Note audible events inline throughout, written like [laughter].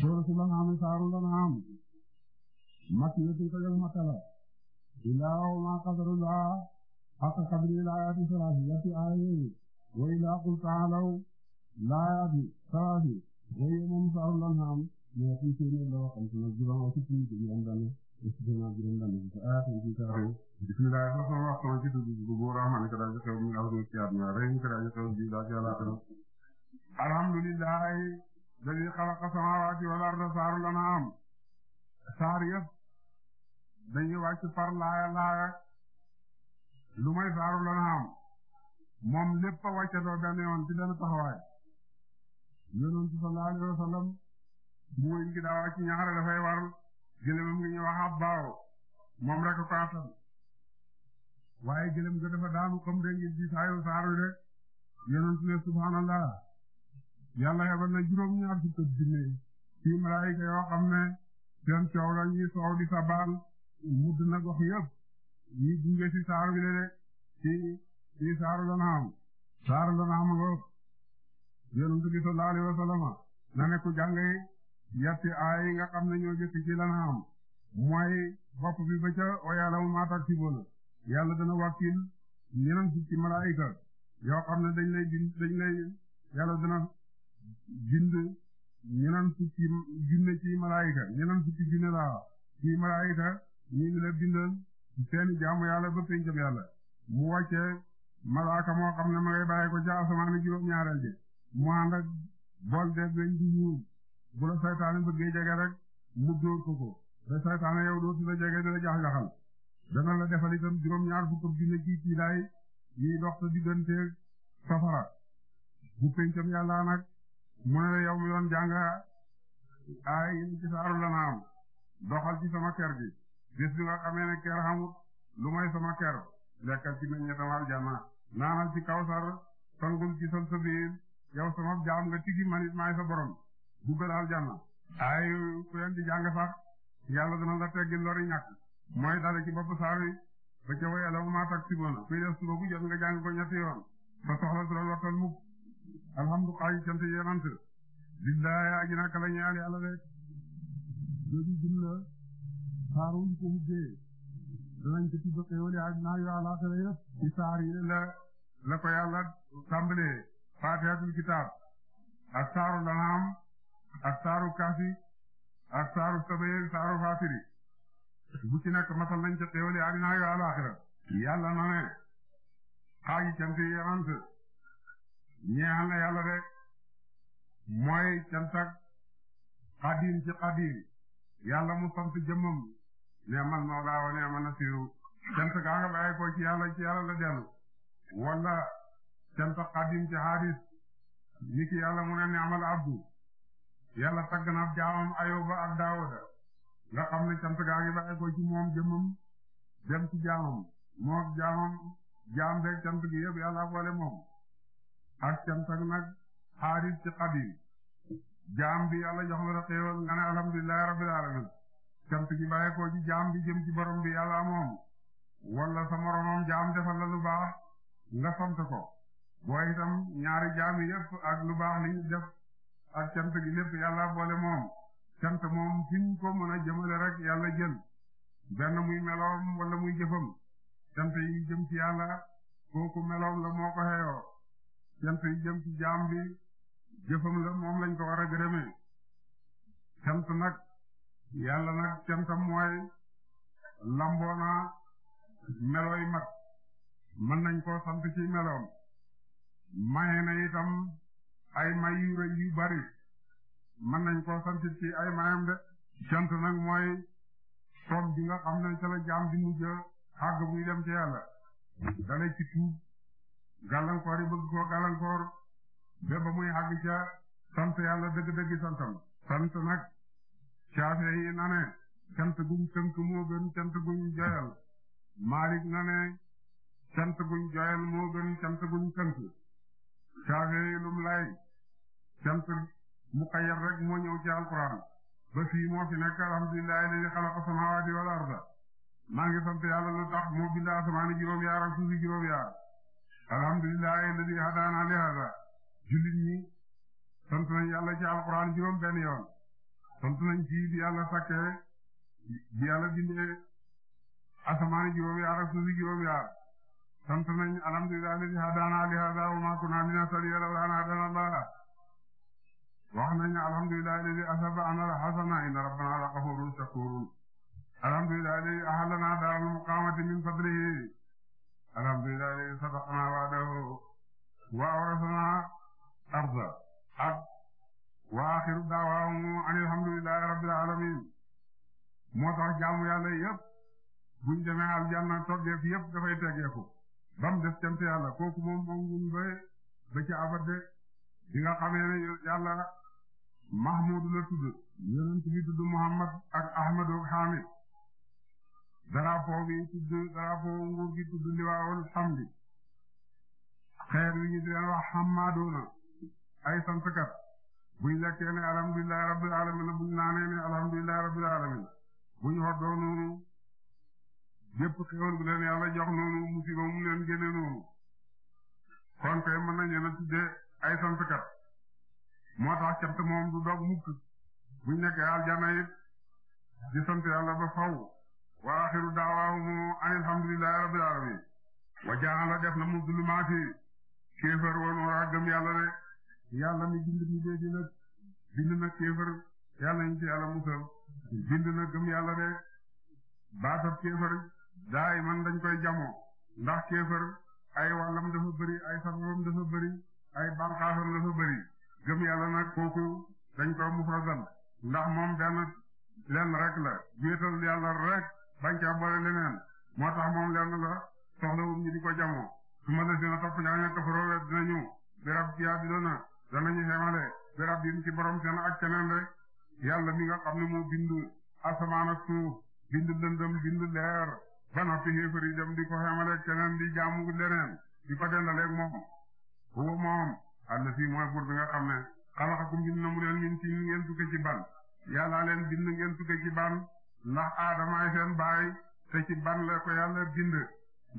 suuratul an'aam saarul an'aam makkiyatun ko jëm makkala ilaa maa qadarullah haqqa qadrihi laayaati salaasi yetti aayayi wa ilaa qul ta'aalaw laayaati salaasi yooyu moom saarul an'aam mais fii ci ñoom la waxal ci ñoom juróom aussi ci juróom dana aussi juróom juróom dana ci aayaati ci saaru bismillah ko sama lañuy xalaqa samaawaati wal arda saaru lana am saar yëpp dañuy wàcc par laaya laaya lu may saaru lana moom lépp a wàccandoo benn yoon ci benn taxawaay yonent sallallahu alayhi wa sallam mooy gi daa dafay war gëlëmam ngi ñuy wax moom rek ko attan waaye gëlëm ga daanu comme dégg di saayu saaru de yonent ne subhanallah yàlla yabal na juróom-ñaar fukki junne ci malaayika yoo xam ne seen coow soow di sabal mudd na gox yëpp ñi gunge ci saar bi de ci ci saaru Lanham saaru Lanham lool yonent bi sallallahu alayhi wa sallam na ne ku jàngee yatti aay nga xam ne ñoo jëkk ci Lanham mooy bopp bi ba ca wa ya'lamu maa taksibuuna yàlla dana wàkkil ñeneen ci malaayika yoo xam ne dañ lay dañ lay yàlla dana junne ñeneen fukki junne ci malaayika ñeneen fukki junne laa ci malaayika ñu ngi la bindal seeni jaamu yàlla ba pencam yàlla mu wàccee malaaka moo xam ne ma ngay bàyyi ko juróom-ñaareel ji mu ànd ak bool de weñ di ñuul bu la saytaane bëggee jege rek mu dóor ko ko te saytaane yow dootu la jege dina jax-jaxal dana la defal itam juróom-ñaar fukk junne ci ci laay dox sa digganteeg safara bu pencam yàlla nag mu ne la yow mi doon a ay ci saaru la naam doxal ci sama ker gi bis bi nga xamee ne ker xamut lu may sama ker lekkal ci meññe tam aljanna naanal ci kawsar sangul ci sal sabiir yow sama nga tigi manit maay sa borom aljanna ay ku leen di jàng sax yàlla dana la teggi lori ñàkk mooy dale ci bopp saar ba ca way alamu maa tak si bona suba bu nga jàng ko ñetti yoon ba soxla su la lottal alhamdu xaaji cant yonant lillahi aji na kala ñaari yàlla rek jooju jumla saaruñ ko hubbee danañ ko ci joxe wala aji naa yu àlaxira yëpp ci saar yi la la ko yàlla tàmbalee faatihatul kitaab ak saaru lanaam ak saaru kaasi ak saaru sabayel saaru ci nekk masal nañ ci xéewali aji naa yu àlaxira yàlla na ne ñeexal na yàlla de mooy cantak xadim ci xadim yàlla mu sant jëmmam neemal mawla wa neemal nasiru cant gaa nga bàyyi ko ci ci yàlla la dellu wala cant xadim ci xaadis ni ki mu ne neemal abdu yàlla tagg na jaamam ayuba ak daawuda nga xam ne cant gaa ngi bàyyi moom jëmmam dem ci jaamam moog jaam beeg cant gi yëpp yàlla boole moom ak cantak nag xaaris ci xadim jaam bi yàlla jox la nga ne alhamdulillahi rabbil alamin cant gi bàyyi ko ci jaam bi jëm ci borom bi yàlla moom wala sa jaam defal la lu baax nga sant ko booy itam ñaari jaam yépp ak lu baax li def ak cant gi lépp yàlla boole moom cant moom fi ko mën a jëmale rek yàlla jël benn muy meloom wala muy jëfam cant yi jëm ci yàlla kooku meloom la moo ko xeyoo cant yi jëm ci jaam bi jëfam la moom lañ ko war a gërëmee cant nag yàlla nag cantam mooy lamboona melooy mat mën nañ koo sant ci meloom maye na itam ay may yu rëy bari mën nañ koo sant ci ay mayam de cant nag mooy som bi nga xam ne ca la jaam di mujj xàgg muy dem ci yàlla dale ci tuub gàllankoor yi bëgg koo gàllankoor ba ba muy àgg ca sant yàlla dëgg-dëgg santam sant nag caafe yi na ne cant guñ tënk moo gën cant guñ joyal Malik na cant guñ joyal moo cant guñ tënk caafe yi lum lay cant muqayyad rek moo ñëw ci alquran ba fii moo fi nekk alhamdulillahi alladhi khalaqa samawati wal arda maa ngi sant yàlla lu tax moo bind asamaani juróom-yaar ak suufi juróom-yaar alhamdulillahi alladi hadana li hada jullit ñi sant nañ yàlla ci alquran juróom benn yoon sant nañ ci bi yàlla sakkee bi yàlla bindee asamaani juróom yaar ak suufi juróom yaar sant nañ alhamdulillahi alladi hadana li hada wa ma kunna linahtadiya lawla an hadana allah wax nañ alhamdulillahi alladi asaba anal hasana inna rabbana la ghafurun shakurun alhamdulillahi alladi ahallana daaral muqamati min fadlihi alhamdulillahi sabaqana wa'dahu wa awrasana arda ak wa axiru daawaahum alhamdulillahi rabbil alamin moo tax jaamu yàlla yëpp buñ demee aljanna toggeef yëpp dafay teggeeku ba mu des cant yàlla kooku moom moom buñ ba ba ci abadde di nga xamee ne yàlla mahmudu la tudd yonent bi tudd muhammad ak ahmadu ak hamid drapeau bi tudd drapeau nguur gi tudd liwaawul hamdi xeer wi ñu di leen wax xamaadoona ay santkat buñ lekkee ne alhamdulillahi rabbil alamin buñ naanee ne alhamdulillahi rabbil alamin buñ xoddoo noonu yépp xéwal gu leen yàlla jox noonu musiba mu leen génne noonu kon kay mën nañu na tuddee ay santkat moo tax cant moom du dog mukk buñ nekkee aljanna it di sant yàlla ba faw wa axiru daawaahum alhamdulillahi rabbil alamin wa jaala def na mu zulumaati kéefar wa gëm yàlla de yàlla mi bind mi dee bind na kéefar yàlla ñu ci yàlla musal bind na gëm yàlla de baatab kéefar daay man dañ koy jamoo ndax kéefar ay wàllam dafa bëri ay sababam dafa bëri ay banqaasam dafa bëri gëm yàlla nag kooku dañ koy mufradal ndax moom benn lenn rek la wéetal yàlla rek bañ caa boole leneen moo tax moom lenn la soxlawum ñu di ko jamoo su ma desee na topp ñaar ña kafaroo wet dinañu berab ci àddina danañu xemale berab bi ci borom seen ak keneen rek yàlla mi nga xam ne moo bindu asamaan ak bindu lëndëm bindu leer ba noppi xéefar yi dem di ko xemale keneen di jaamu leneen di ko dendaleeg moom huwa moom àll fii mooy buur bi nga xam ne xalaxakum bind na mu leen min ci ngeen tukke ci ban yàllaa leen bind ngeen ndax aadamaay seen baay te ci ban la ko yàlla bind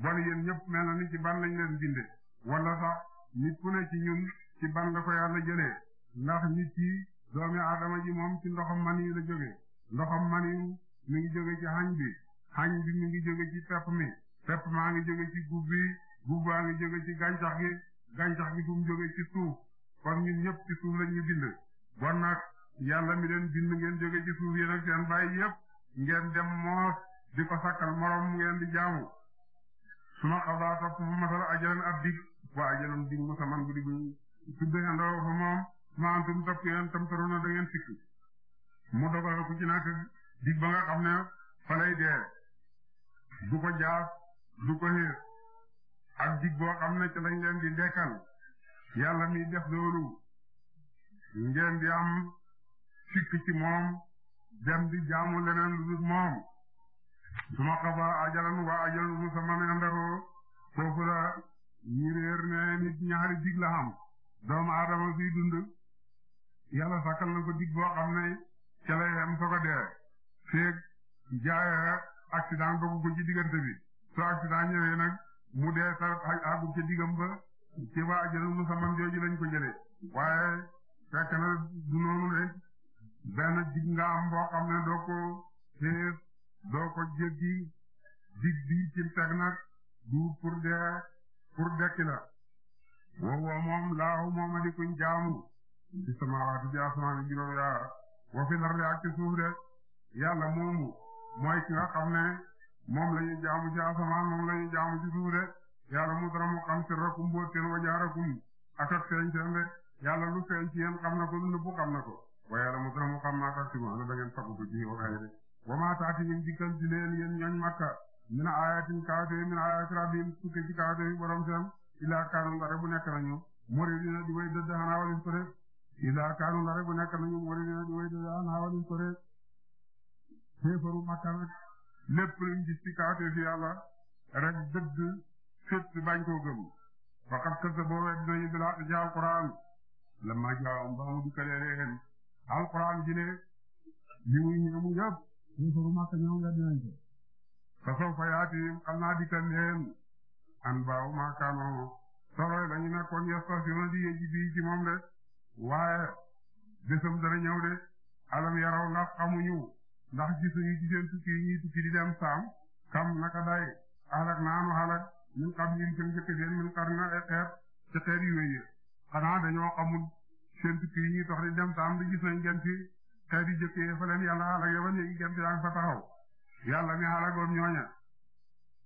bon yéen ñëpp mel na ni ci ban lañ leen binde wala sax nit ne ci ñun ci ban la ko yàlla jëlee ndax nit yi doomi aadama ji moom ci ndoxam man yi la jóge ndoxam man mi ngi jóge ci xañ bi xañ bi mi ngi jóge ci pepp mi pepp maa ngi jóge ci gub bi gub baa ngi jóge ci gàncax gi gàncax gi bu jóge ci suuf kon ñun ñëpp ci suuf lañ ñu bind bon nag yàlla mi leen bind ngeen jóge ci suuf yéen ak seen baay yëpp ngeen dem moos di ko sakkal morom ngeen di jaamu suma xabaar topp mu masal ajalan ab dig wa ajalan dig musaman bu di bu tuddeandoo fa moom ma antum topp yéen tam taruna da ngeen sikk mu dogal ku ci nak dig ba ne fa lay dee du jaas du ko xiir ak boo xam ne ci lañ leen di dekkal yàlla mi def loolu ngeen di am sikk ci moom dem di jaamu leneen lu dul moom suma xaba ajalan wa ajalan musamma min andahu foofu la ñi réer ne nit ñaari dig la xam doomu aadama suy dund yàlla sakkal na ko dig boo xam ne ca lay xam soog dee feeg jaaya accident dogu ko ci diggante bi soo accident ñëwee nag mu dee sa àggu ca diggam ba ci ba ajalan musamma jooju lañ ko jëlee waaye fekk na du benn dig nga am xam ne doo ko xees doo ko jéggi dig teg nag du pour dee pour dekki la woowoo moom laahu moom a di kuñ jaamu ci samaawaati ci asamaani juróom yaa wa fi lar ak ci suuf de yàlla moomu mooy ki nga xam ne moom la jaamu ci asamaan moom la jaamu ci suuf de yàlla mu dara mu xam sirrakum boo teen wajaarakum ak ak feeñ seen de lu feeñ ci yéen xam na ko lu nëbbu xam na ko waaye mu gën mu xam ci mu ana da ngeen fàggu ko ji wa maa taati ñu dikkal leen yéen Makka min ayatin kaawte min ayati rabbihim tukke ci kaawte yi borom seen illaa kaanu ndare bu nekk nañu muridina di way dëdd xanaa walin ko rek illaa kaanu ndare bu nekk nañu muridina di way dëdd xanaa walin ko rek xéefaru Makka nag lépp luñ gis ci fi yàlla rek dëdd fépp bañ koo faqat kasa boo wet nañu bilaa jaaw Qur'aan lamma jaawam ba mu dikkalee leen alquran ji ne li muy ñëw yëpp ñu ko màkk ñëw nga dinañ ko fa soo fa yaati xam naa dikkal leen an baaw maakaanoo solo lañu nekkoon yastasiruna di yéegi bii ci moom de waaye bésam dana ñëw de alam yaraw ndax xamuñu ndax gisuñu ci seen tukki yi ñuy tukki di dem saam kam naka day alak naanu alak min xam ñun seen jëkk seen min xar na xeet ci xeet yu wéy xanaa dañoo xamul seen tukki yi ñuy dox di dem taam bi gis nañ jant yi jëkk yi fa leen yàlla xalage ba léegi jant yaa ngi fa taxaw yàlla mi xalagoon ñooña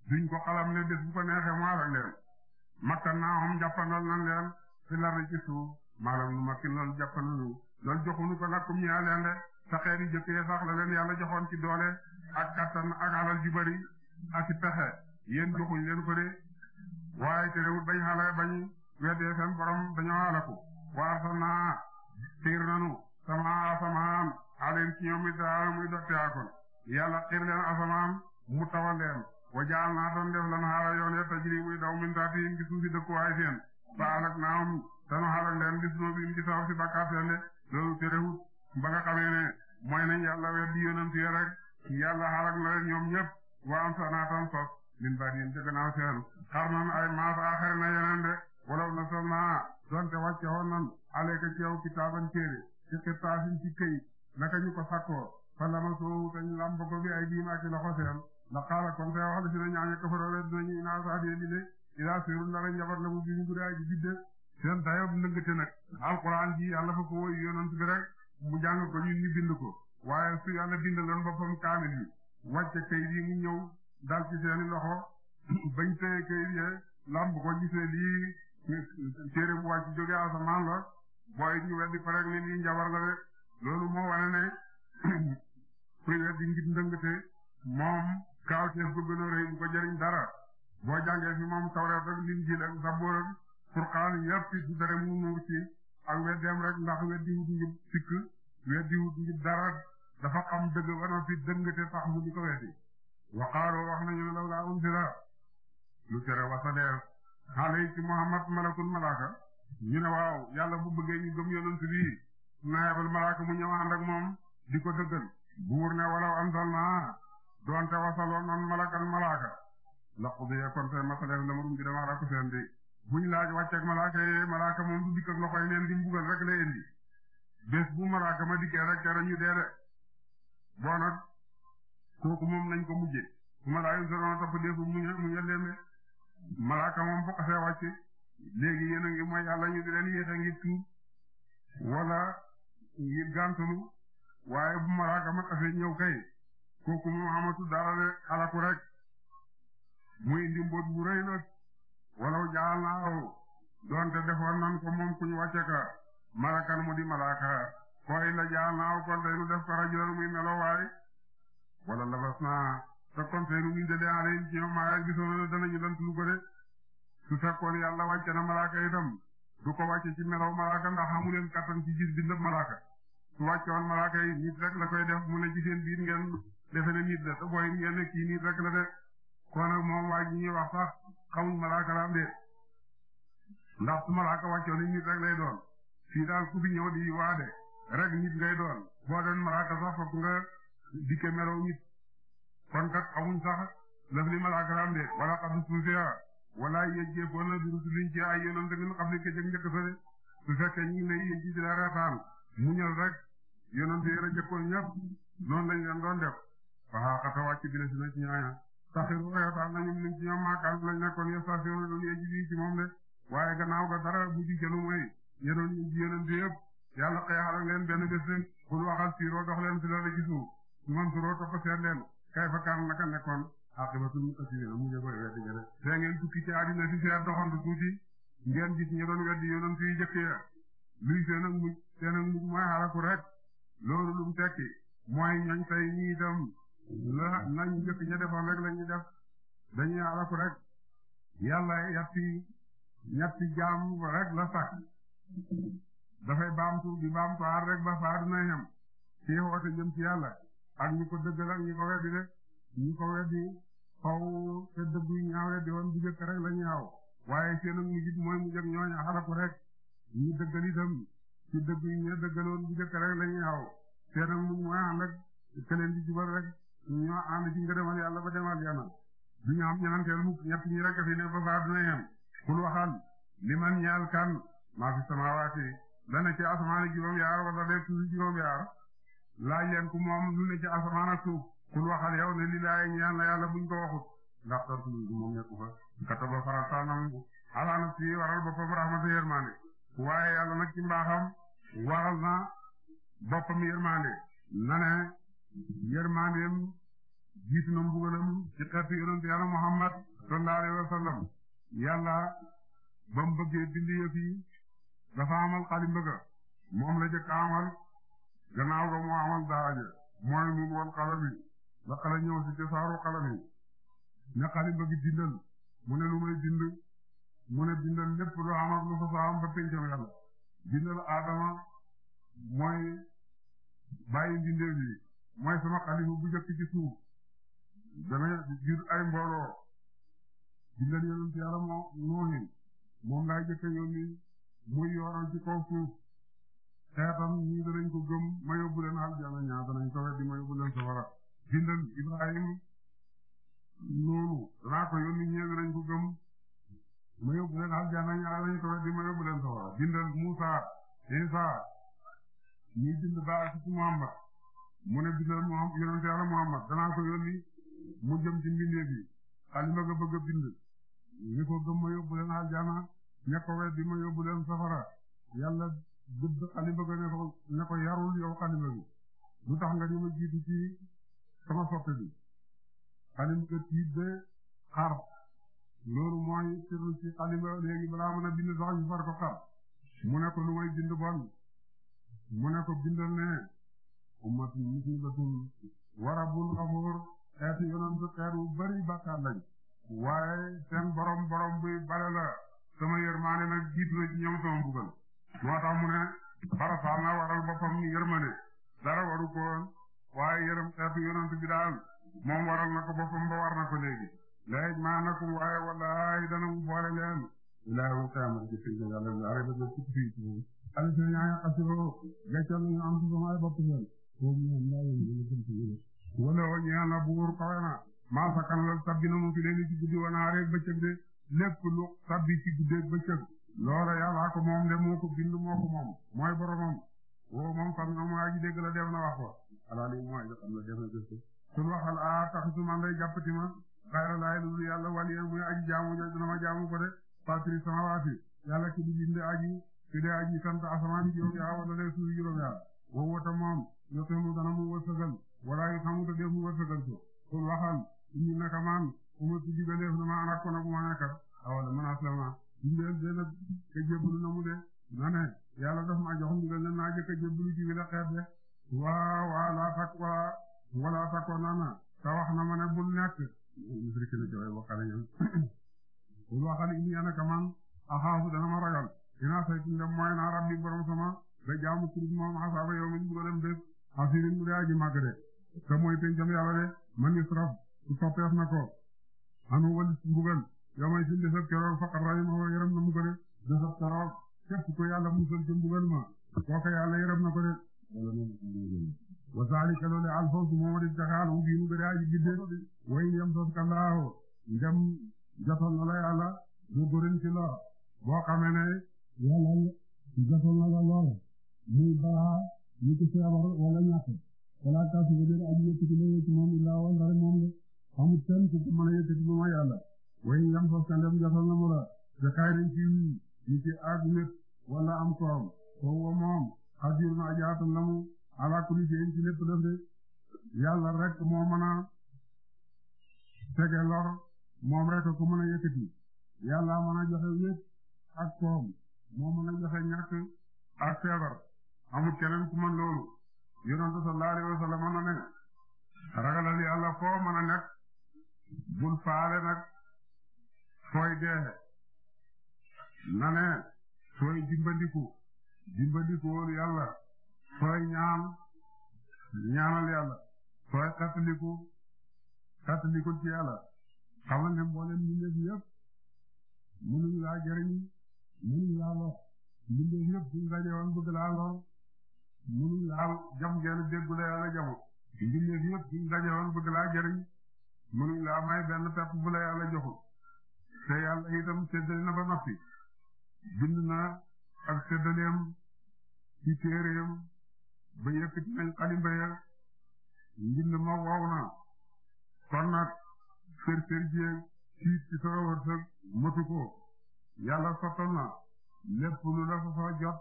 duñ ko xalam ne bés bu ko neexee mu xalag leen makkan naa xam jàppandal nañ leen fi lar na ci suuf maalam nu makkin loolu jàppandalu loolu joxunu ko nakkum ñëa leen de sa xeet jëkk yi sax la leen yàlla joxoon ci doole ak kattan ak alal ju bari ak pexe yéen joxuñ leen ko de waaye terewul bañ bañ weddee wa arsalnaa xiir nanu sama asamaan aleen ci ñoom it daa muy dotti akon yàlla xiir leen asamaan mu tawal wa jaal naa tan def lan xaara yoon ya tajri muy daw min taatihim ci suufi dëkkuwaay seen ba alak naam tanu xalak leen bis noo biim ci saw si bakkaar seen de loolu terewut ba nga xamee ne mooy nañ yàlla weddi yonent yi rek yàlla xalak na leen ñoom ñëpp wa am sa tan sos min baadiyim ca gannaaw seen xar ay maas aaxari na na sol donte wàcce woon nan aleka ci yow kitaaban téere ci xirtaasin ci këyit naka ñu ko sakkoo fa lama soowu tañ lamb ko bi ay diima ci loxo seen la xaala kon tey wax la si na i kafaro wet nañu inaa saadee bi de ilaa seerul ndara njabar la mu bi ñu gudaaji bidde seen dayob ndëngte nag alquran ji yàlla fa ko woyu yonent bi rek mu jàng ko ñun ñu bind ko waaye su yàlla bindaloon boppam kaamil bi wàcce këyit yi mu ñëw dal ci seeni loxo [clears throat] bañ teye këyit yee ci téere bu wàcc jóge asamaan la booy ñu weddi ko rek ne njabar la rek loolu moo wane ne [coughs] weddi ngir ndëngte moom kaaw teef ko gën a rëy bu ko jëriñ dara boo jàngee fi moom tawreet rek linjiil ak saboor ak furqaan yëpp ci dara mu nuur ci ak weddeem rek ndax weddi wut ngir sikk weddi wut ngir dara dafa xam dëgg ba noppi dëngte tax mu di ko weddi waxaaroo wax nañu ne law laa unzila lu tere wasalee xaale ci Muhammad malakul malaka ñu ne waaw yàlla bu bëggee ñu gëm na yabal malaka mu ñëw ànd moom di ko dëggal buur ne walaw anzalna doonte wasaloon an malakan malaka laqudiya kon tey masaleen lamarum bi dama ala ko seen de buñ laaj wàcceeg malaka yee malaka moom du dikk ak di mbugal rek lay indi bés bu malaka ma dikkee rek te ñu dee de moom nañ ko mujje su ma sa doon a tapp dee fu muñal malaaka moom bu xasee wàcc léegi yéen a ngi mooy yàlla tuub wala ngir gàntulu waaye bu malaaka ma xasee ñëw kay kooku moom xamatu dara de alaku rek muy indi mboot bu rëy nag walaw jaal naaw doonte defoon nan ko moom kuñ wàcce ka malakan di malaaka koy la jaal naaw kon day nu def ko rajulan muy melo waay wala labas naa te kon feeru ñu dele ale ci ñoom maa gisoon danañu lan lu ko de su fekkoon yàlla wàcce na malaaka itam du ko wàcce ci melaw malaaka ndax amu leen kattan ci gis bindab malaaka su wàccoon malaaka yi nit rek koy def mu ne ci seen ngeen defe ne nit la te booy ngeen ne kii nit rek de kon moom waa ji ñuy wax sax xamul malaaka la am de ndax su malaaka wàccoon nit rek lay doon fii daal ku ñëw di waade rek nit ngay doon boo kon kat amuñ sax lëf li malaakaraam de wala xam suufiya ah. wala a foo na birusi liñ ci ay yonante min xam ne ke jëg njëkk sa de su fekkee ñu ngi lay yéjji di la reetaan muñal rek yonante yi la jëkkoon ñëpp noonu lañ leen doon def waxaa xata wàcc bi na si na ci ñaaya taxiru reetaan nañu liñ ci ñoom maakaan lañ nekkoon yestation doon yéjji bi ci moom de waaye gannaaw ga dara bu ci jëlu mooy ñe doon yéjji yonante yëpp yàlla xëyaxal ak leen benn bés de bul waxal dox leen kay fa kaan naka nekkoon aaqibatul muttaqin mu ngi koy weddi gën a fee ngeen tukki ci àddina si seer doxantu tuuti ngeen gis ñu doon weddi yonent yi jëkk ya luy seen ak mujj seen ak mujj mooy xalaku rek loolu lu mu tekki mooy ñoñ tey ñii itam la nañ jëkk ña defoon rek la def dañuy xalaku rek yàlla yatti ñetti jaam rek la sax dafay baamtu di baamtuwaar rek ba faar na yem ci woote jëm ci yàlla ak ñi ko dëggal ak ñi ko weddi de ñi ko weddi faw te dëgg yi weddi woon bu jëkk rek la ñaaw waaye seen ak mujj mooy mujj ak xalaku rek ñi dëggal itam ci dëgg yi ñu dëggaloon bu jëkk rek la ñaaw seen ak mujj mooy ànd ak keleen di jubal rek ñoo ànd ci ngërëmal yàlla ba demal yàlla du ñu am ñaanteel mukk ñett ñi rek fi ba faa dina yem kul waxal li man ñaal kan maa fi samaawaati dana ci asamaani juróom yaar wala lépp juróom yaar laaj leen ku moom lu ne ci asamaan ak suuf kul waxal yow ne li laay ñaan la yàlla buñ ko waxut ndax tontu moom nekku fa kataba farataal na mu ala nafsi waral boppam rahmatu yërmande waaye yàlla nag ci mbaaxam waral na boppam yërmande na ne yërmandeem jiitu na mbugalam ci xeetu yonent yàlla Muhammad sallallahu alayhi wa sallam yàlla ba mu bëggee bind yëf dafa amal xalim bëgga moom la jëkk amal gannaaw ga moo amal daaje mooy nun wal xalami la xala ñëw ci cosaaru xalami ne xali bëgg dindal mu ne lu may dind mu ne dindal lépp lu amal lu sosaam ba pencam yàlla dindal aadama mooy bàyyi dindee mooy sama xalifu bu jëkk ci suuf dana jur ay mbooloo dindal yonent yàlla moo noohin moom laay jëkk yoon ni muy yoonal ci kaw suuf xeetam ñii danañ ko gëm ma yóbbu leen aljana ñaa danañ ko weddi ma yóbbu leen safara bindal Ibrahim noonu laa ko yónni ñee ko gëm ma yóbbu aljana ñaa danañ ko weddi ma yóbbu leen safara bindal Musa Isa ñi mu ne bindal ko yónni mu jëm leen aljana ña weddi ma yóbbu leen safara Yàlla bëgg xalima ba ne ko ne ko yarul yow xalima bi lu tax nga ni ma jiitu ci sama soppe bi ko tiit de xar loolu mooy sirru ci xalima léegi balaa mën a bind sax ko xar mu ne ko lu may bind bon mu ne ko bindal ne ummatun musibatun warabun xafoor xeetu yonantu xeet wu bari bàkkaar lañ waaye seen borom borom buy bale la sama yërmaane nag jiitu na ci ñoom sama mbugal moo tax mu ne barafaal na waral boppam yërmande dara waru ko woon waaye yërëm xeetu yonent bi daal moom waral na ko boppam ba war na ko léegi léegi maa na ko waaye wallaahi dana mu boole leen ilaa yow xeemal jëf yi yàlla bi arrêté ba ci fii ci al seen yaa xasiroo gàccal ñu am ci sama bopp ñoom foofu ñoom laa yëngu ñu jëm ci yéen wala wa ñaan la buur kawe na maa sakkan la sabbi na mu fi leen ci guddi wanaare bëccëg de lépp lu sabbi ci guddeeg bëccëg loola yàlla ko moom de moo ko bind moo ko moom mooy boromam woo moom xam nga mu aji dégg la def na wax ko alaali mooy xam nga def na gëstu sun waxal a ah, tax su man lay na ma jaamu ko de patri sama waati yàlla ki bind aji ki de aji sant asamaan juróom yaa wala de suuf juróom yaa woo wota moom yottemu dana mu wërsëgal wala yu xamu def mu wërsëgal ko sun waxal ñu naka man umatu jibaleef na ma anak na bu ma nekka awala man aslama ndigal dina ka jébbalu na mu de na ne yàlla daf maa jox ndigal na naa jëkk a jébbalu ci wila wax na ma bul nekk musrikin na joxe waxale ñoom bul waxale ini ana ka man axaafu dana ma ragal dinaa saytu rabbi borom sama ba jaamu turub moom xasaaba yow mi bugalem bés asirin mu aji màgg de te mooy pencam de man israf su soppeef na ko anu wal mbugal yow may suñu desab keroog faqat rahimahu yaram na mu ko def desab keroog képp ko yàlla musal ci mbugal ma kooka yàlla yaram na ko def wa zalika loolu alfawz moo di na la yàlla na la lor wala ñàkk wala kasu bëri aji yëkkati la moom illaa wala moom la amul kenn ku mën a waññi nga xam seen dem jotoon na mu la jotaay dañ ci wii ñu ci aag nekk am koom foofu wa moom xajul na jaatum na mu ala kulli ci lépp def de yàlla rek moo mën a lor moom rek ku mën a yëkkati yàlla joxe wéet ak koom moo mën joxe ñàkk ak feebar amul keneen ku mën loolu yonent sallallahu alayhi wa sallam na ne ragalal yàlla foo mën a nekk faale nag sooy dee laneen sooy dimbandiku dimbandiku woon yàlla sooy ñaan ñaanal yàlla sooy xattaliku xattalikul ci yàlla xamal ne mboolem mbindeef yëpp mënuñ laa jëriñ mënuñ laa lor mbindeef yëpp buñ daje woon bëgg laa lor mënuñ laa jam genn déggu la yàlla jamu mbindeef yëpp buñ daje woon bëgg laa jëriñ mënuñ laa may benn pepp bu la yàlla joxul te yàlla itam séddale na ba noppi bind na ak séddaleem ci téereem ba yëkkati nañ xalimba ya mbind ma wow na kon nag sër sër jéeg siit ci sa wërsëg motu yàlla sottal na lépp la fa soo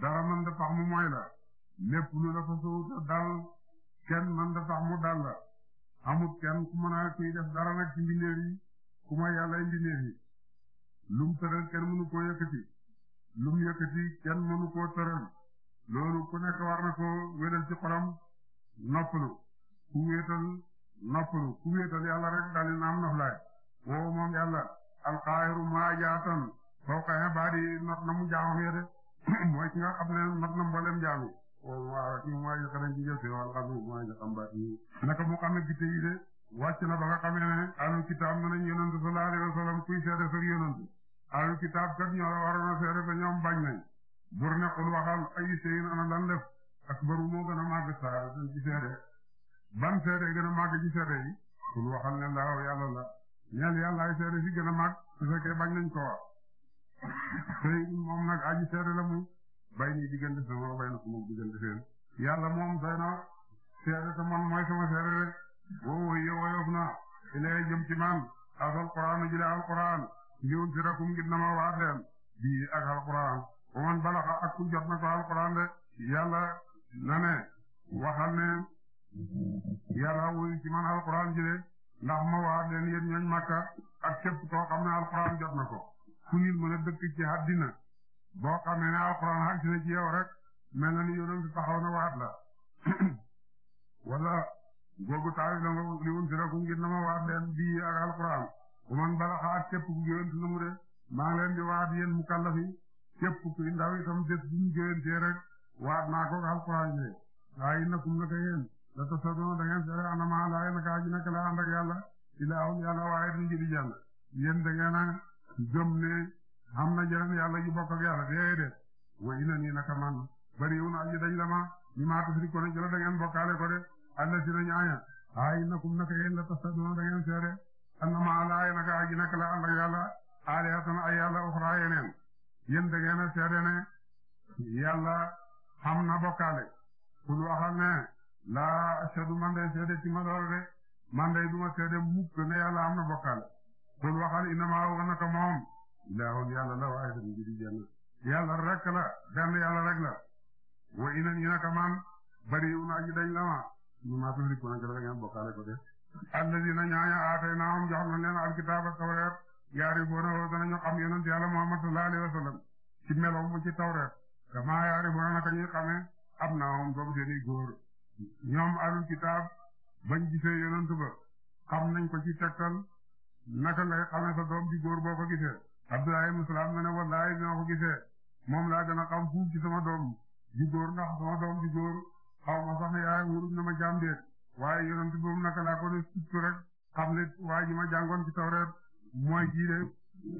dara man da tax mu mooy la la fa sowuta dal kenn man da tax mu dal kenn ku mën a kuy def dara nag ci ku mooy yàlla mbindeef yi lum tëral kenn mënu koo yëkkati lum yëkkati kenn mënu koo tëral loolu ku nekk war na koo wéral ci xolam noppalu ku wéetal noppalu ku wéetal yàlla rek dali na am noflaay woowu moom yàlla alxaayiru maa jaatan foo ko not na mu jaamam de mooy ki nga xam ne not na mboolem jaamu woowu maa waaw kii mooy yëkkati ci jël si wàllu xam naka mu xam ne de wàcc na ba nga xamee ne ahlul kitaab ne nañ yonent sallallahu alayhi wa sallam kuy seede sa yonent ahlul kitaab kat ñoo la waroon a seede fa ñoom bañ nañ bur ne xul waxal ay seen ana lan def akbaru moo gën a màgg saxaaratan ci seede ban seede gën a màgg ci seede yi xul waxal ne laaw yàlla la ñeel yàllaay ay seede si gën a màgg su fekkee bañ nañ ko wax tey moom nag aji seede la muy bay ñi diggante sama bay na ko moom diggante seen yàlla moom doy na seede te man woo wëyee woyof na ilay jëm ci man as alquran ji la alquran liun si rakum ngir ma waat leen bii ak alquran wa man balaxa ak jot na ko alquran de yàlla na waxal ne yàlla wuyu ci man alquran ji de ndax ma waat leen yéen ñooñ makka ak képp koo xam ne alquran jot na ko fu nit mën a dëkk ci àddina boo xam ne ne alquran xag si na ci yow rek mel na ni taxaw na waat la [coughs] wala googu taawi la nga li un na ma waat leen bii ak alquran bu man balaxa ak képp ku gëwén si numu de maa ngi leen di waat yéen mukallafi képp kuy ndaw itam bés bu ñu gëwéntee la tasaduna da ngeen seere anama laaye nakaa ji naka laa ànd ak yàlla waaye duñ jëli jàll yéen da ngeen a gëm ne am na jeneen yàlla yu bokk ak yàlla déedéet de wa ina nii naka man bariwun aji dañ la ma ñu maa tasri ko ne alla si na ñaaña ay nakum naka yéen la tasaduna da ngeen seere anna maa laa naka aji naka la ànd ak yàlla alihatan ay yàlla uxra yeneen yéen da a seere ne yàlla xam na kul waxal ne laa ashadu man seede ci ma doole duma seede mukk ne yàlla am na bokkaale kul waxal inama huwa naka moom ilaahun yàlla la waaye tam jiri jenn yàlla rek la benn yàlla rek la wa inan naka man bariwun aji dañ la ñu maa fi rik man gëla ngeen bokkaale ko de alladina ñaaña aatay naam jox na leen alkitaaba tawreet yaarifoona woo danañu xam yonent yàlla muhammad sallallahu alayhi wa sallam ci meloom ci tawreet kama yaarifoona naka ñuy xamee am naam doom seeni góor ñoom alul kitaab bañ gisee yonent ba xam nañ ko ci tegtal naka ngay xamee sa doom di góor boo ko gisee abdullahi musalaam na ne wallahi bi ma ko gisee moom laa gën a xam fuuf ci sama xaw ma yaay wóorul na ma jaam waaye yonent boobu naka laa ko def surtout rek xam ne waa ji ma jàngoon ci tawreet mooy kii de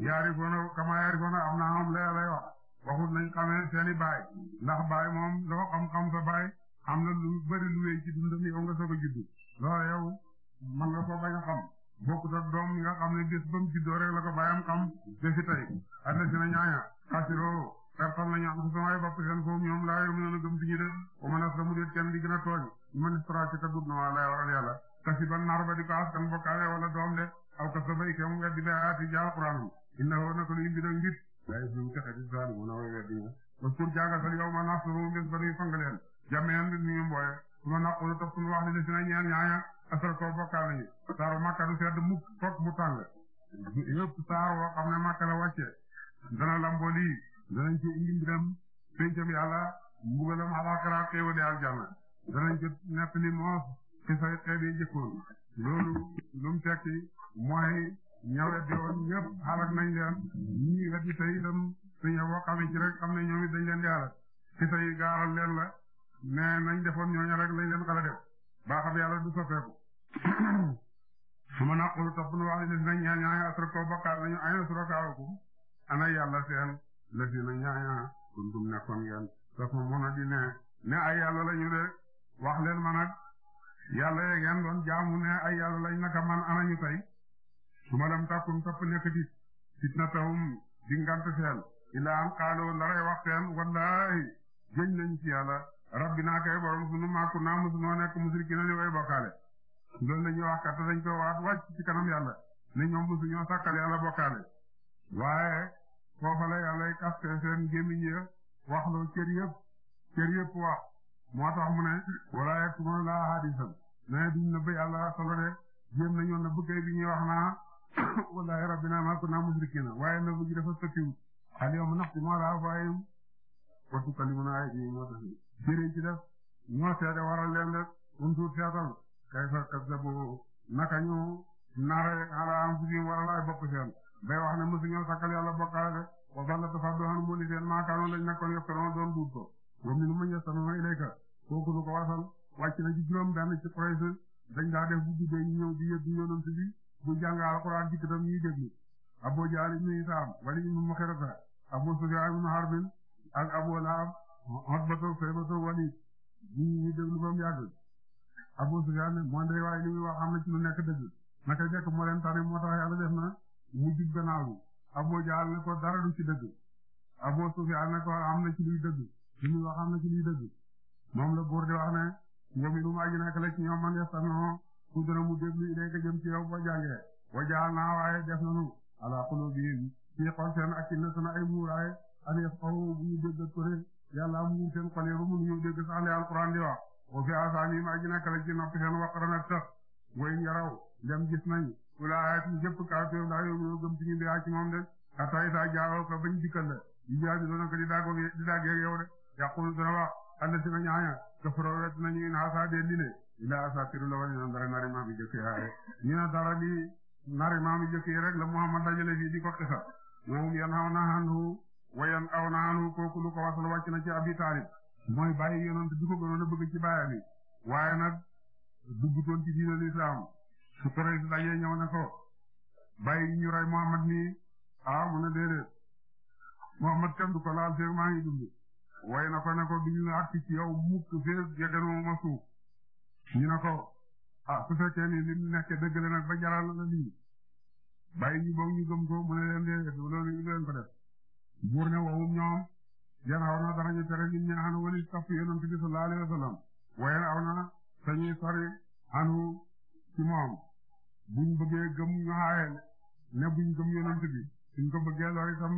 yaari goona kama yaari goona am naa moom lay lay wax waxut baay ndax baay moom loo xam-xam sa baay am na lu bëri lu wéy ci dundam yow nga soog a juddu loolu yow man nga ko bañ a xam bokkut ak doom nga xam ne bés ba mu juddoo la ko baayam xam bési tey adda si na ñaaña xasiroo pertal nañu am seen waaye bopp seen foofu ñoom laa yor na gëm suñu de ba mën a sa mu déet kenn di gën a tooñ man stra ci tagub na waa lay waral yàlla kasi ban naar ba di ko askan bokkaale doom de aw ka ke mu weddi ba aati jaa quraan inna hoo na ngit lay suñu texe di saali mu na way weddi jameen bi ñu mbooye su ma naqulu taf ñeen ñaaya asal ko bokkaale ñu saaru makka du sedd mukk fokk mu danañ ci indi mbiram pencam yàlla mbugalam alaxira xéewale aljanna danañ ci nett li moos xisay xeet yi loolu lu tekki mooy ñawet yoon ñëpp xalak nañ leen ñii wet yi tey itam suñu boo xamee rek xam ne ñoom dañ leen di xalak xisa yi gaaral leen la mais nañ defoon ñooñu rek lañ leen xala def baa xam yàlla du soppeeku [coughs] su ma naqul topp nu wax li des nañ ñaan ñaan asra koo bakkaar nañu ay asra kaawakum ana yàlla seen lëfi na ñaaña kuntum nekkoon ngeen dafa mën a di ne ne ay yàlla lañu de wax ma nag yàlla ya ngeen doon jaamu ne ay yàlla lañ naka man anañu tey su ma dem takkum topp nekk di fitna tawum di ngant seen ilaa am xaaloo ndaray wax seen wallaahi jëñ nañ ci yàlla rabbi naa kay borom sunu maaku naa musu noo nekk musriki na ni way bokkaale loolu la ñuy wax kat dañ ko waat wàcc ci kanam yàlla ne ñoom musu ñoo sàkkal yàlla bokkaale waaye foofa la yàllay kaste seen ya wax loo cër yëpp cër yëpp wax moo tax mu laa hadiisan ne duñ nëbb yàlla solo de jéem nañoo nëbb kay ñuy wax naa [coughs] wallaahi rabbina maa kunna musrikiina waaye nëbb gi dafa sottiwut al yawma naxtimu alaa afwaahihim wa tukallimunaa aydiihim wa jëre ci def ñoo seede waral leen rek untuur seetal kayfa kazzabu naka ñu nare ala anfusihim waral ay bopp bay wax ne mosuñoo sakkal yàlla bokkaale rek wa zalla tafaddahum mu ni seen maakaanoon lañ nekkoon yeftaroon doon duut ko wa min hum man yastanuna ilayka kooku ko wasal wàcc na ci juróom benn i Quraysh dañ daa def bu guddee ñu ñëw di yëddu yonent bi bu jàng alxuraan dikk tam ñuy déglu Abu Jahl ibn Hishaam Waliid ibn Mughirata Abu Sufyaan ibn Harb ak Abu Lahab Utbatu Saybatu Waliid ñi ñuy déglu ba mu yàgg Abu Sufyaan moo ndey waaye li muy wax am na ci lu nekk dëgg naka jekk moo leen tane moo tax yàlla def mu jub gannaaw Abu Jahl ne ko dara du ci dëgg Abu Sufyaan ne ko am na luy dëgg li muy wax am luy dëgg moom la buur di wax ne yaminu maa ji nekk la ci ñoom man yastami'u ku dana mu déglu ilayka jëm ci yow ba jàngee wa ja'alnaa waaye def nañu ala quluubihim fii xol seen ak ci na ay muuraay an yafqahu bu ñu dégg ko ne yàlla mu seen xol yi ba mu ñu dégg sax li alquran di wax wa fi asaani maa ji nekk la ci nopp seen waqran way yaraw ulaatum jëpp kawteef ndax yow ñoo gëm ci ñu biyaa ci moom de xataa isaa jaaroo ko bañ dikkal la ñu jaa bi doona ko di daagoo di daagee yow de yàqulu dana wax si na ñaaña gafaroo wet nañu in hasaa de li ne ilaa asaatiru la wani na dara nari maami jëkk yaare ñu na dara li nari maami jëkk yi rek la Muhammad dajale fii di ko xisa ñoom yan xaw na xanhu wayan aw na xanhu kooku lu ko wasal wàcc na ci Abi Taalib mooy bàyyi yonent bi ko gënoon a su Quraysh dajee ñëw ne ko bàyyi ñu rey Muhammad nii ah mu ne Muhammad kenn ko laal feeg maa ngi dund way na ko ne ko duñu àgg ci yow mukk feeg yeggalu ma suuf ñu ne ko ah su fekkee ni li mu nekk dëgg la nag ba jaral la lii bàyyi ñu boog ñu gëm ko mu ne leen déedéet loolu ñu leen ko def na dara ñu tere ñun na sañuy sori anu ci moom. buñ bëggee gëm ñu xaaye ne buñ gëm yonent bi suñ ko bëggee lor itam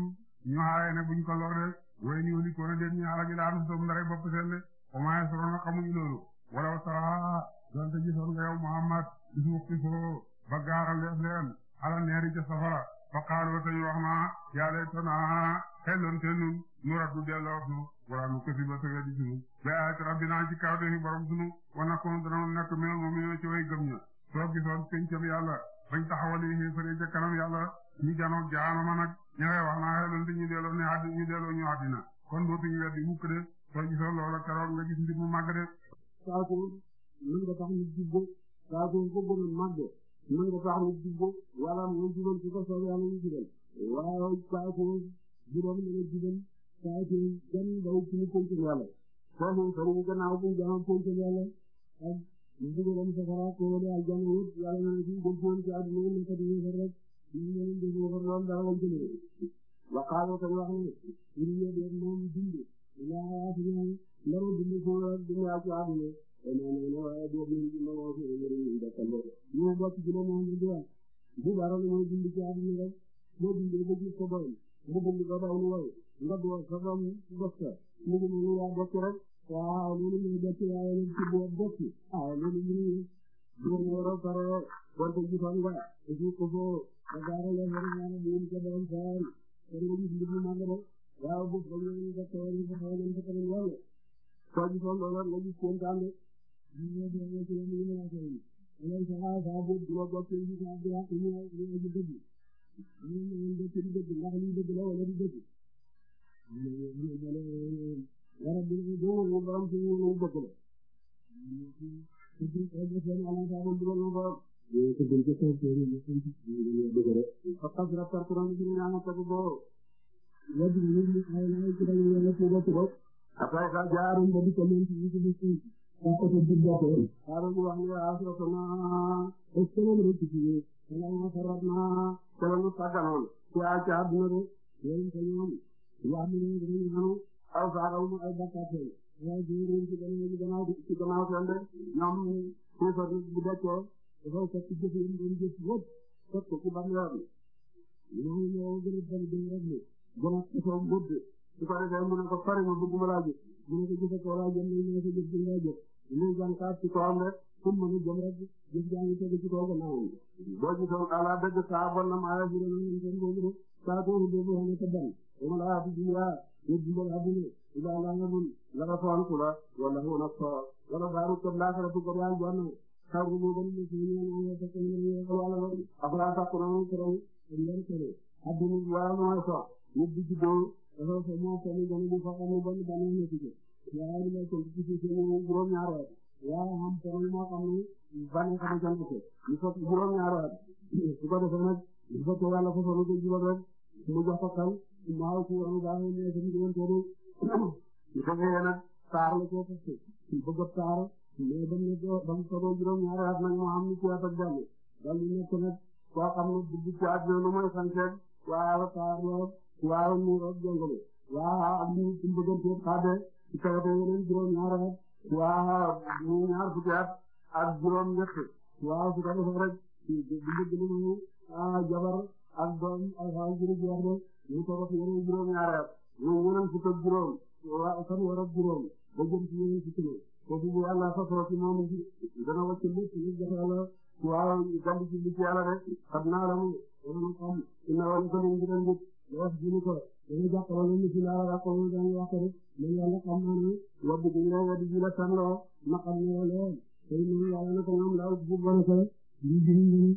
ñu xaaye ne buñ ko lor de way ni woni koona den ñu xala gi laanu soom ndare bopp seen de omaye soroona xamuñu loolu wala tara donte gisoon nga yow Muhammad is wukki foo ba gaaral def leen ala neeri ca safara fa xaaloo tañu wax na yàlla tona xelloon te nun nu raddu delloof nu wala nu kësi ba sëga di sunu ba ayat rabbina ci kaw te fi borom sunu wana koonu dana nekk mel moom soo gisoon pencam yàlla bañ taxawalee xéefare ca kanam yàlla ñu janoog jaanama nag ñu ngay wax ñu delloo ñu delloo ñu àddina kon dootuñu weddi mukk de soo gisoon loola keroog nga gis mbir mu màgg de. saako tax nit jubbo saako nga gën a màgg tax nit jubbo wala mu jubal ci ko soobee yàlla ñu jubal waaye saako bu doon mën a jubal saako ci ñu pencam yàlla soo xéefare ñu gannaaw bu ñu janoog pencam yàlla ak ndigalam safara ko wala aljanna yëpp yàlla na ci bu foon ci aduna ñu ko di defar rek ñu leen di ko ñoom dara lañ ci leen wa qaalu tan wax ni ñu ñu de moom dindi la yaati ñu laru dindi ko dunya ci aduna e na na na do ñu ñu ma wax ñu ñu da ko ñu bokk ci la moom di wax bu dara ñu dindi ci aduna rek mo dindi ko ci ko boy mo dindi ko daw lu way nga do sa doom dokta mu ñu ya dokta rek waaw loolu mooy dëkk waaye nag ci boobu dëkk waaw loolu mooy góor ñi war a faroo war ko jëfam ba su ko foo daara la war ñaan bu ñu ko doon saari kon nga gis mbir mi màgg rek waaw bu ko ñu ko tawal ko xaw nañ ko tamit wala soo gis ko loolu nga gis koom tànn ñu ñu ñu ñu ci ñu ñu ñu ñu ñu sa sa bu du ma bokk ci sa bi ak ñu ñu ñu dëgg ñu ñu dëgg dëgg ndax li dëgg la wala du dëgg wala biir bi dégg nga borom ci ñoom ñoo bëgg la. ci biir rajo seen wàllu saa yi dugal na borom. yooyu ci biir jëkkër seen yi ñu ngi leen bëgg rek. parce que rapport borom ci ñu naan ko boo. yéen ñu ngi ñu ay ay ci dañu leen a tuuba tuuba. après ka jaarum ba di ko leen ci ñu ci biir ci. daa ko ci biir jàppee. jaarum wax ne asoo ko naa. est ce que moom rek ci ñu. wala ma farat naa. te la mu sàgganoon. ci àll ci àdduna rek. yéen ko ñoom. waa mi ngi leen di ñëw. aw faagawuñu ay bàkkaar ñooy jiw leen ci benn gannaaw ci gannaaw seen de ñoom kéefar bu dekkee dafay fekk jëf yi ñu jëf yëpp fekk ko ci bànneex bi ñooñu ñoo gën a bëri gën a rëdd gën a xëccoo gudd su ko defee mu ne ko pare ma bëgg ma laa jëf mu ne ko jëfandikoo laa jëf mu ne ko jëf gën laa jëf lii jànkaat ci kawam rek pour mën a jëm rek jëf jaa ngi teg ci kaw gannaawam boo gisoon ala dëgg saa bon na maa yaa juróom-ñeent seen boobu rek saa tuuru boobu xam nga sa benn wala laa fi jiw يجبل عبد إذا لا يبل لغفو عن كلا وله نصر ولغار التبلاك رفق ريان جانه خرجوا بل مسلمين أن يتكلم من الأول أفلا تقرأوا كرهوا إلا كرهوا عبد من وعلى نواسا يبدي جدو أفلا سمع سمي جانب فقام بل بنيه نتيجة يا أهل كل شيء سمعوا برم يعرف يا هم كرهوا ما كانوا بنيه كانوا جانبه يسوع برم يعرف يسوع ده سمع يسوع تولى فسمع جيبه mu jox ko xel maaw ku waroon baax nañ ne suñu diggante bi ko bëggee nag taar la ko fas bëgg a taar mais ba mu ne ba mu soobee juróom-ñaari at nag moo am lu ci at ak jàll ba mu nekk nag koo xam ne dugg ci at noonu mooy sanseeg waaw taar la waaw nuur ak jongale waaw am lu suñu bëggante xaade ci tawate yeneen juróom-ñaari at waaw mu ñaar fukki at ak juróom-ñett waaw su ko defee rek di bëgg lu mu jabar ak doom ak xaal juróom-ñaari ñu toog ak yeneen juróom-ñaari at ñoom yeneen fukk ak juróom waa fanweer ak juróom ba jëm ci yeneen fukki ne kooku bu yàlla sosoo ci moom dana wàcc lépp ñu joxe la waaw gàll ci li ci yàlla rek xam naa la mu dana xam ina wala ko ñu gën nit wax ji ni ko dañu jàpp wala ni ci la la ko dañu wax rek ñu yàlla xam na ni wadd gi la wadd gi la tan lo na xam na lool tay ñu yàlla na ko ñoom laaw bu bon ko li di ñu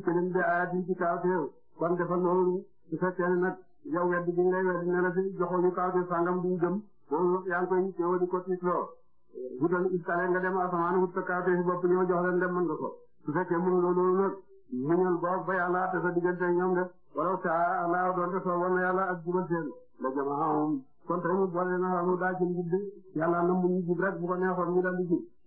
yi keneen a ayat yi ci kawteew kon defal loolu su fekkee ne nag yow wedd bi ngay wedd ne la a joxoon ñu kawteew sangam duñ jëm loolu yaa ngi koy teewoo di ko tiitloo wutal iskale nga dem asamaan wut sa kawteew si bopp ñoo jox leen dem mën nga ko su fekkee mënuloo loolu nag muñal boog ba yàlla te sa diggante ñoom de wala saa allah doon te soo woon na yàlla ak jubal seen la jamaa kon tey mu boole na mu daa ci njub yàlla na mu ñu jub rek bu ko neexoon di jub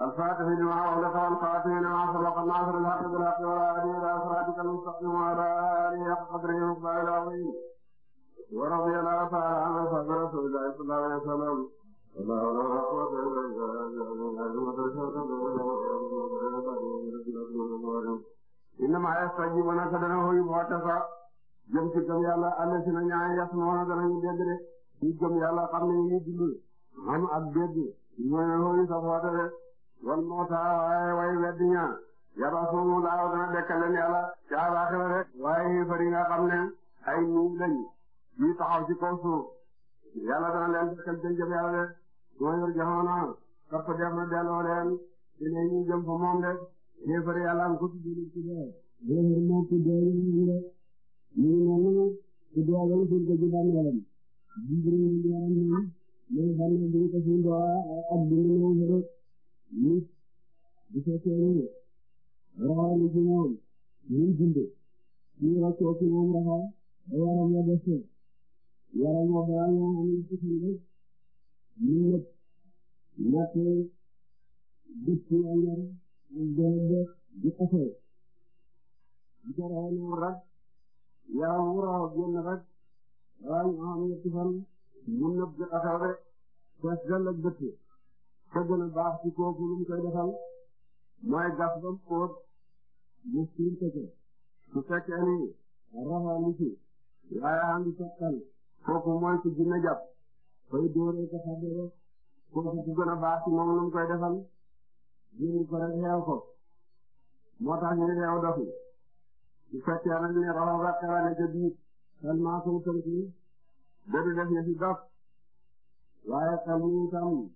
الفاتحين مع أولئك الفاتحين مع صدق الناصر الحق بالحق ولا هدي إلى صراطك المستقيم وعلى آله حق قدره ومقداره العظيم ورضي الله تعالى عن أصحاب رسول الله صلى الله عليه وسلم ولا حول ولا قوة إلا بالله إنما يستجيبون كدنه يبوتك jëm ci gëm yàlla àll ci na ñaari yas na woon danañu dégg de ci gëm yàlla xam ne ñu ngi dund am ak dégg ñooñu loolu sa foote de wal mawta waaye way weddi ña yabaasumu laaw dana dekkal leen yàlla ci alaaxira rek waaye bari xam ne ay nuum lañ yi ci kaw suuf yàlla dana leen dekkal jënjëf yàlla de moo yor jaxoona kapp def na delloo leen ñu jëm fa moom de yee bari yàlla am ko ci jëlee ci dee bu leen moo ñu ñu de ñu ci dee lañ ci dee ñu ñu ñu ñu ñu ñu ñu ñu ñu ñu ñu ñu ñu nit bu fekkee ni raxalu ji moom muy dund suñu rakkoo ci moom raxa ba yaram ya des yaram wa xayaa ñoo xam ne ci suñu lépp ñu lépp ñàkk dëkk ci angar ak doole di xasee bu ko raxee noonu rek yaram wu raxa génn rek raxa ñu xam ñetti fan mu nëb di xasee rek fees dell ak dëkk te gën a baax ci kooku lu koy defal mooy gas ba mu xóot mu suul ko ci su fekkee ni raxa ngi ci waaye a ngi sottal kooku mooy ku dina jàpp koy dóoree ko xamee kooku a baax ci moom koy defal jënd ko rek xeew ko moo tax ñu xeew dofi su fekkee ne raxa ba xewale ca biir tellement comme tënk yi def na fi dof waaye xam ni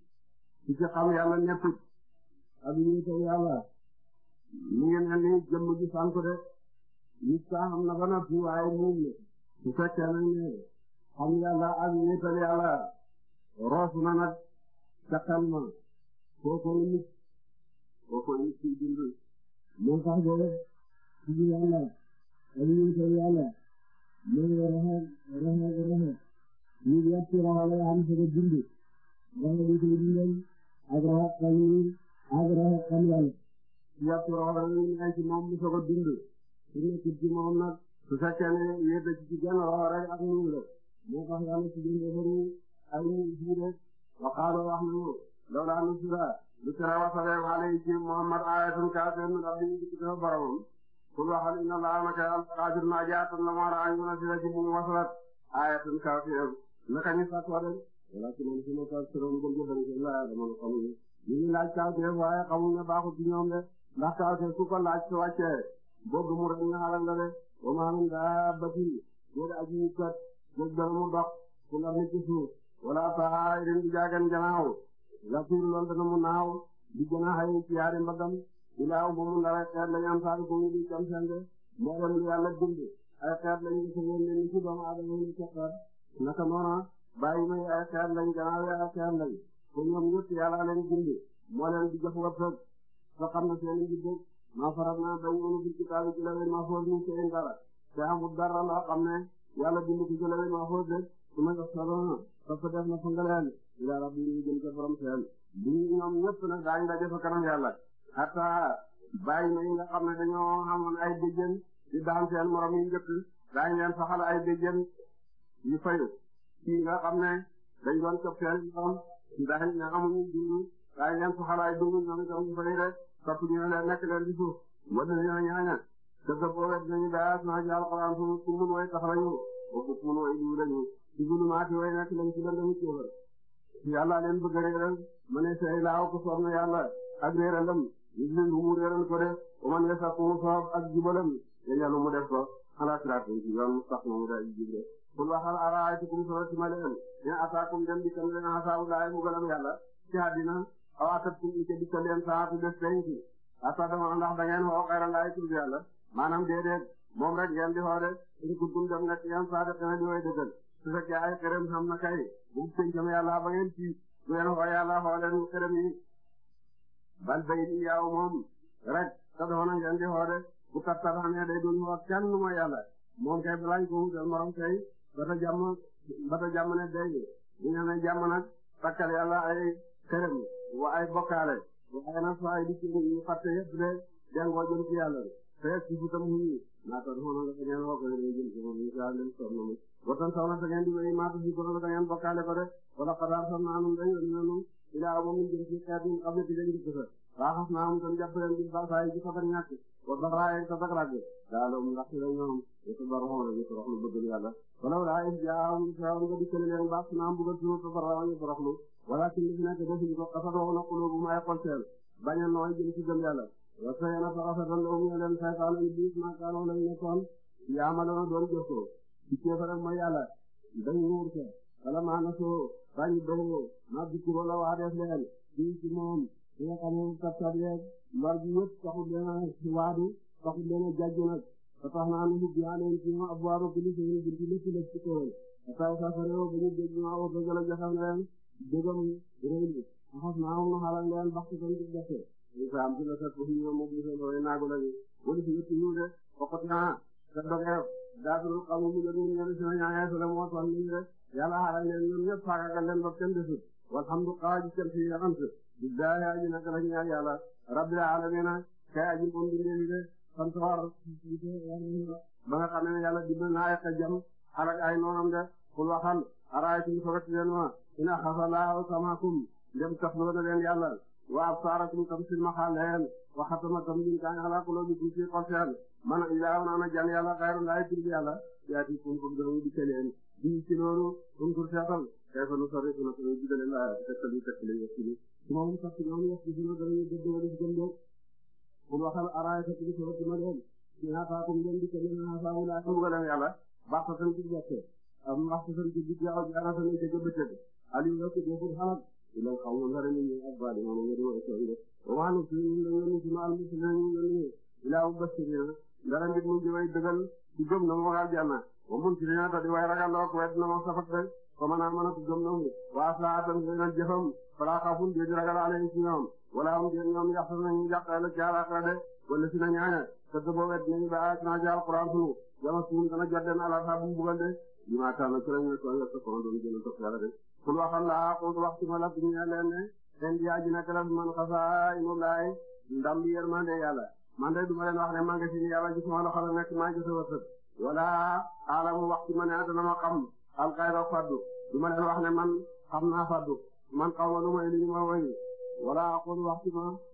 ci ci xam yàlla nekkut ak ñun sax yàlla ñu ngi mel ni jëmm saa xam na ba noppi waaye moom la su fekkee ne xam yàlla ak wéetal yàlla roos na nag caqal ma kookoy nit kookoy nit ci dund moo tax de ci yàlla ak wéetal yàlla mooy raxas raxas raxas ñu yàpp raxale am sa dund raxal ko dundal ak raxas xel yi ak raxas xel yàlla yàpp roxo yi ay ci moom mu soog a dund su nekkul ci moom nag su fekkee ne yedda ci ci genn roxo rek ak nuur la moo tax yàlla ci biir defaru ay nuur ci rek waxaalo wax nu loola nu sura lu tara wasale waale yi ci Muhammad ayatun kaafiyatun ndax ñu ngi ci dafa boromam kul waxal inna Allaha naka yàlla qaadir naa jaatan la mu war a añ wala si la ci mu wasalat ayatun kaafiyatun naka ñu sàkkoo dem walakinahum hum al-kaafirun ko jëfandikoo laa ya'lamuun xamuñu ñu ngi laaj kawteef waaye xamuñ ne baaxul ci ñoom de ndax kawteef ku ko laaj su wàccee boobu mu rek nga xalal la de wa maa min daabbatin déedéet aji wu kat déet dara ku lar ni ci suuf wala taa'irin di jaagan janaaw yatiiru lool dana naaw di janaaxay ci yaari mbagam ilaaw ba mu ndara xeet lañu am saari di jam sende mboolem lu yàlla bind ay xeet lañu sëgeen leen ni ci doomu aadama ni ci xeet noona bàyyi may ay xeer lañ gannaaw yi ay xeer lañ ñoom ñëpp yàlla leen gindi moo leen di jox wërsëg te xam ne seen nji dëgg ma faral ci kitaab ci la leen ma xool ñu seen dara te amul dara loo xam ne yàlla bind ko ci la leen ma xool dëgg ma jox sa doon parce que def na fa nga leen ila rabbi ñu jëm ca borom seen bi ñoom ñëpp nag daañu daje fa kanam yàlla hatta bàyyi may nga xam ne dañoo amoon ay béjjén di daan seen morom yu njëkk daañu leen faxal ay béjjén ci nga xam ne dañ doon coppiteel ñoom ndax ñi nga xamuñu diinu waaye leen su xalaay dugg ñoom itam ñu fay rek topp ñu leen nekk leen di suuf wala ñoo ñaaña te sa boobu rek dinañu daal naa ci alxuraan su ku mun way tax lañu ko ku mun way diw lañu ci gunu maati way nekk lañ ci dañu kéefar yàlla leen bëgg réeral ma ne say laaw ko soob na yàlla ak réeralam ñu mu réeral ko def man nga sàpp mu soob ak jubalam yañalu mu def ko ala siraat ci yoon mustaqim mu daal kon waxal araaytukum soo sima leen ne asaakum dem dikkal leen asaabu laay mbugalam yàlla ci àddina aw atabtum ite dikkal leen saatu des penki asadamoo ndax da ngeen xoo xayran laay tur yàlla maanaam déedéet moom rek ngeen di xoo de in kuntum dem nga ci yan saadiqina di way dëggal su fekkee ay xërëm xam na kay bu pencam yàlla ba ngeen ci bu ngeen xoo yàlla xoo leen xërëm yi bal bay di yaaw moom rek te doona ngeen di xoo de kay balañ ko wutal morom ba ta jàmm ba ta jàmm ne dégg ñu ne ne jàmm nag takkal yàlla ay këram wa ay bokkaale waaye nag saa yi di ci ñu fàtte yëpp de jàngoo jëm ci yàlla te ci jitam huñi naata hono la ngeen ko ngeen jëm ci moom insha Allah sono watan sawna ta ngeen di wéy ma ci ko la ngeen bokkaale ko de wala qadar sananum dañu ñu ila wa min jëm ci xadim qabla di ngeen di ko baaxas naa mu doon jàppale ngir saa yi ci safar ñàkk ba baax ak safar ràgg daal moom ndax si la ñoom yëpp baax na wala yëpp rafetlu bëgg na yàlla wala wala ay jaaw jaaw nga dikkale leen baax naa mu bëgg suñu safar waaw yëpp rafetlu wala o li fi nekk defuñu ko dafa doon na xuloo bu ma ay xol seel bañ a nooy jëm ci gëm yàlla wa sayana fa rafetal la mu leen saytaan ak biis maakaanoo lañ nekkoon yaamaloon doon jëfoo ci kéefar ak mooy yàlla dañ ñuur ko wala maa na soo bañ bëgg ma dikku la waa def leen ci ci li nga xam ne kat yeeg lor gi yëpp taxul leen a waadu taxul leen a jàjj nag ba tax na am ubbi naa leen ci ma abwaabu kulli shay'in bunti lépp lépp ci kawam saa saa sa réew ba ñu dégg ma wax ba gën a joxam leen dégam réew mi xas naa mu xalal leen baxtu ko ci jafe islam dina sa ko ñu mo mu seen way naagu lañu wala ci yëpp ñu de faqat na sa dogeef daadul xamu mu ñu ñu ñu seen ñaaya sala mo tan ñu de yàlla xalal leen ñoom ñëpp faaga leen ba kenn desul walhamdu qaadi ci ci billahi aji nak la ñaan yàlla rabbil alamin kay aji moom bindee de sant war ba nga xam ne yàlla dimbal na ay xajam alak ay noonam de kul waxal araytum sogat leen ma ina xasalaahu samakum dem tax na leen yàlla wa absaarakum tam silmaxal leen wa xatama ala qulubikum fi xol seen man ilaahu na na jan yàlla xayru laay tur bi yàlla yaati kum kum dama di keleen di ci loolu kum tur nu sori sunu sunu moom sax si ñoom ñëpp gis na danañu dëgg wala si gëm de pour waxal araay sa tuuti sa dina leen dinaa saa ko ngeen di ko dinaa saa wulaay sa mbugalam yàlla baax sa seen ci gerte am wax sa seen ci guddi aw ji ara sa lay dëgg ba tëdd Aliou nga ko deful xamal ila xaw ma nga rënd ñu ak bali moom nga di wax sa ëllëg wa nu fi ñu nga ñu ci maal musulmi ñu ñu ila u basirina dara nit mu di way dëgal ci gëm na mo raal janna wa mun ci na ta di way ragal ak wet na mo safak de fa ma a mën a gëm ñoom de waaw saa tam dinañ jëfam balaa xaafun déedéet ragal aale ci ñoom wala am déet ñoom yàq nañu yàq la jaaraatala de wala si na ñaaña te te boobu it dinañ ba ayat naa jaar Alxuraan sunu jama suñu dana jot den ala saabu bugal de li ma tànn ci lañ ne soo ko doon jëlee topp yàlla de. kon waxal laa ko wax ci ma la ne leen ne seen diyaay ji man xasaay moom man de du ma leen wax ne maa ngi ci yàlla ci sama du ma leen wax ne man xam naa faddu man xaw ma lu may li ñu ma woy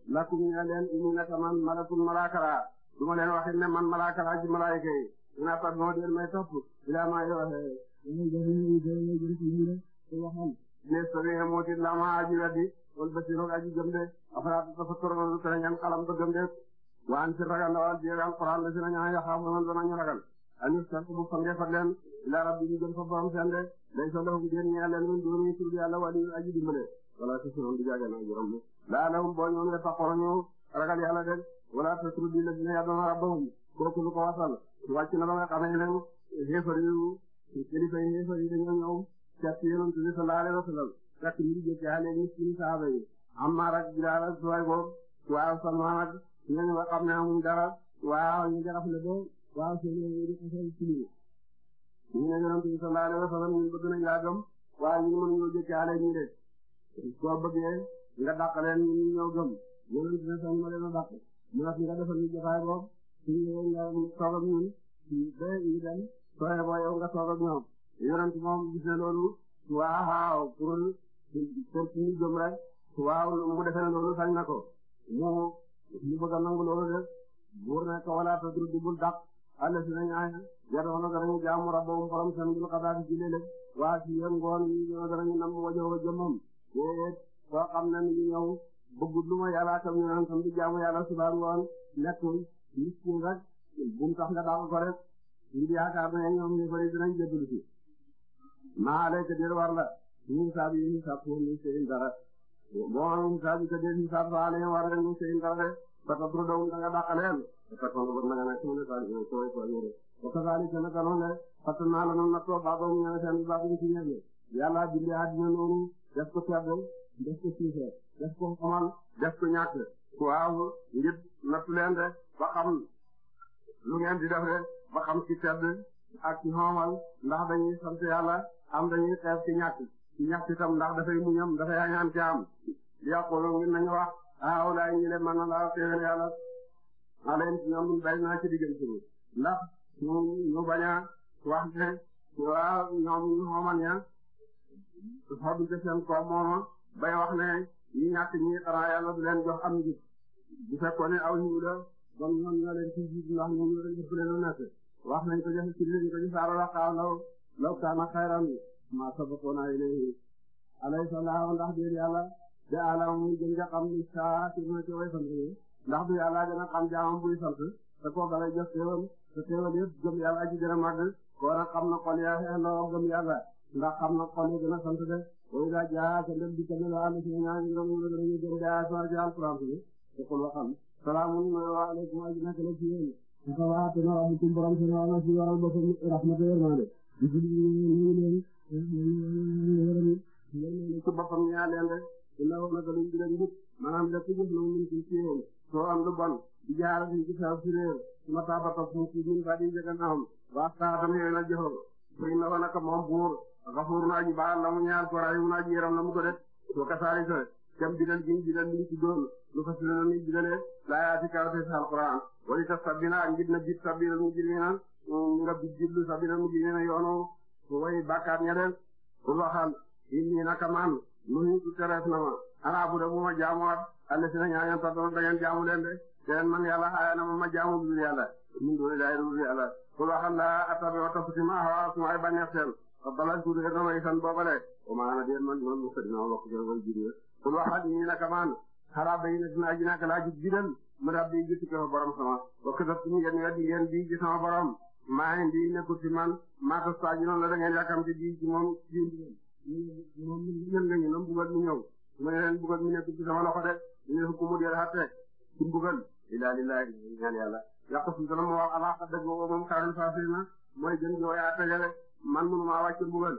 lakum ñe leen ini naka man malakun malaakara leen wax ne man malaakara ci malaayika yi ina pat moo deen may topp bila ma yoxe ne sami muutin la ma aji weddi wal basiroog aji gëm de afaraat tafakkaroon tanañan xalam ko gëm de waan si ragal ndawal jeegal quraan la si nañaa yaxaamoon danañu ragal anis sark bu fange fat leen ila rabbi ñu jëm fa borom seen de lay sa lahum déen ñeel leen min dooni tur yàlla waliyu aji dimbale wala tasirhum di jaaga na juram laa lahum boo ñoom ne taqonañu ragal yàlla de wala tasru di la dina yàddona rabbahum kooku lu ko wasal wàcc na ba nga xamee ne xéefar yu kilifa yi xéefar yi dañoo ñëw cet yonent bi sallallahu alayhi wa sallam fekk ñu jëkke xale ñi suñu saaba yi Ammaar ak Bilaal ak Suwayb waaw Salmaan ak ñooñu nga xam ne amuñ dara waaw ñu jaraf le waaw seen yooyu di xasal ci lii ñu ne yonent bi sallallahu alayhi wa sallam ñun bëgg nañ laa gëm waaye ñun mënuñoo jëkkaale ñu de soo bëggee nga dàq leen ñu ñëw gëm yonent bi sallallahu alayhi wa sallam dàq maas nga defal ñu jotaay boobu suñu nga toog ak ñun ba ñu dem sooye boo yow nga toog ak ñoom yonent moom gis na loolu waaw pour pour ñu gëm rek waaw mu defe ne loolu sañ na ko mu ñu bëgg a nangu loolu de buur ne ko wala tadru dubul dàq alla si nañ aaya yadoona danañu jaamu rabboom borom seen bil xadaati ci léeg-léeg waa si yéen ngoon yi ñoo danañu nam wajowa jëmmam déet soo xam ne mi ngi ñëw bëggut lu ma yàlla kam ñu naan sam di jaamu yàlla suba ngoon lekkul miskin rek bu mu tax nga dàq ko rek ngir yaakaar ne ñoom ñu bëri dinañ jëddul si maa lay ka dir war la ñu hisaab yi hisaab ko ñu seen dara bon hisaab yi ka dir hisaab faale war nga ñu seen dara ba tabru doom da dafa toll ba nag nag suuna saa yu ko ko yore ba ko daal di gën a gënoon de parce que naa la noonu nag soo baax ba mu ñëwee seen baax bi ci ñebe yàlla bindee àddina noonu def ko tedd def ko suufee def ko xamal def ko ñàkk waaw ngir natt leen de ba xam lu ngeen di def de ba xam ci tedd ak ci xamal ndax dañuy sant yàlla am dañuy xeeb ci ñàkk ci ñàkk itam ndax dafay muñam dafay añaan ci am yàqu loolu nañu wax ah walaay ñu ne man la xéwal yàlla. aleen ñoom ñu bañ naa ci diggante bi ndax ñu ñu a wax ne waa ñoom ñu xoomal ña xobu ci seen koom mooma wax ne ñi ñàkk ñi xanaa yàlla du leen am ne aw ñu la kon ñoom ñoo leen ciy jiit ndax ñoom ñoo leen jëpp leen nekk wax nañ ko joxe ci liñ ko ci saaro ndax du yàlla gën a xam jaamam buy sant te koo dalay jox teewal te teewal yëpp gëm yàlla aji gën a màgg koo nag xam na xol yaa xeex loo gëm yàlla ndax xam na xol yi gën a sant de booy daa jaa sa ndem di kenn laa am si ñaar ñoom ñoo gën a ñu gëm daa soo jaal France bi te ku la xam salaamaaleykum aji nekk la ci yéen dafa waa te noo am ci borom si noo am si waral ba fa rahmatu yërmande di ci ñu leen ci boppam ñaa leen rek dina wax naka luñ di leen nit maanaam lépp jëf na mu ci ci yéen soo am lu bon di jaara fi ci saw si réer suma taaba topp mu ci min fa di jeganaam waxtaatam yooyu la joxoon fay na ko naka moom buur xafuur na aji baal la mu ñaar ko rayu na aji yaram la mu ko def soo kasaari sa kem bidal gi bidal mi ci doon lu fa sirina mi bidalee laayaati kawte sa alquran wali tax sabina ak ngir na bit sabina mu mu jirina yoonu way bàkkaat ña def ku waxal inni naka man lu ñu tereef na ma ana bu da bu ma jaamuwaat alla si na ñaañoon tartoon da ngeen jaamu leen de teen man yàlla xaaya na moom ma jaamu budul yàlla min dooni kul waxal laa attabi wa topp si ma hawa su may bànneex seen fa ku réer na may san boobale o maana déen man loolu mu xëdina ma bokk jël way kul waxal ñii naka maan xaraa bay na dina aji naka laa jub jidal mu dab bii gisi ko fa borom sama wakk daf suñu ngeen weddi ngeen sama borom maa ngi bii nekkul ci man maa tas la da ma leen bugal mi nekk de ñu ne ko mu dee xatte ci bugal ilaa lillahi ñaan yàlla a su dana ma wax alaaka dëgg boobu moom xaaral saa man mënu maa wàcc bugal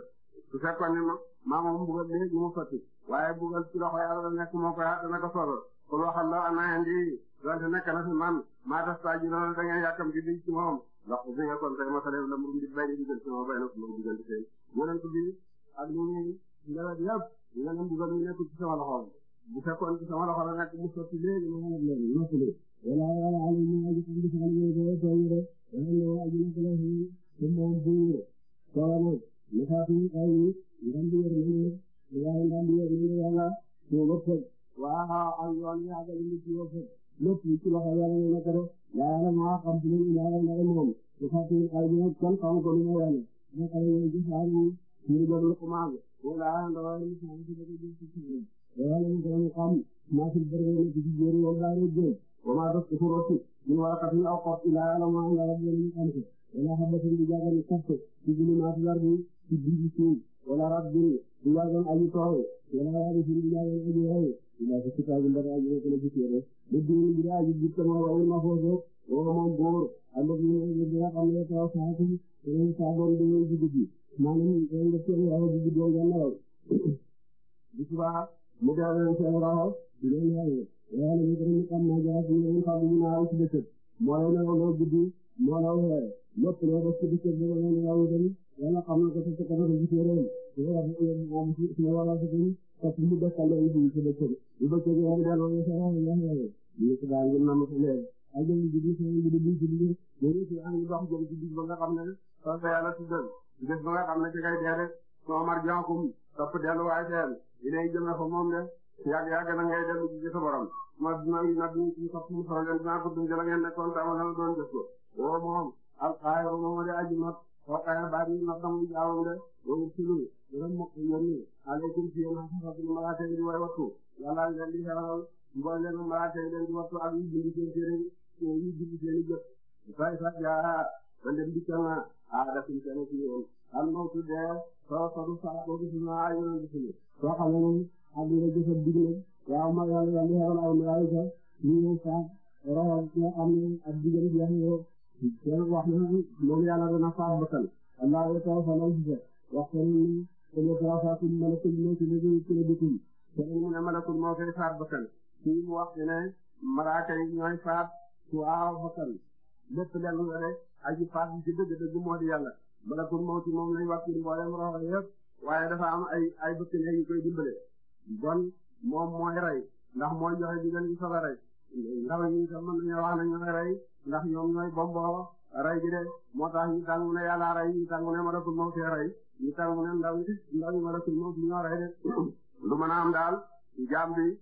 su fekkoon ne ma maa moom bugal léegi mu sotti waaye bugal ci loxo yàlla la nekk moo ko yaa dana ko soobal ko loo xam la ana indi donte nekk na fi man maa def saa ji noonu da ngeen yàkkam di di ci moom ndax su ngeen kon tey ma sa mu di bay di digal ci ma bay na ko mu digal ci seen yonent bi ak ñu ñuy ndewet yëpp dina leen dugal ñu nekk ci sama loxo bu fekkoon ci sama loxo la nekk mu sotti léegi ma xamal leen ma sotti wala wala ali ni aji ci sama loxo do yore wala wala aji ni sama loxo ko mo bu yore wala mo ni fa fi ay ni ngam di yore ni ya ngam di yore ni yàlla ko wopp wa ha al yoon ya ga ni ci wopp lépp ci loxo yàlla ni nekk rek yàlla ma xam ci ni yàlla na moom ko fa fi ay ni kon xam ko ni yàlla ni ko ay ni ci sa ni ni do ko maage wala ndawal yi xam ci bëgg ci ci wala ñu dañu xam ma ci bëgg ci ci jëri wala ñu jël wala do ci ko ci ñu wala ka ñu aw ko ila la ma la ñu xam ci wala habatu bi jaga ni kafu ci bi ma ci yar bi ci bi ci wala rabbi bi yaga ali toro wala rabbi bi yaga ali hay ila ci ta bi ndara aji ko ci yere bu di ni dara aji bi tama wa ma fo so wa ma ngor ando ni ni dara am ne taw sa ci ni sa don do ji maanaam ñoom ñoo seetlu waaye du juddoo nga nelaw bu subaa mu daal leen seen loxo di leen yaayu waaye nag ñu gën a xam ne jafe ñu leen xam ñu naaw ci dëkk moo lay nelaw loo guddi moo la wéer lépp loo def ci dëkk bi nga leen nelaw dem yàlla xam na ko ci sa kanam gisee ren su ko defee moom ci ci wàllu si biir parce que mu dëkkal la ñu ci dëkk bi bu dëkk bi rek delloo ñu sa loxo ñu yaayu ñu subaa ngeen nam ci leer ay jëm di gis ñu di gis di gis ñu ci am dox jëm ci gis ba nga xam ne sa yàlla ci dëkk gis ba nga xam ne ci kay dee rek Omar Diakhoum topp delluwaay seen dinañ jëme fa moom de yàgg yàgg na ngay dellu ci sa borom ma dina nag ñu ci sax mu soxla leen dinaa ko dund la ngeen nekkoon te amoon na doon jëf ko woo moom alxaayir moom de aji not waxtaan baal yi not amul jaawam de loolu ci lu dara mokk yéen aleykum ci yéen xasatul malaaka yi di way wattu yàlla leen di xewal mboolem malaaka yi leen di wattu ak yu bind seen téere yi bind seen i jëf fay sax jaa man dem dikkal naa aada fi kenn ci yoon am na su dee soo sodu saa ko gis naa yoon gis ni soo xam ne ak li nga jëfal digle waaw ma yàlla yàlla sa ñu ngi saa roxal ci nga xam ne ak digal bi yow kenn wax na moom yàlla dana faat bakkan allah wa taw ni ko ko faatum malakul moo ci liggéey ci bitum kenn mu ne malakul moo koy faat bakkan lépp lenn la rek aji faat bi ci dëgg-dëgg moo di yàlla malakul mawti moom lañ wàccin mboolem roxo yëpp waaye dafa am ay ay bëkkne yu koy dimbale bon moom mooy rey ndax mooy joxe digal gi sola rey ndaw ñi sax mën nañoo wax ne ñooy rey ndax ñoom ñooy bomboo rey bi de moo tax ñu tàng mu ne yàlla rey ñu tàng mu ne malakul mawti rey ñu tàng mu ne ndaw ndaw ñi malakul mawti ñoo rey de lu mën a am daal jaam bi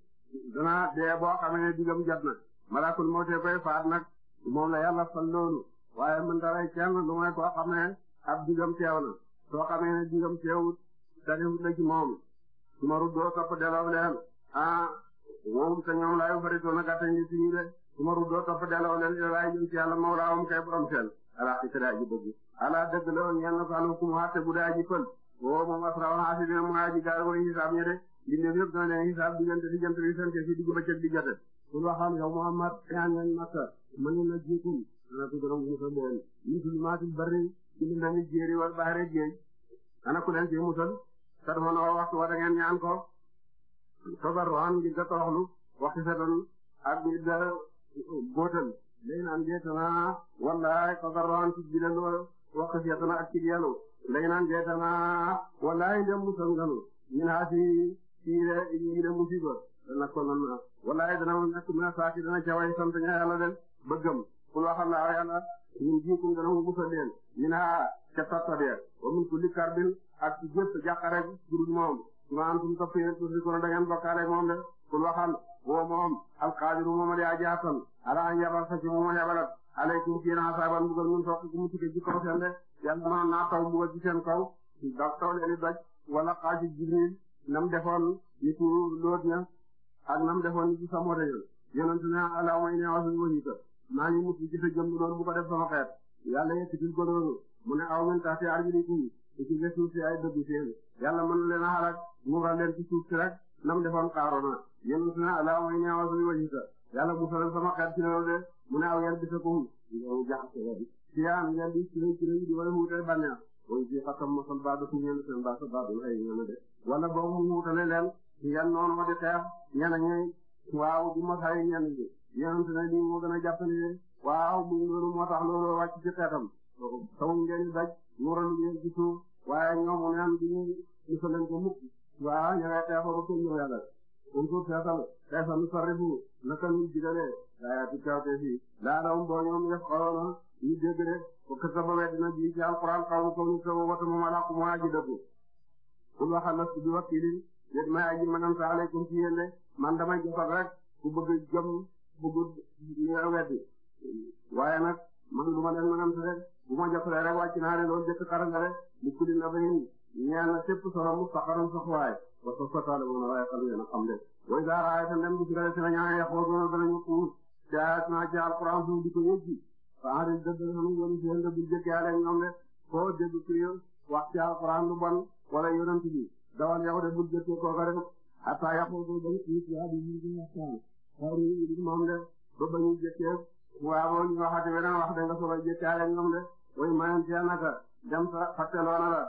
dana dee boo xamee ne digam jot na malakul mawti koy faat nag moom la yàlla fal noonu waaye mën da rey kenn lu ma koo xam ne ab digam teew na soo xamee ne digam teewut tariwut na ci moom su ma ruddoo topp delloo leen ah moom te ñoom laayu farito na gàtta ngi ci ñu de su ma ruddoo topp delloo leen la jëm ci yàlla mawlaawam kay borom seen ala xi tëdaa ji bëgg ala dëgg la ñeel na sàllu ku mu xatte bu daa ji pël woo moom asraw xaasi bi mooy aji gaar woy xisaab ñe de li ne yëpp dana leen xisaab diggante diggante bi sante si kul waxal yow Muhammad ñaan Makka mën na ana ku doon musal leen misul maatil bari ci li nañu jéeri wal baare géej ana ku leen ci musal sa doon wa da ngeen ñaan ko tabarruan ngir da toroxlu waxtu sa doon ak ngir da góotal lay jeetana wallaay tabarruan ci bilal waxtu si yatana ak ci yelu lay naan jeetana wallaay dem musal min haasi ci de musiba dana ko nan walaay dana mu nekk mën a saaki dana caway sant ña yàlla de bëggam ku loo xam ne aw yàlla ñun jiikum dana mu musal leen min ha ah, ca tattabe wa min kulli karbin ak ci gépp jàqare jurul moom suma antum topp yéen tuuti kon da ngeen bokkaale moom de ku loo xam woo moom alqaadiru moom a di aji ala an yabal sa ci moom a yabalat alaykum ci yéen asaaban mbugal mun soq ku mu tukkee ci kaw seen de yàlla mënoon naa taw mbugal kaw da taw leen di daj wala ak nam defoon ci sa motañol yonentu ne ala may ne wasun wasiita maa ngi mus ci sa jëm lu doon bu ko def sama xeet yàlla yekkatil ko loolu mu ne aw men tax te arjuli i ci suuf si ay dëgg seen yàlla mën leen a xalak mural leen ci suuf si rek nam defoon xaaroona yonentu ne ala may ne wasun wasiita yàlla bu salen sama xeet ci loolu de mu ne aw yen bisa ko hu jaxasewadi siyaan ngeen di ciré ciré di wala huute bànneex way si xatam mosal ba da fu ngeen seen ba sa badul xëy yan noonu ma di xeex ñeneen ñi waaw bu ma xayee ñenn ñi yéen ne nii moo gën a jàpp ne waaw mu loolu moo tax loolu wàcc ci xeetam taw ngeen di daj muuralu ngeen ci suuf waaye ñoom mu ne am du ñu musaleen ko mukk waaw ña ngay xeexoo ba kenn yàlla um suuf xeexal xeexal nu sarrifu naka ñu jidalee aya ti kawte fii laa dawum boo ñoom yëf xawoona ñu dégg rek ko kasa ba weddina ji ci alquran xaw mu ko ñu sa wata moom alaa ku mu aji dëggu kul waxal nas bi wakkilin déet may aji manam sa aleykum ci yéen man damay jëfal rek ku bëgg jom bëgg ñëw weddi waaye nag man lu ma leen manam sa rek bu ma jëfalee rek wàcc naa leen loolu jëkk xaranga rek li kulli na bahin ñeel na sépp solo mu saxaroon sax waaye wa soo sotaale moom waaye xam a xam de way saa raaya sa ndem bu si na ñaa yaxoo doona danañu xuur ci ayaat ci alquran suñu di ko yëggi faari dëgg xanu yoonu si hënda bu jëkkee ale ñoom de foo dégg ci wax ci alquran lu bon wala dawal yow de bul jëkkee kooka rek hatta yaqulu ba ci ci hadi yi ñu waxtaan xaru yi moom de ba ba ñu jëkkee waaw ñu waxati weneen wax de nga soobee jëkkaale ñoom de way mayan ci anaka dem sa fàtteloona la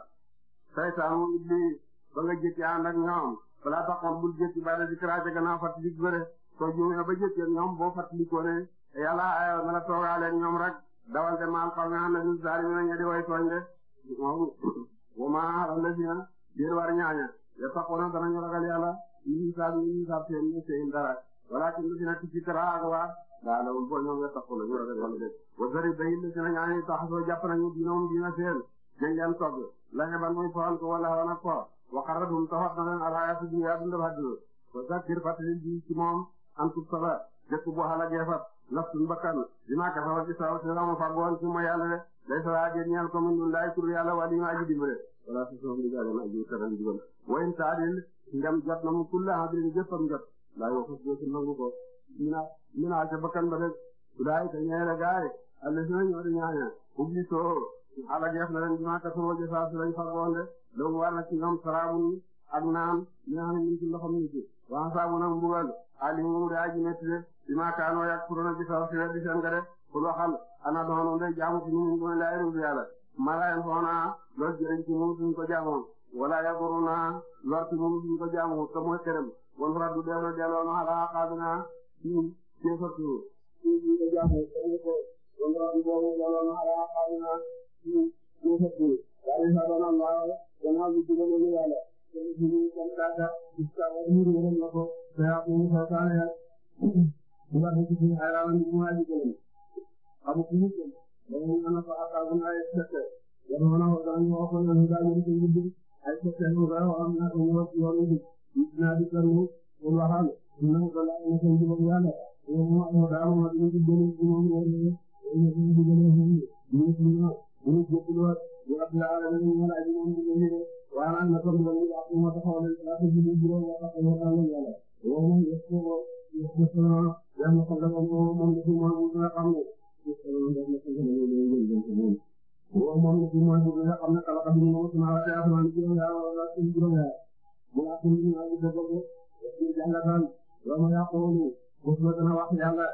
saytaanu ibli ba nga jëkkee ànd ak ñoom balaa taxoon bul jëkki ba da dikra ca gannaaw fàttali bëre soo juumee ba jëkkee ñoom boo fàttali ko ne yàlla ayoo na la toogaale ñoom dawal de maal xaw nga xam ne ñu zaari ñu way tooñ de biir war ñaaña ya taxoona ragal yàlla yi hisaab yi hisaab seen yi seen dara walaakin lu dina tikki tara ak waa daa la ñu ragal yàlla de wa sari bayil lu dina ñaaña yi taxasoo jàpp nañu dinoom dina seen dañ leen togg lañu ban muy fool ko wala wana ko wa xarratum taxat na leen alxayaatu dunya dund ba dund wa zakkir fàttali ji ci moom an tub sala jëkk boo xala geefat nafsun bakkan dinaa kasawa ci saw si la mu fàggoon ci day sawaa jël ñeel ko mun lay tur yàlla wàllu ñu aji dimbale wala su soxla nga dem aji karam dimbale wayin taadil ndem jot na mu kulla hadrin jëfam jot laay waxus jëfam nangu ko mina mina ca bakkan ba rek laay te ñeel a gaay alla si ñoo di ñaane ubbi soo ala jeef na leen dinaa kasoo jëfaa su lañ fagoon de loolu war na ci ñoom saraabu ak naan ñaan ñu waa saabu na mbugal alimu de aji metti de bi ma kaanoo yak purona ci saw si weddi seen ga ana doonu de jaamu ci ñun duna lay ruubi yàlla foona lor jëriñ ci moom ko jaamoon wala yaduruna lor ci moom suñ ko jaamoon te mooy kërëm won fa du delloo delloo no ala xaabina ci ci fatu suñ ko jaamoon te ko won fa du delloo delloo no ala xaabina ci seen jiwu seen kàdda gis nga war nañu wërëm la ko te yaa ko mu soosaane ak mu war a gis ñu xaymaa la ñu mu aji gën a amul fi ñu jëm ba mu mën a fa xaaral ay sette war na mën a wax daan ñu waxoon na ñu daal di ko gudd ay sette ñu koy wax am na ñu wax yoonu gudd ñu naa di kër mu pour waxal ñu ne ko laaj na seen jiwu yàlla yow mu am daal ma di ñu gën a moom yow ñu ñu ñu gën a ñu ñu ñu ñu ñu ñu ñu ñu ñu ñu ñu ñu waaw am na solo mais li nga xam ne moo taxawal laa ko jëlee juróom moo tax ñu xaar leen yàlla loolu moom yëpp moom yëpp def naa yàlla xam nga moom moom la fi moom bu nga xam ne yëpp moom def na ci yàlla loolu la ñu jëm ci moom. loolu moom la fi moom bu nga xam ne kala xam ne moom sama waa yàlla moom juróom yàlla wala laa suñu juróom yàlla mu nga xam ne ñoo ngi dëgg ko ñu jàngataan loolu ma yaa ko woon bés la dana wax yàlla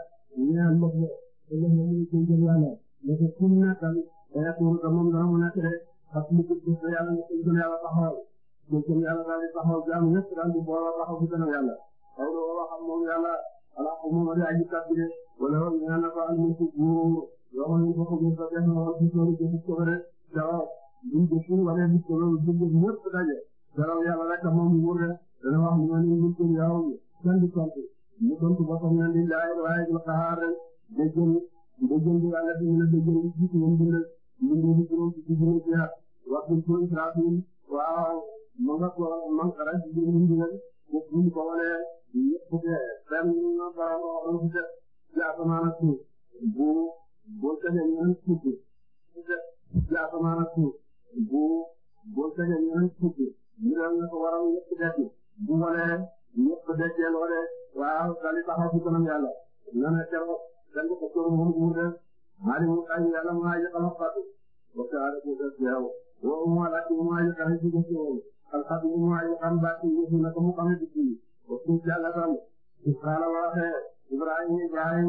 ñaan mbokk la te ñoom ñoo ngi koy jëm yàlla mais que ku ñu naatal day ak moom dana mu nekk rek parce que bu fekkee ne yàlla nekk na yàlla taxawal nekk na yàlla daal di taxaw jaamu ñëpp daal di booloo taxaw ci kanam yàlla xaw ma wala xam moom yàlla ala xam moom day aji kàddu gi wala wala ñu naan la ko am ñu ci buur yoo xam ne bokk nañ ko def na wala ci toolu ci gis ko ba rek dara buñ ko suul wala gis ko loolu buñ ko ñëpp daje dara yàlla rek moom mu wóor rek dana wax ñu ne ñu ko yaaw kenn di tontu ñu tontu ba xam ne laay laay la xaar rek day jël day jël di yàlla di ñu ne day jël ci ci ñoom dund ñu ngi ci ñoom ci ci ñoom waxtu Israafil waaw ma nga ko ma nga rek ñu ngi ndigal def ñu ko wane ñëpp de benn nga borom waxoon ci def ci asamaan ak suuf bu boo tegee ñeneen suuf ci def ci asamaan ak suuf bu boo tegee ñeneen suuf ñu dem nga ko waral ñëpp def bu wane ñëpp dekkee loole waaw dali taxaw ci kanam yàlla nga ne keroog kenn ko ko moom nguur de maa di mu kañ yàlla maa yëkkal wax fàtte ba saa rek ñu def waaw moo laaj moo aji xamee si gëstu moom alxam moo aji xam bàcc gëstu na ko mu xamee si kii wax dëgg yàlla tam xaala waxee Ibrahima jaay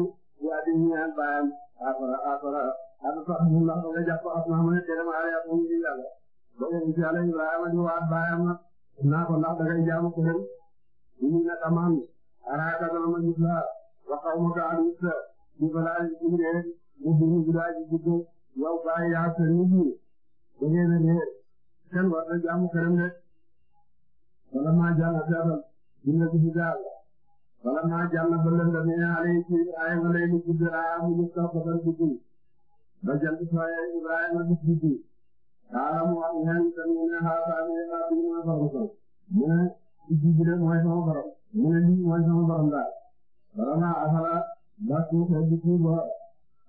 yaa di ñaan baayam afara afara ak sax mu ndax nga jàpp ak ma xam ne teel ma aaya ko ngi yàlla ba nga gis yàlla Ibrahima di waat baayam na naa ko ndax dangay jaamu ko xel ñu ne tamam araaka dana ma gis la waxaw ma ko àdduna sa ñu balaa ñu indee mu dugg daal di dugg yow bàyyi yaa sa nit ñi bu ñëwee ne ne kenn war na jaamu këram de bala maa jàll dara dina gis daal bala maa jàll ba lënd ne alayhi ci ay wala yi ci biraa mu ngi topp ba dugg ba jant sooye Ibrahima gis dugg daala mu wax ñaan te mu ne xaaral ne xaaral bi ma faram ko mu ne ci dugg de mooy sama borom mu ne lii mooy sama borom daal bala maa asala ba suuf a dugg ba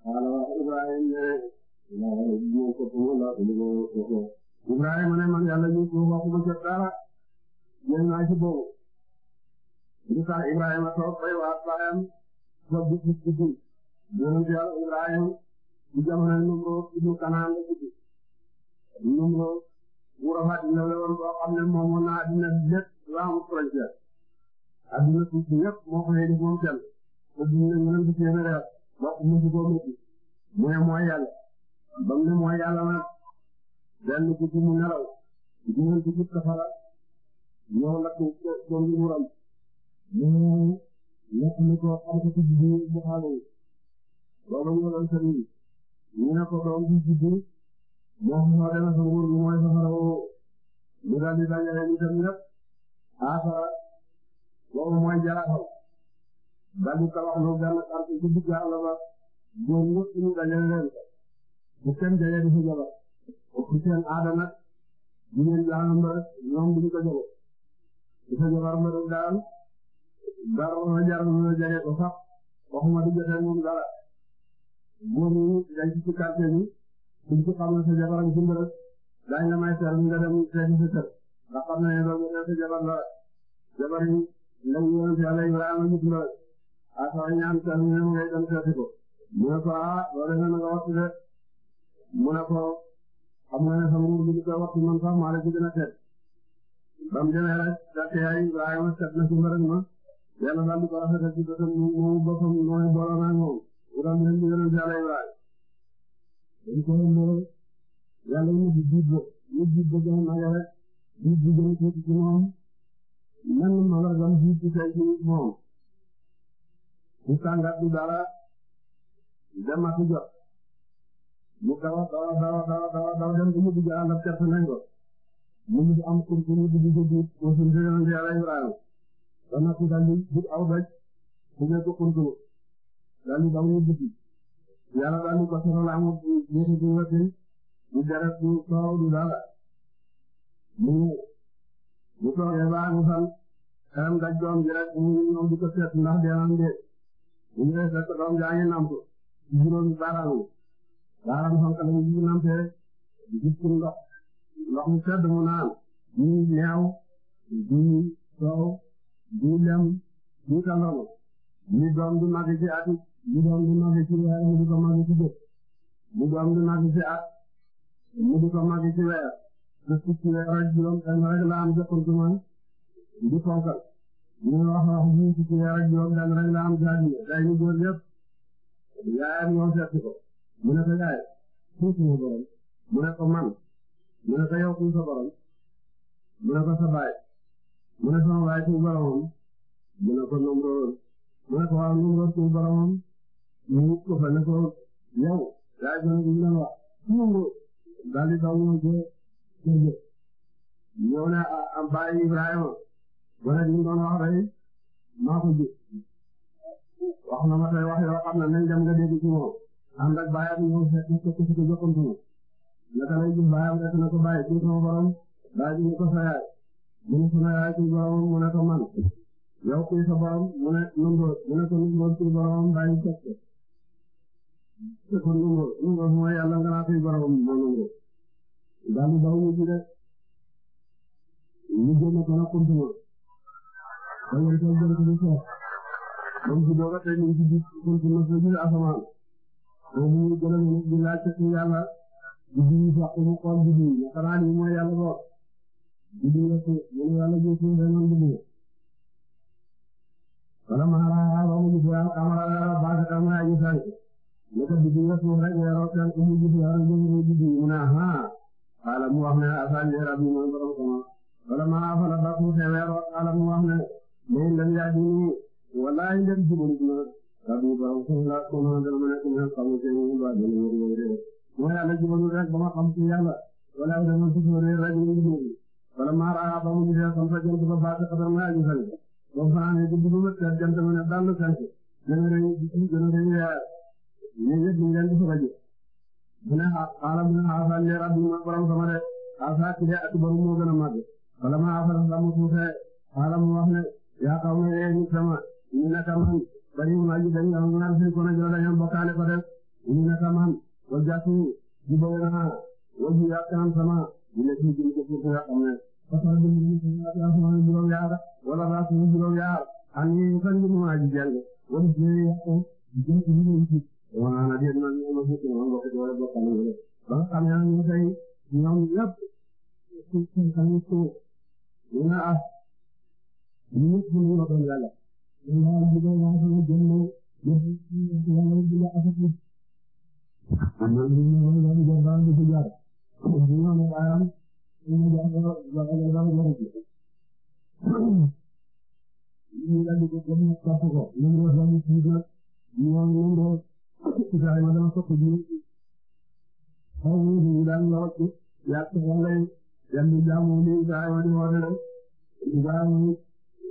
xaaral wax Ibrahima Ibrahima ne man yàlla ñu ko waxuma jot dara ñëw naa ci boobu li tax Ibrahima toog bay waat baayam soog di gis guddi ñëw ci yàlla Ibrahima ci jamono Numro ibnu Kanaan la guddi Numro bu rafet ñëw la woon boo xam ne moom naa dina lépp la am frontière adduna suuf si yëpp moo ko yéegi moom kenn te dina ñu leen di seen reer wax mu ci ko métti mooy mooy yàlla ba mu ne mooy yàlla nag benn guddi mu nelaw jigéen bi guddi safara ñëw lakk ko nguuram mu nekk ni ko xam ko ci jigéen bu xaalu booba ñu doon sëriñ ñu ne ko doom bi juddu moo moo dana sa nguur bi mooy safara woo mu daal di dajale ñu dem ñëpp aasara boobu mooy jaraxaw daal di tabax lu benn xar ci guddi gaal la ba góor ñëpp ñu dajale leen bu kenn jege di si jabar bu seen aada nag jigéen daal ma ñoom bu ñu ko jege di sa jabar ma rek daal dara ma jar ma jege ko sax waxuma di joxe moom dara góor ñi dañ ci quartier bi suñ ci xam ne sa jabar ak suñ rek daañu la may seetlu nga dem seeti sa kër nga xam ne loolu nga sa jabar la jabar yi ndaw yoon si yàlla Ibrahima gis nga rek ah sama ñaan seetlu nga dem seeti ko ñu ne ko ah loolu nga wax de mu ne ko xam nga ne sa nguur gi li koy waxtu man sax maa la ci gën a teg ba mu demee rek gerte yaay Ibrahima set na suuf rek ma yàlla daal di ko rafetal ci bëtam moomu boppam mooy borom ak moom mu daal di leen di yonent yàlla Ibrahima dañ ko mën yàlla ñu ci jiit ba ñu jiit ba gën a màgg rek jiit bi gën a tuuti ci moom nan ma la gam jiit ci tey ci moom su sàngat du dara dem ak jot mu daw daw daw daw daw daw dem bu mujj ànd ak certe nañ ko mu ngi am pour bu mujj bu jublu pour suñu jëloon yàlla Ibrahima ba natt daal di jub aw daj bu nekk kuntu daal di daw ñu dugg yàlla daal di ko soxla amul ñetti du wet du deret du soow du dara mu mu toogee ba am fan xelam daj doom ji rek mu ñëw di ko seet ndax dee naan dee bu ñu koy fekk doom jaa ngi namp juróomi baaraamu. daaram xam-xam yi ñu nampee gis ko ndox ndox mu sedd mu naan ñuy meew ñuy soow ñuy lem ñuy tàngoor ñu doom du màgg ci at ñu doom du màgg ci weer ñu di ko màgg ci bët ñu doom du màgg ci at ñu di ko màgg ci weer te suuf si weer rek juróom benn rek la am jëkkoon ci man di ponkal ñu wax wax ñu ci weer rek juróom benn rek la am jaajëf day ñu góor yëpp yaayam ñoo seet ko. mu ne ko yaay suuf sama borom mu ne ko man mu ne ko yow kuy sa borom mu ne ko sa baay mu ne sama baay kuy boromam mu ne ko Nomrood mu ne ko waaw Nomrood kuy boromam mu wut ko fa ne ko yow yaa jënd li ñu doon wax Nomrood daal di daw ñëw jë jëjëf ñëw ne ah, am baay Ibrahima wala li ñu doon wax rek maa ko ji wax na ma tey wax yoo xam ne nañ dem nga dégg ci moom. ànd ak baayam ñëw fekk fekk ci jokkontu naka lay gis baayam rek na ko bàyyi ci sama borom baay bi ñu ko sa yaay mu ne sama yaay ci borom mu ne ko man yow kuy sa borom mu ne nungoor mu ne ko nungoor ci borom bàyyi fekk te ko nungoor nungoor mooy yàlla nga naa kuy borom moo nungoor daal di daw ñu ci rek ñu génn ko na kuntuma ba ngeen ko jël ko ñu soog comme si booba tey ñu ngi ci gis kuntuma sa gis asamaan moom mu ngi gën a ngi di laaj ci yàlla jublu yi sax mu xool jublu yi xanaa lii mooy yàlla lool jublu yi rek moom yàlla jël ci yàlla lool jublu yi. wala maa laa yaa ba mu gis yàlla amara yàlla baax a am naa ñu sànq naka jublu yi rek moom rek nga yoroo sànq mu gis yàlla jublu jublu yi mu ne ah, ah xaaral mu wax ne asaan ah, yi rabbi mooy borom sama wala maa afala ba mu xewee alam mu wax ne léegi lan yaa ji nii walaay dem jublu na. Sabu ba waxum laa ko moom dama nekk ñoom xamu seen i mbaa dama wër wër de mooy yàlla jubalul rek ba ma xam ci yàlla wala dama gis ma réer rek ñu jublu wala maara ba mu gisee xam sa jant ba baax a xatam naa gisal ba fa ne di dugg ma seet jant ma ne dàll sant gën a rëy di ci gën a rëy yaa ñu yëpp ñu leen di fa rajo bu ne xaaral bu ne xaaral leer ab ma borom sama de xaaral ci de ak borom moo gën a màgg wala ma xaaral sama suufee xaaral mu wax ne yaa xaw ma yee nit sama ñu nekk man dañu mën a ji dañu am ñaar fii kon jël dañu bokkaale ko def ñu ne man wa jàkku ji sama ñu ne fii jëm jëm fu bi ñu ci ñaar yaa sama juróom yaar wala raa suñu juróom yaar na di man ñu ma fu ñu bokk ci wala bokkaale ba xam yaa ñu tay ñoom yépp ci ci kan ko ñu laal bi koy laal sama jëndee yëpp yàlla bu la affaire am na lu ñu mën leen jënd daal di ko jaar bu ñu amee ayam ñu jaar ba ba ba ba ba ba ji ñu daal di ko jënd kàpp ko ñu ngi doon ñu ci jot ñu ngi ñu ngi doon ci jaay ma dama sopp ji xaw ma ñu daal la wàcc yaa ko lay jënd jaamu ni jaay ma di woote rek jaamu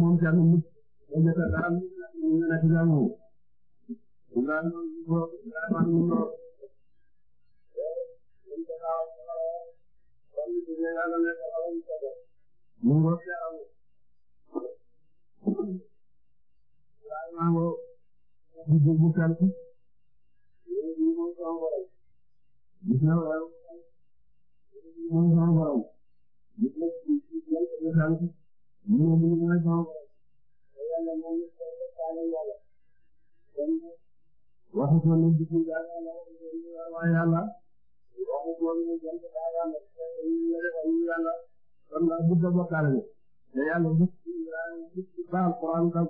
moom ci amul nit ñu jot a dara ñu ne ci jaamu Ibrahima ko Ibrahima ñu ko mu ngo ci am Ibrahima ngo di dégg sant gis na waaw mu ngi sama borom gis na sant moom moom mooy sama borom. yàlla moom it daal di taalee yàlla. kon waxu ko ni bisim daal di la wax yàlla. waxu ko ni jant daal di la wax yàlla. kon daal bu dee bokkaale la. te yàlla bu bu baal Qur'an tam.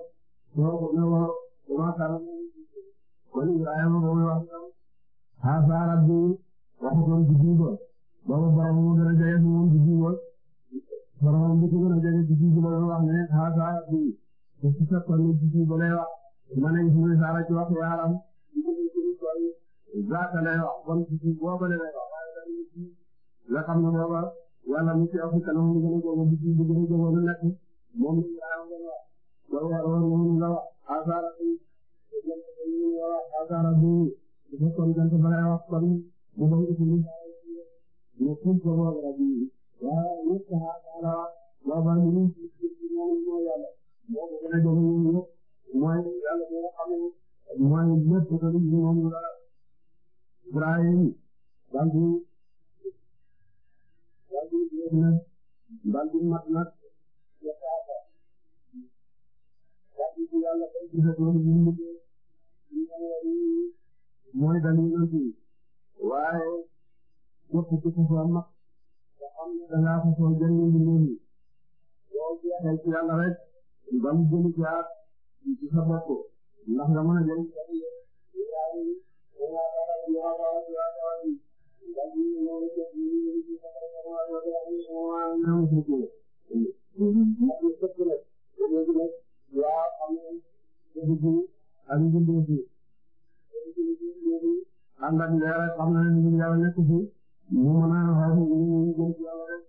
soo ko ne woo bu ma taal. kon Ibrahima moom mooy wax. ha saa rabbi waxu ko ni bisim ko. boobu borom moo gën a jege si moom bisim ko. borom bi ci gën a jege ci ci la wax ne xaaral bi ci sa kon ci ci ba lay wax ma ne ci ne saara ci wax yaaram zaata lay wax bon ci ci booba lay wax la xam ne booba yàlla mu ci ëpp kanam mu gën a góob ci ci bu gën a góob mu nekk moom ñu yaaram la wax loolu war war mu la wax xaaral bi xaaral bi ci kon gën ba lay wax kon mu doon ci ni ne ko booba rabbi waaw ñëpp xaar xaaral waaw ñu ngi ci ci ñoom ñoo yàlla moo ko gën a jox ñoom ñëpp mooy yàlla boo xam ne mooy lépp lu ñoom la Ibrahim daldi daldi jeex na daldi mat nag ya saata daldi ci yàlla koy gisat loolu ñu liggéey mooy daldi nanti waaye képp ci ko fa mag nga xam ne da ngaa fasoo jëriñu li mu ngi. yow jeexal ci yàlla rek. ba mu jëli jaar ci sa bopp. ndax nga mën a jëriñ. ànd ak leer xam na ne ñu ngi yàlla nekk fii ñu mën a wax ñu ngi jëm ci yàlla rek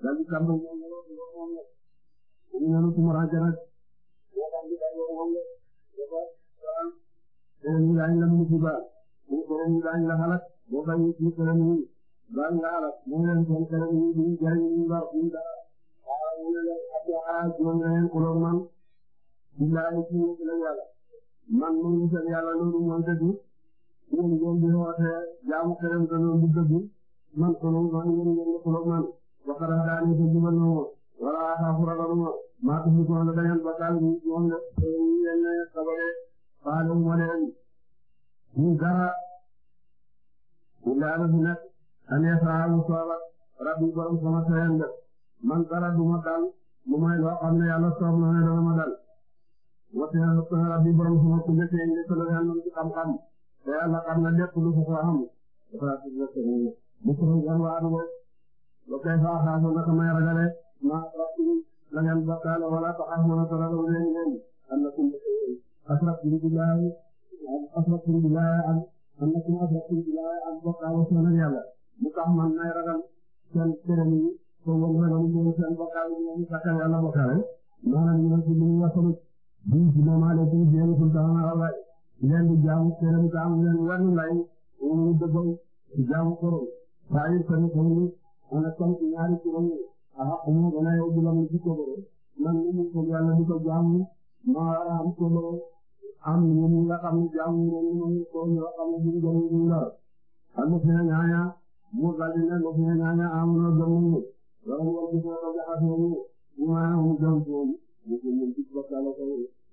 daal di tàmbali ñoom ñoom ñoom ñoom ñoom ñoom ñoom Koumara Dianak ñoo daal di daal ñoom ñoom ñoom ñu daañu la musiba ñu kërëm ñu daañu la xalaat boo xam ne ñu kërëm ñu daañu la xalaat ñu ngi leen seen kërëm ñu ñu jëriñ ñu ba ñu dara waaw ñu ngi leen ak xalaat ñoom ñu leen kuloon man billahi ci ñu la yàlla man mu ngi seen yàlla loolu ñoom dëgg ñun ñoom ñu woote jaamu keneen te ñoom du dëgg man solo maa eh, ngi leen di solo man wax dëgg daal ñu dëgg ba ñëwoon wala xaafu ragal ma maa ko fi soxla dañu ba taal ñu moom la ñu leen ne sabale baale ma leen ñu dara ñu daal di nekk année saa mu sooba rabbi borom sama seen la man dara du ma dal mu may loo xam ne yàlla soob na ne dana ma dal wate rabbi borom sama ku nekkee ñu ko la yàlla ci xam-xam te yàlla xam na lépp lu ko xam dafa bu ko ngeen waadu bo lo kay fa xaaso na ko may ragale ma rabbi la ngeen bakkaale wala taxamuna tala lu leen ngeen annakum asrakum billahi asrakum billahi an annakum asrakum billahi an bakkaale sona yàlla mu tax man may ragal seen këram yi ko won ragal ñu seen bakkaale ñu takkal yàlla bakkaale maanaam ñu ci ñu wasalu bi ci mo ma le ci ñu sultaan Allah leen di jaamu keneen jaamu leen war na lay ñu dëggal jaamu koro saa yu sami sami ana sant ñaari kuréel a xaq mu gën a yóbbu lam ci man ni mu ko yàlla di ko jaamu moo war a am koboro am ñu nga jaamu leen ñu ko ñoo xam ne ñu jëm ñu la am fi na ñaaya mu dal dina lo fi na ñaaya am na do mu wala mu ko ko jaxasoo mu ma mu jëm ko mu ko ñu ci bakkala ko waaye comme ni nga ko waxee moom mooy nga ñu ko lëkkale. ñu war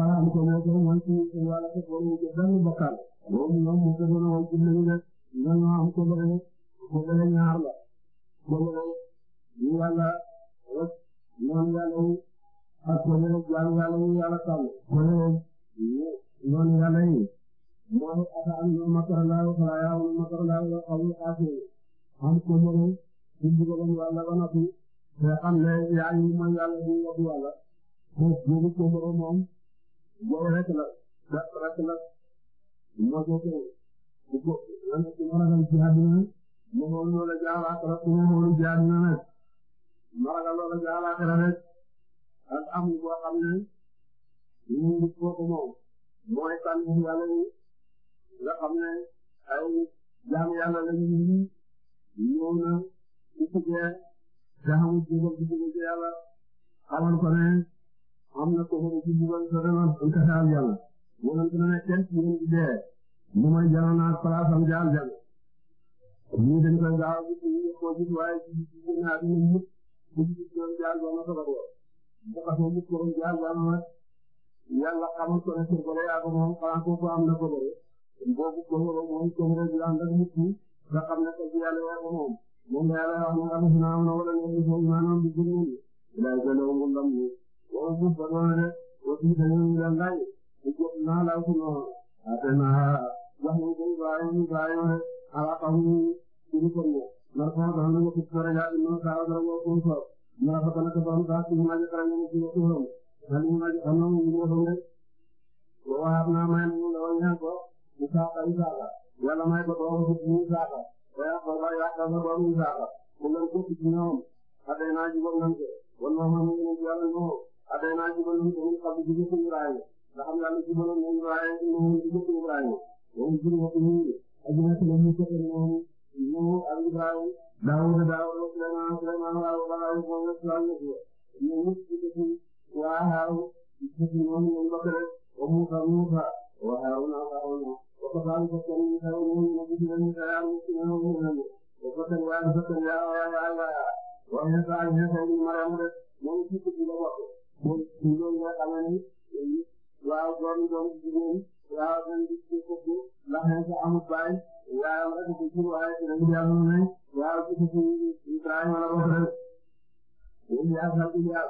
a am ko mooy que mooy ci wàllu képp koo ñu jël benn bokkaal. loolu moom mu tëdd na woon ci mbir mi rek nga ñu am ko bëri ko bëri ñaar la. loolu nag ñu yàlla rek ñoom yàlla yi ak ko bëri jaamu yàlla yi yàlla tànn. ko bëri ñu ñoom yàlla yi. mooy ak am na makaralaaw xalaat yàlla makaralaaw yoo xam ne am ko bëri ci dugalam yàlla ba noppi. te xam ne yaa ngi mooy yàlla ñu yóbbu yàlla bés boobu Kéemoro moom boobu rek la rek la moo jokkoo bu ko lan la ci maragal jihaad na moo xool loola jaala akara moo xoolu jihaad na nag maragal loola jaala akara rek ak am boo xam ne ñu ngi kooku moom mooy tànn yàlla yi nga xam ne ay jaam yàlla la ñu ñëw na ci suñu jaxamu buuba bu buuba ci yàlla xamal ko ne am na ko bu buuba sa demal am ka saal yàlla yonent na ne kenn ci yéen di dee lu may janonaak place am jaal jal ñii dañ koy gaaw gi ñu ko gis waaye ci naa dina mukk bu gis doon jaal ba ma sabab dafa ko mukk doon jaal ba ma yàlla xamal ko ne sur ko yaa ko moom xanaa ko ko am na ko bëri boobu ko moom ko rek yaa ndax mukk nga xam ne ko ci yàlla yaa ko moom moom la yàlla wax ne alhamdulilah moom la ñu ngi soxla maanaam di gën ñun daal di leen woon ndam ñu waaw suuf ba doon rek aussi dañoo ñu leen laaj di jox naa laa ko noonu ah te naa wax nga koy bàyyi ñu bàyyi rek ala xam ñu suñu ko ñëw. ndax sax dama ne ma ko suñu rajo bi ma saa dara woo suñu soor ñu la ko gën a ko doon sax suñu rajo dara ñu ci ko woon ndax ñu rajo am na ñu ko rek waaw naa may ñu la woon ñaan ko ñu saa ka ñu saa ka yàlla may ko doon ñu saa ka waaye xoolal yaakaar naa boobu ñu saaka mu ngi ko ci ñoom aday naa ji boobu nañu ko wan moom moom ñu ngi yàlla ñu aday naa ji boobu ñu ngi xam ci jëf Ibrahima nga xam yàlla ci boobu ñu Ibrahima ñu ngi ci jëf Ibrahima moom ci ñu ko ñu adina ci ñu ko moom ñu ak Ibrahima Daawuda Daawuda Suleymaan Suleymaan waaw waaw moom la Islam ñu ko ñu ñu ci jëf waaw ci ñu ñu ko rek wa Muusaa Muusaa wa Haaruuna Haaruuna وقال فكان يساوي من يساوي من وفكان يا فكان يا يا يا وهي قال هي قال مريم ده من في كل وقت من كل وقت انا لا غير دون دون لا غير دون لا هي عمود باي يا رب تكون وهي رب يعلمون يا رب تكون ابراهيم ولا بكر يا رب يا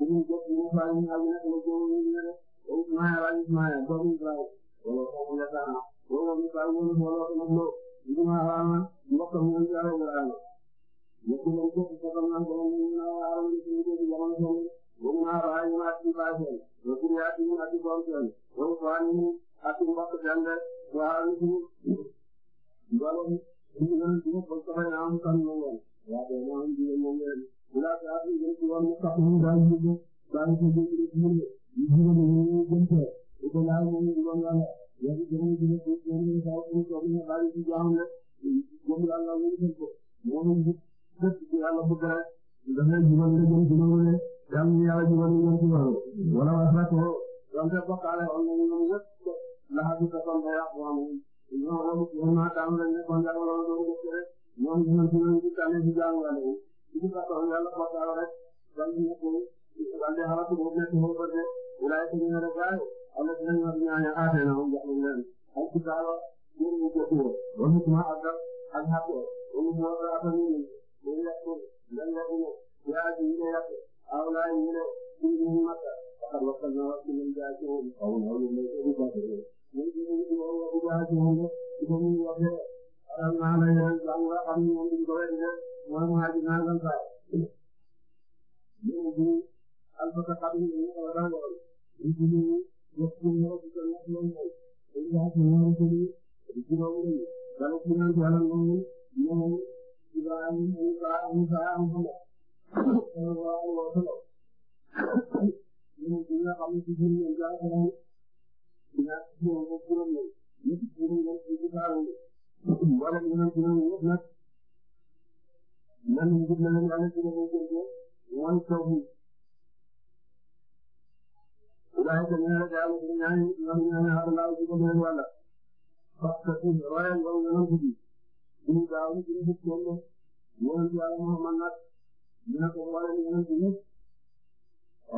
من جت من فاين علينا من جون من وما رايت ما ضرب ولا قوم لنا wala ñu faa ñu mbooloo ko moom ñu ma waama mbokk mu ngi jaay nga raama ñu ko ko ko ko naan ko ñu na waara ñu ci ñu ci jamono ko ñu ma baa ñu ma ci baa seen ñu ci ya ci ñu ci boom seen ñu ko an ñu ak mbokk jande waara ñu ci ngalo ñu ñu ñu ko ko na am kan ñu ñu ya de ñu ñu ñu ñu ñu la ta ci ñu ci woon mu tax ñu daal ñu ko daal ko ñu ci ñu ñu ñu ñu ñu ñu ko la ñu ñu ñu léegi jërëjëf ñu ngi ñu ngi saa yu ñu toog ñu ngi bàyyi ci jaamu la moom yàlla la ñu ko moom lañ gis gëstu ci yàlla bu bëre dafay jubal nga jëm ci loolu rek yàlla ñu yàlla jubal nga jëm ci loolu wala wala sax ko donte bokkaale woon nañu ñoom ñëpp laxa bi sa tontu yàq moom ñoo xam ñoom naa taamu lañ ne kon yàlla loolu doon gëstu rek ñoom ñu ngi ñu ngi tànnee ci jaamu la ñu ci sa tontu yàlla bokkaale rek dañ ñu ko dañ di xalaatu bu nekk mu bëgg wilaay ci ñu ne rek wala dinañ war ñaaña xaatee na moom jox nañ leen ak ci kaaba ngir ñu jëfoo wa hikma ak dal ak xàtte um moo ko atam ñu ñu yàqu lan yàqu ñu yaa ji ñu yàqu aw laa ñu ne ci ñu makka fakat waxal na wax ci ñu jaa ci woon aw na ñu lay ko ba ko ñu ñu ñu wax waxu jaa ci woon ko ñu waxe alam na la yeen la nga xam ñu ñu ko wéddi de mooy mu haaji na ngal sa ñu ñu alfa ka xam ñu ñu ko rangool ñu ñu wan tawhid ulaay ka ñëwee ca yàlla suñu ñaari ñoom ñooy ñaar laaw ci ko leen wala parce que suñu royal boobu nga doon dugg suñu gaaw ñu suñu gis kenn ñoom ci yàlla moo mën nag dina ko boole ñu leen ci nit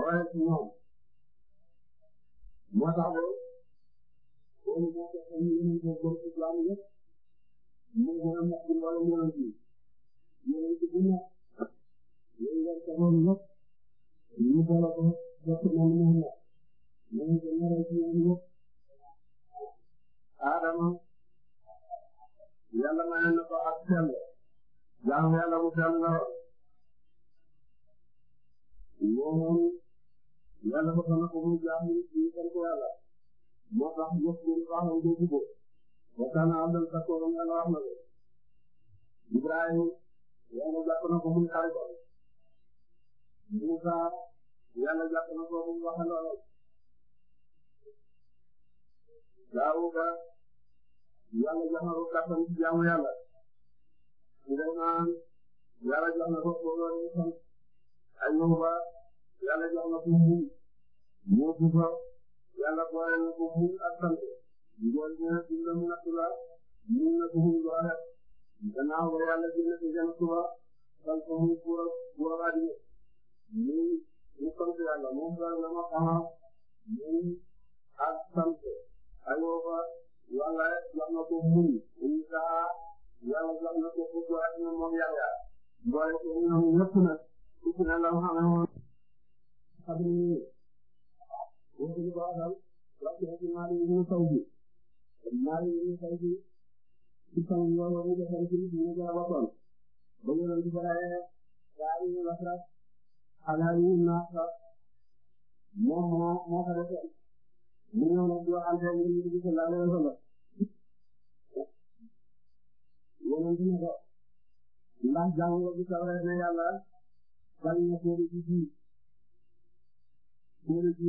royal ci ñoom moo tax ba loolu moo tax ñu leen ko gëm ci islam yëpp mu gën a nekk ci mboolem yonent yi soxla ko muy jaamu ñu sant yàlla moo tax ñëpp ñu soxla ko bu ko wa kaana abdan shakuuran yàlla wax na ko Ibrahima yàlla jàpp na ko muy xarit Musa yàlla jàpp na ko muy wax lool Daawuda yàlla jox na ko kàttan ci jaamu yàlla Suleymaan yàlla jox na ko ay yóbba yàlla jox na ko moo bu fa yàlla boole na ko muñ ak sant njool ñaa ci la mu nattu la muñ na ko muñ doole gannaaw ba yàlla génne ko jëm suba sant muy buura buura ba di muy mu sant yàlla moom daal la ma xamal muy ak sant ayoo fa yàlla jox na ko muñ muy saa yàlla jox na ko fukk ak na moom yàlla boole ko ñoom ñëpp nag fukk na la ma xamee woon xam bu ñu baaxal wax dëgg ñaari yu ñu taw bi ñaari yu ñu taw bi ci sama ñoom ñu defal ci ñu gën a waxoon ba ñu doon defaree ñaari yu ñu rafet xanaa yu ñu naaf moom moo moo ko defee mu ñëw nag di waxante mu ngi gis laa leen solo yeneen yi ko ndax jàng nga gis la ne yàlla bal na téere ji ji téere ji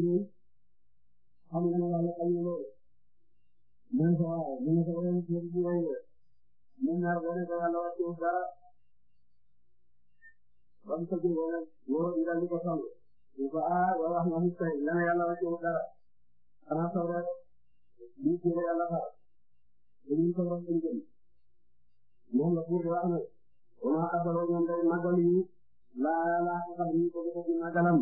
xam nga ne yàlla xëy na loolu. man sa waay man sa waay kër gi lay def. ñun ñaar boo nekk yàlla wax dëgg dara. ba mu tëgg wala wóor ñu daal di ko song. ñu ko ah wala wax nga mu tey lan yàlla wax dëgg dara. xanaa saw rek. lii ci la yàlla xaar. dañuy saw rek dañ jëm. moom la pour wax nag. wama xadaroo ñoom day màggal yi. laa laa xam ni ko ko ci màggalam.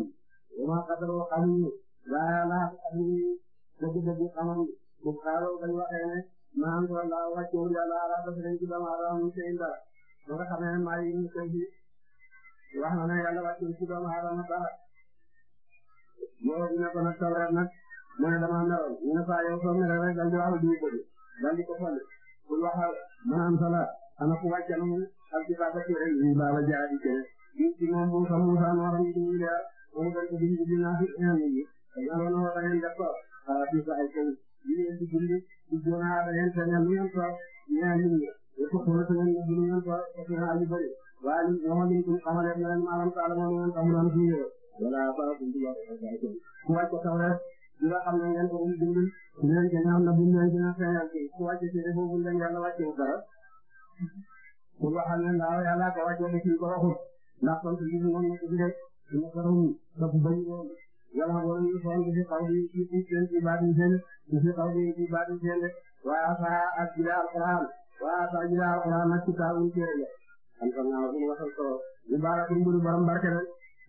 wama xadaroo xam ni waaye naa ko xam ni dëgg-dëgg xamoon bu xaaroo bañ waxee ne maa ngi doon laa wàcceewul yàlla ala ba sëriñ bi doomu aadama mu seen dara ba nga xam ne maa yi ñu koy fi wax na ne yàlla wàccul ci doomu aadama dara yow dina ko nag tawreet nag mu ne dama meroon ñu ne saa ah yow soo mere rek dal di wax du ko dal di ko fonde pour waxal maanaam sala ana ku wàccan mu ak ci baba téere yi baba jaadi ci ci moom bu xamu sa noor yi ci ñu leer mu ko ci dina fi ñaan yi yàlla na war a yéen def ko xalaatu sa ay kaw ñu ngi ci julli di joona da ngeen sañal lu ngeen toog ñaari ñi yëpp xoolatu ngeen ñu julli ngeen toog parce que xaal yu bëri waaye li ñu waxoon ñu xamale ak leen maalam taala moom ngeen xamu naan fi ñëw wala ba bu ñu wax ak ay kaw ku wàcc sax rek di nga xam ne ngeen ko buñ dindi su leen ke ñaam na buñ leen dina feeñal ci ku wàcc ci defoo buñ leen yàlla wàcce dara ku waxal ne ndaw yàlla ko wàcce ci ko waxul ndax kon ci ñu ngi ñu ci def ñu ko rum da bu bañ woon wala wala ñu xool ci xaw di ci ci ci baatu seen ci di ci baatu seen waa ak jila alquran waa saa jila alquran ak kitaabun téere la am ko naaw bu waxal ko ñu baara ko mburu borom barke la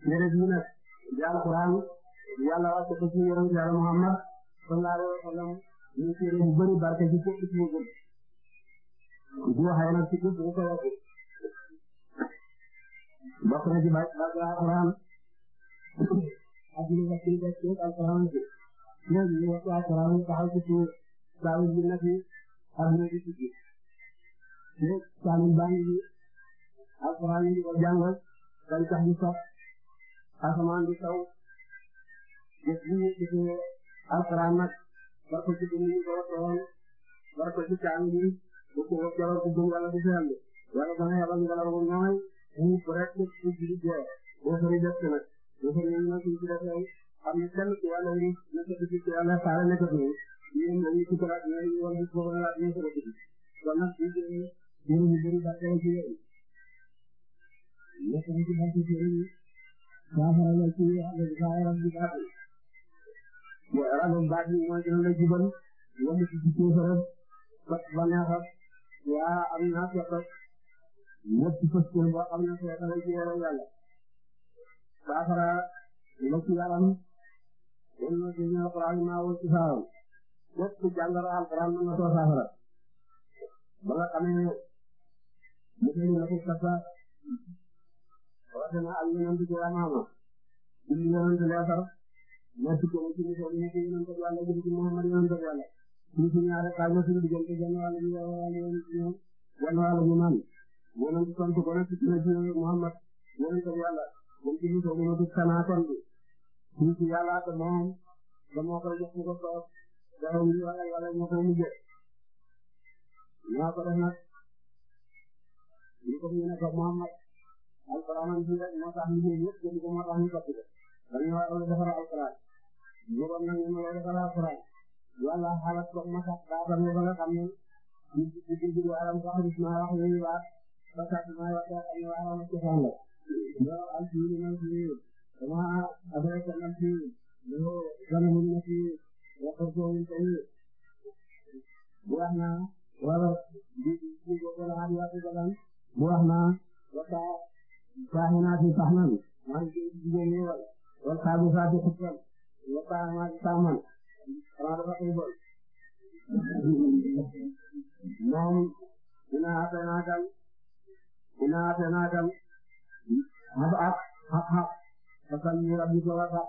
ñere bi nak di alquran yàlla wax ko ci yonent yàlla Muhammad sallallahu alayhi wa sallam ñu téere bu bari barke ci képp ci ñu du waxay nak ci ko ko wax bokk na ci baat alquran ak li nga ciy def ci alquran bi ñoom ñu wax alquran taxaw ci suuf saa yu nag yi ak ñoom di tukki lépp saa yu baa ngi alquran yi di ko jàngal day tax di sox asamaan di taw jëf yi ñu ci alquran nag war ko ci dund ñu ko waxoon war ko ci caa ngi bu ko jëloon bu gëm wala bu fenn wala dana yabal ngelaw bu nooy ñu ko rek ci biir boo ko def nag dafa ñëw nag ñu ci def yow am na kenn ci yàlla yi nekkati ci yàlla faale nekkati ñun dañuy sukkandiku ñoom ñu war a gis boppam ñu war a gis boppam kon nag ñu jëm ñu ngi bëri ba tey ci yéen nekkati ci bàq ci yéen saafara la ci yàlla di saa yaram di baaxul mooy ràllum baax yi mooy gën la jubal wala ci ci kéefar ba ba neexat waa am naa fekk ñëpp ci fas yéen ba am na fekk rek ci yàlla. saafara lépp yaram yéen ñoo jëlee alxuraan maa woo ci saafara lépp jàngoro alxuraan mën na soo saafara ba nga xamee monsieur Ndiaye Kassa waxtaan naa ak yeneen di ko amaama. julli yonent leesar nekk ko ci monsieur Ndiaye yonent yàlla jëm ci Muhammad yonent yàlla. suñ moom ci biir dugub moom it kanaa toll bi. ñu ci yàlla te moom te moo koy jox mu ko toog dafa wuli wala yàlla moo koy mujjee. ñoo ko def nag li ko fi ñu nekk Muhammad alquran bi rek moo tax ñu jël ñëpp jënd ko moo tax ñu topp ko. dañu war a defar alquran. ñu ko nag ñu war a defar alquran. yàlla xalaat ko ma sax daa ba nga xam ne ñu ci digg waaram sax gis naa wax yooyu baax ba sax maa yoo xam ne waaram ci xàll. لو ألفين نفسي وما أدرك نفسي لو ظلم نفسي وقرصه سعيد وإحنا ولو بيجي ولا عاد يأتي بلن وإحنا وكا كاهنات فهما ما يجي والخابسات خطبا وكاهنات فهما رابطة قيبا نعم إنا أتناكم إنا أتناكم هذا حق حق فصل ربي توافا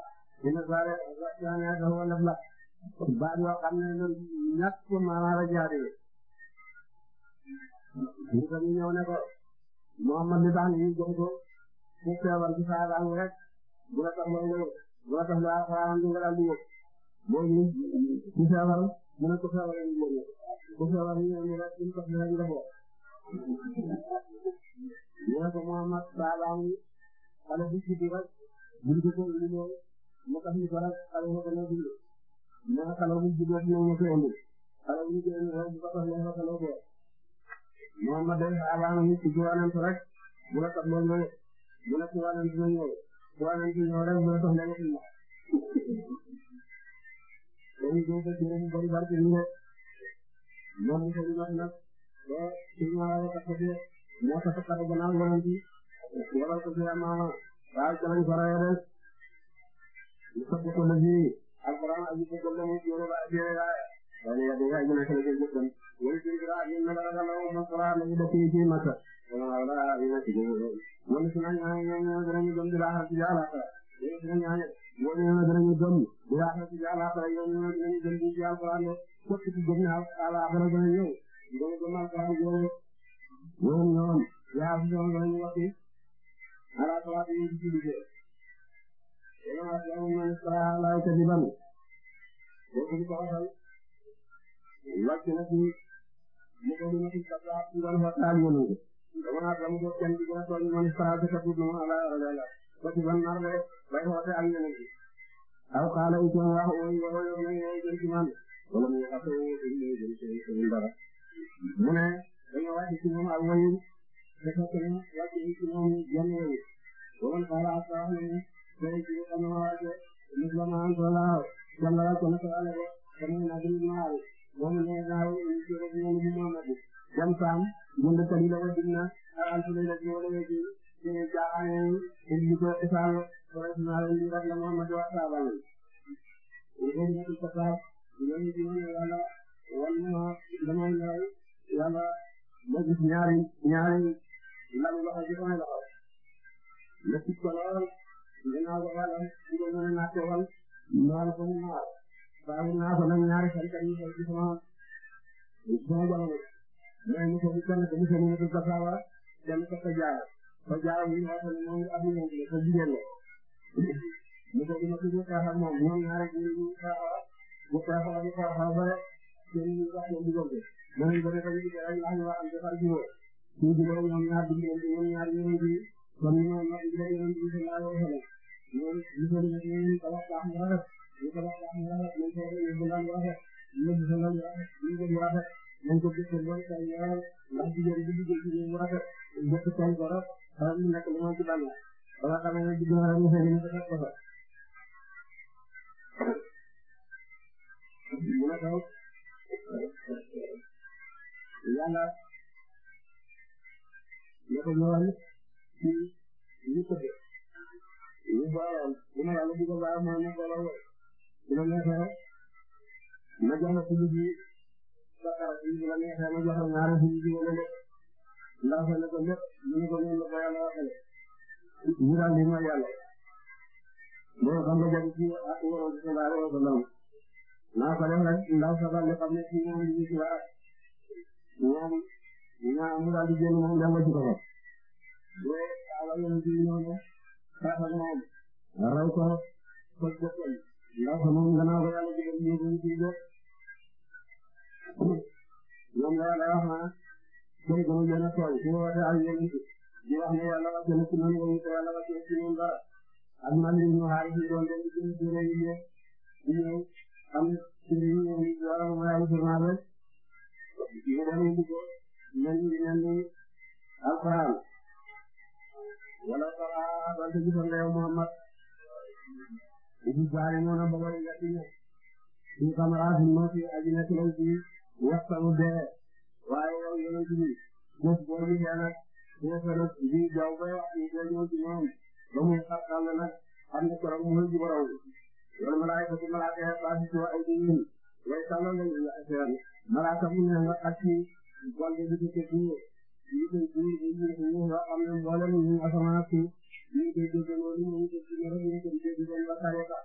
إن صار كان هذا هو نفلا بعد وقمنا نفس ما رجع عليه ñu ngi ñëw ne ko Muhammad li tax ñu jox ko ku feebar ci saa daan rek bu la tax loo ñëw bu la tax loo alxuraan nga daal di ñëw mooy ñu ku feebar mu ne ku feebar ñu ñëw ku feebar ñu ñëw ñu rek ñu tax ñu rek ñu defoo ñu ne ko Muhammad Salam xale bu ci biir rek buñ ko jël lu ñëw mu tax ñu ko rek xale bu ko ñëw dund. ñu ne xale bu jublu ñëw ñu ko indi xale bu jublu ñëw bu ko tax ñëw ko ñëw ko. Muhammad Salam ñu ci jiwanant rek bu la tax ñëw ñëw bu la ci wanant na ñëw wanant ñëw rek bu la tax ñëw ñëw. dañuy jël sa jërëm bari barke ñu ne ñoom ñu ko ñu nag. ba ci ñu war a taxawee ñoo ko taxaw gannaaw yonent bi waral ko ci ama baal ci lañ ko rawee rek ñu sopp ko la ji alquran aji ko gol lañu yoro ba bi ra wala ya dinga ñu nakal ci jëkkam wala ci ra ñu na la la mo sala ñu da ci ci maka wala ina ci jëmu wala ci nañ ay ñu dañu gëm di la ha ci yàlla ta ñu ñaan mo ñu dañu gëm di la ha ci yàlla ta ñu ñu gëm di alquran ko ci gëm na ala ala dañu ñëw ñoom ñoom ñoom yaa ngi doon loolu wax dëgg ala ko wax dëgg yu bëri. yow ak yow man saa laay tëddi ban. boo ko di ko waxal. wàcc na fi mu ko dina fi kat laa fi doon waxtaan ñu nangu. damaa gëm ko kenn di ko tooñ man saa dëkk bu dul ala ala la. ba ci ban nar rek bay waxte ak ñu nangu. aw xaala itam wax ooy yoo yoo yoo yoo jël ci man. wala mu wax ak yow yoo jël ci man dara. mu ne dañoo wàcc ci ñoom ak wayu te fekk na wàcc ci ñoom yenn wayu waman xaala asaax ne tey ci xam ne waate muslamaan salaaw jàmbara ko nasarale ko tamay na bi maal moom ne naaw ñu ci rek ñoom bi Muhammad jam saam munda tali la wadim na ak alfulay la ci wala ci ci jaaxane indi ko isaal wala ci naal li rek la Muhammad wa saabal ñu ngi ci taxaw ñu ngi ci wala wala ma damay leeral yàlla ma gis ñaari ñaari lalu loxo ci sama loxo ma ci ko lool dinaa ko wàllal su ko mën a naa ko wal maal ko mu maal baaxul naa ko nag ñaari xaritam yi ci sama sama borom mooy mu ko bu kenn ko mu ko mu ko basawa dem ko ko jaara ko jaara mu ñu waxal moom ak ñu ñu ko jigéen la [laughs] mu ko dina ko xaaxal moom ñoom ñaari ñu ñu xaaxal bu xaaxal bu xaaxal ba rek seen i wax ñoom diggante man it ba nekk bi ñu wax ñu wax am defar jiwoo ñu jiwoo ñoom ñaar di leen ñoom ñaar ñoom di ba mu ñëw ñoom di leen ñoom di leen ñaar yoo xam ne ñoom ñu ko def ñu tabax baax mu rafet ñu tabax baax mu rafet ñu ko ñu bëggaan mu rafet ñu ko bëggaan mu rafet ñu ko mu rafet ñu ko gis ko lool kay ñaar ndax jigéen bi liggéey ci mu rafet jot seen borom xaram ñu nekk lu ma ci bànneex bala xamee ne jigéen xaram ñu xëy ñu ko def ko fa mu ne taw àllaat la ko ñëwal ci li ko def li baaxoon li ma yàlla digal baax maa ma boole wala su ma neexee ma jox la suñu ji bakkaar bi su ma neexee ma jox la ñaari suñu ji wala lépp ndax fa ne ko lépp ñu ne ko noonu la ko yàlla waxee ñu daal di ma yàlla loolu xam nga jabi ci ak wóoroo ci sa daal wala ko ndaw naa ko def rek ndaw sa daal li xam ne ci ñoom ñu ci waa ñoom ñoom ñu daal di génn moom dem ba ci kaw. mais xaaral yéen fii ñëw na xaaral moom. raw ko fas jëfandikoo. ndax moom gannaaw ba yàlla digal ñu ngi ciy def. ñoom la yàlla wax na tey dama leen a tooy su ma waxee ak yéen di wax ne yàlla wàcce na ci man wala te yàlla wàcce na ci ñun dara. ak man li ñu xaar si doon dem ci suñu suñu réew yi ñëw di ñëw am suñu réew yi dara mu may ay journal rek. ñu demee ci ñoom ñu mel ni alquran wala saraa bante ci fan yow Muhammad ibi jaari ñoo na bëggoon nga ci ñëw suñu camarade bi moo ci aji nekk lañ ci waxtanu dee waaye yow yéen a ngi ci bés boo ñu xëy nag suñu xëy nag di jaww ba wax ñu koy ñëw ci ñoom ba muy xar kàlla nag xam ne korom mu ngi ci borom loolu malaay ko ci malaaka yi baasi ci wa ay di ñun way tàllal lañ la affaire malaaka mu ne nga ak ci wàllu diggante bi ñu koy ji ñu nga xam ne mboolem ñu asamaan si ñu koy dégg loolu ñu ngi ci ñu ngi koy dégg doon la tareka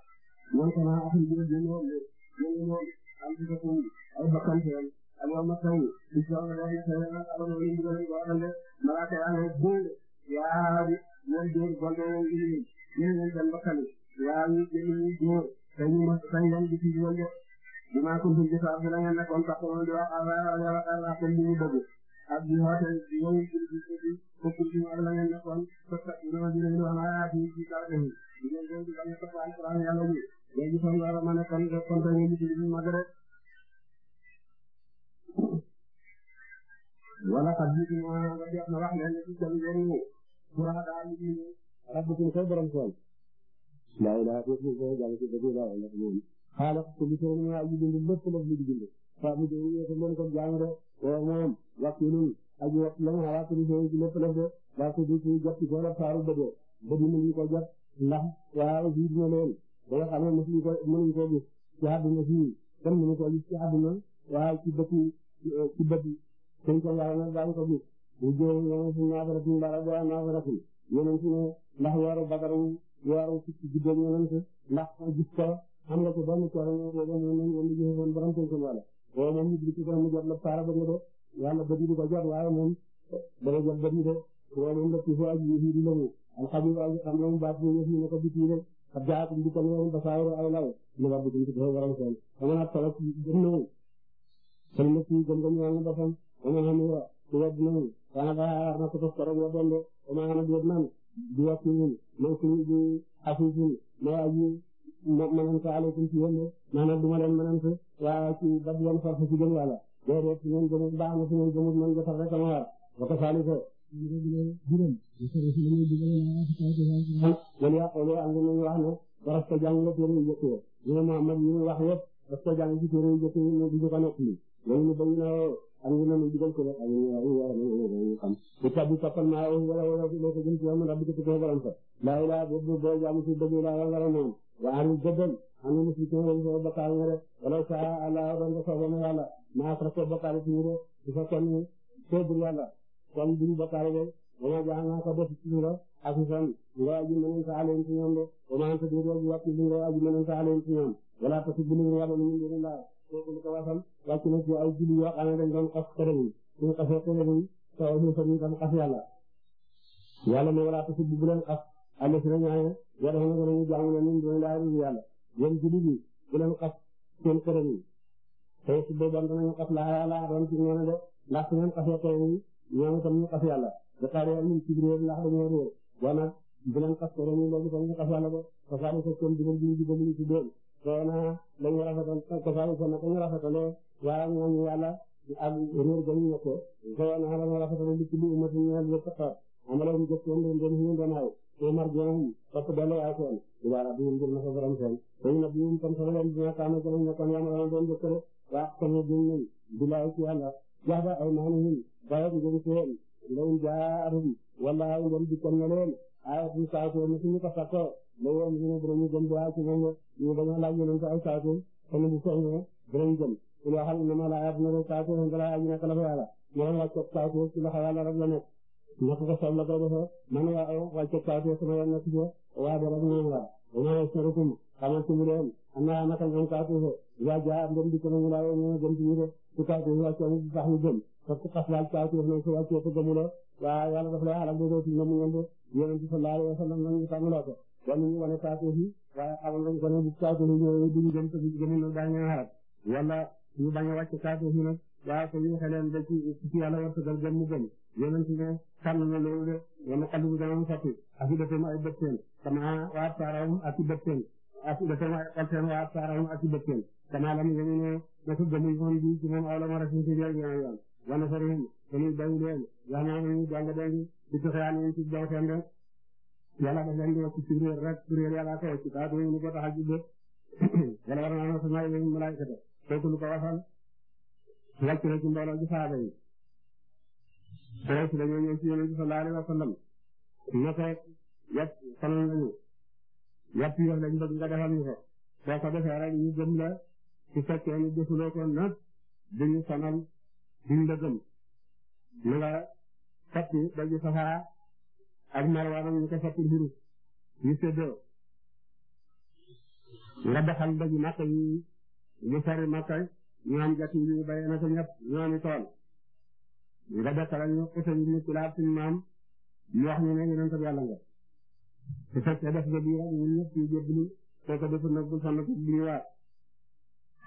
man kana akul bi ñu ñoom ñu ñoom am ci ay bakkan ci am Allah ma taw ci jox la ñu taw na ala ñu ngi doon ko xamne malaaka ya ne bu ya bi ñoom door bondo ñu ñu ñu dem bakkan ya ñu ñu door dañu ma sañ leen di ci ñoom bi maa kuntum ci saar bi la ngeen nekkoon sax di wax allah yàlla allah kenn li ñu bëgg ak di xoote di ñëw ci di di fukki ci ak la ngeen nekkoon sa sa dama di leen wax naa ci ci saar bi di ngeen gën di bañ a topp alquran yàlla bi léegi fan la ma nekkoon def kon tey ñu ci li mag rek wala xat bi ci moo nga def na wax leen ci jëm ngeen ñi pura daal ñu rabbukum say borom sool la ilaha illallah jàll ci dëgg la xaaral ko li soxla naa aji bind lépp lépp lu di bind saa bu dee yéen a mën ko jaamu de waaw moom waxtu bi aji waxtu la nga xalaat li soxla ci lépp lépp de parce que du ci jot ci soxla saaru bëgg bëgg mënuñu ko jot ndax waaw jiw dina leen ba nga xam ne mënuñu ko mënuñu ko gis ci àdduna fii kenn mënu ko gis ci àdduna waaw ci bët ci bët yi suñ ko yàlla nag daañu ko gis bu jëlee ñoom suñu naafaratul dara dara naafaratul yeneen su ne ndax weeru bakaru weeru ci diggante yeneen ndax gis ko am nga ci benn coono moom moom moom moom li ñu xamoon borom tënk yàlla waaye moom it li ci doon jot la paara bëgg de yàlla bëgg di ko jot waaye moom dana jot bëgg de waaye moom daf ci foo aji yi di lëngu alxabiir aji xam ne moom baat ñu yëf ñu ne ko biti de ab jaatum di kan moom basaayro ay law li nga bëgg ci dafa waral seen amoon ak solo ci gëm na woon kon nag ci gëm gëm yàlla dafa amoon xam ne ci wedd na woon daana ba xaar na ko def korom wa doon de amaa xam ne di wedd naan di wàcc ñun mooy suñu di afi suñu mais aji ma mënante aleykum ci yéen maanaam du ma leen mënante waaye ci dab yan force ci na su ngeen gëmul man jëfal rek war wa kasaalika wala yaqulu am nañu wax ne waras ko wax yëpp daf ko jàng ci téere yu jëkk yi ñu di ko na am ñu nañu digal ko rek ak ñu war ñu xam bu tabbi toppal naa wala wala ko man waa ñu jëggal am na muslikiin yi soo bokkaal ñu de wala saa Allah doon ko soobal yàlla maa ko soo bokkaal ci ñu de su fekkoon ni soobul yàlla kon duñu bokkaal de wama jaa naa ko def ci ñu de ak itam nga aji mënoon sa aleen ci ñoom de wama anta bi rek wàcc li nga aji mënoon sa aleen ci ñoom wala parce que bu ñu yàlla ñu ñu la ko ko wasal wàcc na ci ay julli yoo xam ne dañ doon xas kërëm yi suñu xasee kërëm yi soo ñu fa ñu tam xas yàlla yàlla ne wala parce que bu leen xas àll si la ñu naan yàlla na ko dañuy jaamu ne ñun dinañ laa rëdd yàlla yéen jullit yi bu leen xas seen këram yi tey su boobaa danañu xas laa yàlla doon ci ñoom de ndax su ngeen xasee këram yi ñoom itam ñu xas yàlla dafa réer ñu ci réer ndax dañoo réer waaye nag bu leen xas këram yi loolu itam ñu xas yàlla ba kasaaru ko kon dugal bi ñu dugal ñu ci dóor soo naa dañu rafetal kasaaru ko nag dañu rafetalee waaye ñooñu yàlla ak réer ga ñu nekk gawa na xalama rafetana li kulli ummatin ñeel ñëpp xaar amalahum jëf seen doon doon ñu doon xaw te mar jonahum parce que delloo yaay seen waa rabbihum ngir nafa borom seen dañu nag ñun tam sama leen dina kaana gën a nekkoon yamalana doon jëkkëre waa sama jëm nañ bilaay ci yàlla jaaba ay naanihim baye bu jëm seen ndaw jaarum wallaahi ngam dikkal na leen ayatu saatoo ni suñu ko sakkoo la woon ñu ne dinañu gëm bu waa ci ñu dañoo laaj yonente ay saatoo kon bu soññee dinañ gëm li nga xam ne moom laa yàgg na rek saa suuf balaa yàgg nekk la fa yàlla ma ne wàcceeg saa suuf si loxo yàlla rek la nekk nekk ko soxla la ko defee ma ne waa wàcceeg saa suuf sama yoon nekk ci waa ba rek moom laa ma ne sorikum xamal ci mu doon am naa naka ñoom saa suuf yaa jaa ndem di ko mu laa yow ñoo dem ci ñu de su saa suuf wàccee mu sax ñu jëm parce que xas laal saa suuf nag su wàccee ko gëmu la waa yàlla daf lay xalal dootoo ci ñoom ñoom yéen ci sallallahu alayhi wa sallam ñu tàmmaloo ko wala ñu wane saa suuf yi waaye xamal nañ ko ne bu saa suuf ñëwee du ñu dem te du ñu gëmul dañ leen xalat wala ñu bañ a wàcc kàddu gi nag waaw ko ñu xeleen ba ci ci yàlla war sagal gëm mu gëm yonent ne tànn na loolu de wala xalu bi danañ sotti ak i defeem ay bët seen kama waat saarawum ak i bët seen ak i defeem ay xol seen waat saarawum ak i bët seen kama lam yemu ne naka gëm yi moom bi ci moom aw la ma rafetlu yoon yoon wana sarihim te ñu bayu leen yaana ñu jàng dengi di toxeyaan ñu ci jaw seen rek yàlla daf leen di wax ci réer rek réer yàlla ko ci taa du ñu ko taxal ci bët wala war naa sama ay malaayikata kooku lu ko waxal wàcc na ci mbooloo gi saaba yi te si dañoo ñëw ci yonent bi sallallahu alayhi wa sallam ne ko yàpp sonal nañu yàpp yi lañ bëgg nga defal ñu ko boo ko defee rek ñu gëm la su fekkee ñu defuloo ko nag duñu sonal duñ la gëm na nga fatti daju safara ak marwa ñu ko fatti mburu ñu séddoo nga doxal daju màkk yi ñu sori Makka ñu am jàpp yu bàyyi na ko ñëpp ñu am i tool nga defaral ñu xëtal ñu kulaab suñu maam ñu wax ñu ne ñu doon ko yàlla nga. su fekkee def nga bii rek ñun ñëpp ñu jébbalu soo ko deful nag bu sonn ko bu ñu waat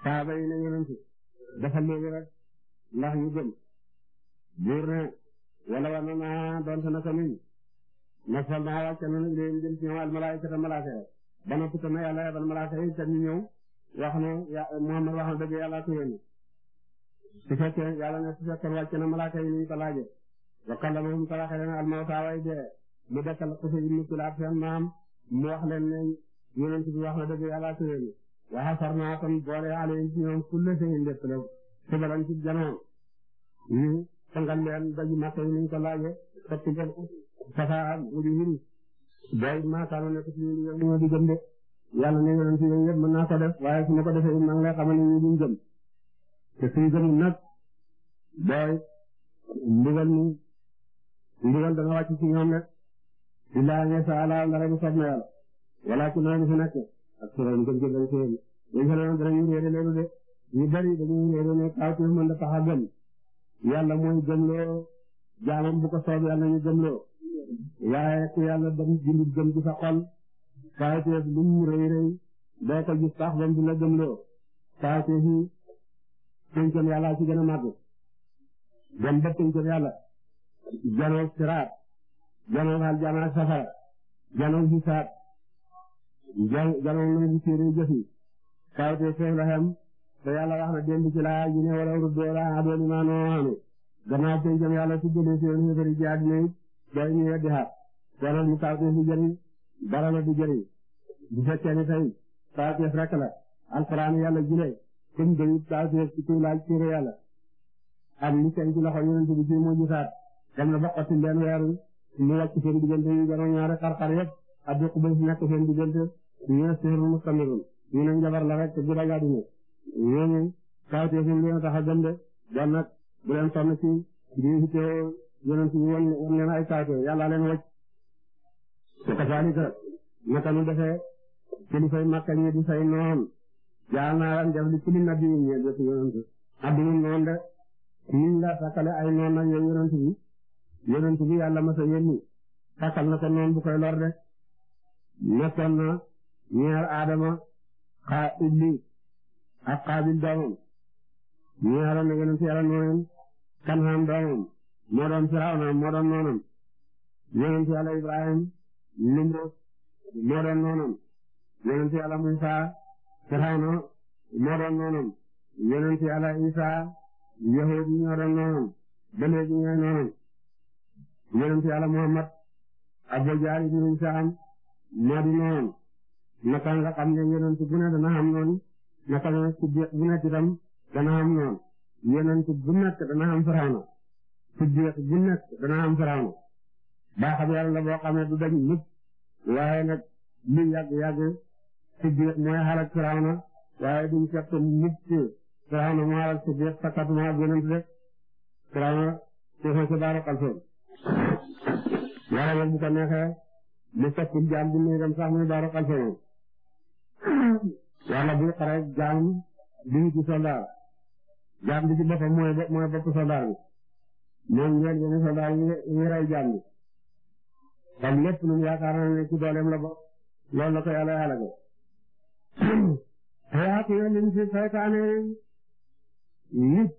saaba yi ne ñu doon ci defal léegi rek ndax ñu gëm buur ne wala war na naa donte na ko nuyu nasal naa wàcce na leen jëm ci ñoom al malaayikata malaaka ba noppi ko na yàlla yabal yi ca ñu ñëw. wax ne ya wax na dëgg yàlla ko yónni su fekkee yàlla ne su fekkee wàcc na malaaka yi ko laajee wa kallamahum ta waxee leen al-mawta way dee mu dekkal Qusay ibn Kilaab seen maam mu wax leen ne yonent bi wax na dëgg yàlla ko yónni wa hasharnaa kon boole alayhim ci ñoom kulla shay'in lépp la subalan ci janoon ñu sangal leen daj Makka yi ñu ko laajee fekk jël fasaa wujuuhum day maakaano nekk ci ñoom ñoo di gëm yàlla ne yonent yooyu yëpp mën naa ko def waaye su ma ko defee maa ngi lay xamal ni duñ gëm nag booy mbugal ni mbugal dana wàcc ci ñoom rek illaa ne sa ala ndara bu sob na yàlla wala ci naa ni fi ak suroon gëm ci dañ seen dañ seen danañu réere loolu de ñu bari dañuy réere ne ku yàlla dem jullit gëm ci sa xol paasee lu mu rëy rëy doo ko gis sax ba mu la gëmloo paasee yi tënkal yàlla ci gën a màgg dem ba tënkal janoo siraat janoo aljana ak safara janoo hisaab janoo nangu téere jëf yi paasee foofu la xam te yàlla wax na démb ci laa ñu ne wala wala doo laa adoon maa noo xame gannaaw tënkal yàlla su gënee seen xëfëri jaadina it doo ñu weddi xaar wala mu kaw te fu jëriñ dara la du jëriñ bu fekkee ni tey taateef rek la alxuraan yàlla jile comme dañu taateef ci kuy laaj téere yàlla ak li seen ci loxo yonent bi ci mujj saat dem na ba xotti benn weeru lu wàcc seen diggante yu gën a ñaari xar-xar yëpp ak dëkk ba nekk seen diggante ñu ne sihrun mustamirun ñu ne njabar la rek te bu dagaa dina ñooñu taateef yi leen tax a gëm de bon nag bu leen sonn ci di yittewoo yonent bi woon leen ay taateef yàlla leen wacc wa kazaalika naka nu defee kilifay Makka ñi di say noon jaal naa leen def li kulli nabiyyin ñe def yonent adduna noon de ñun la sakkale ay noon nag yow yonent bi yonent bi yàlla masa yónni sakkal na ko noon bu koy lor de nekkoon na ñeer Adama xaa Iblis ak Xaabil doomam ñeeroon na yonent yàlla noonam Kanham doomam moo doon Firawna moo doon noonam yonent yàlla Ibrahim Namrud moo doon noonam yonent Yàlla Muusaa Firawna moo doon noonam yonent Yàlla Isaa yahuud ñoo doon noonam ba léegi ñooy noonam yonent Yàlla Muhammad Abu Jahl ibn Hishaam moo di noonam naka nga xam ne yonent bu ne dana am noonu naka nga Siddiq bu nekk itam dana am noonu yonent bu nekk baaxam yàlla na boo xamee du dañ mukk waaye nag lu yàgg yàgg siddiq mooy xalak firawna waaye duñ fekk mukk firawna moo xalak siddiq sakkat moo ak yonent de firawna foofu sa baaru xalsoon yàlla nag bu ko neexee mu soppul jaam bu muy dem sax muy baaru xalsoon yàlla buy xare jaam di wuti soldaar jaam bi ci boppam mooy bopp soldaar bi moom ngeen yéen soldaar yi rey jaam bi kon lépp lu ñu yaakaaroon ne ci dooleem la bokk loolu la ko yàlla halage te ak yoon nañ ci saytaane nit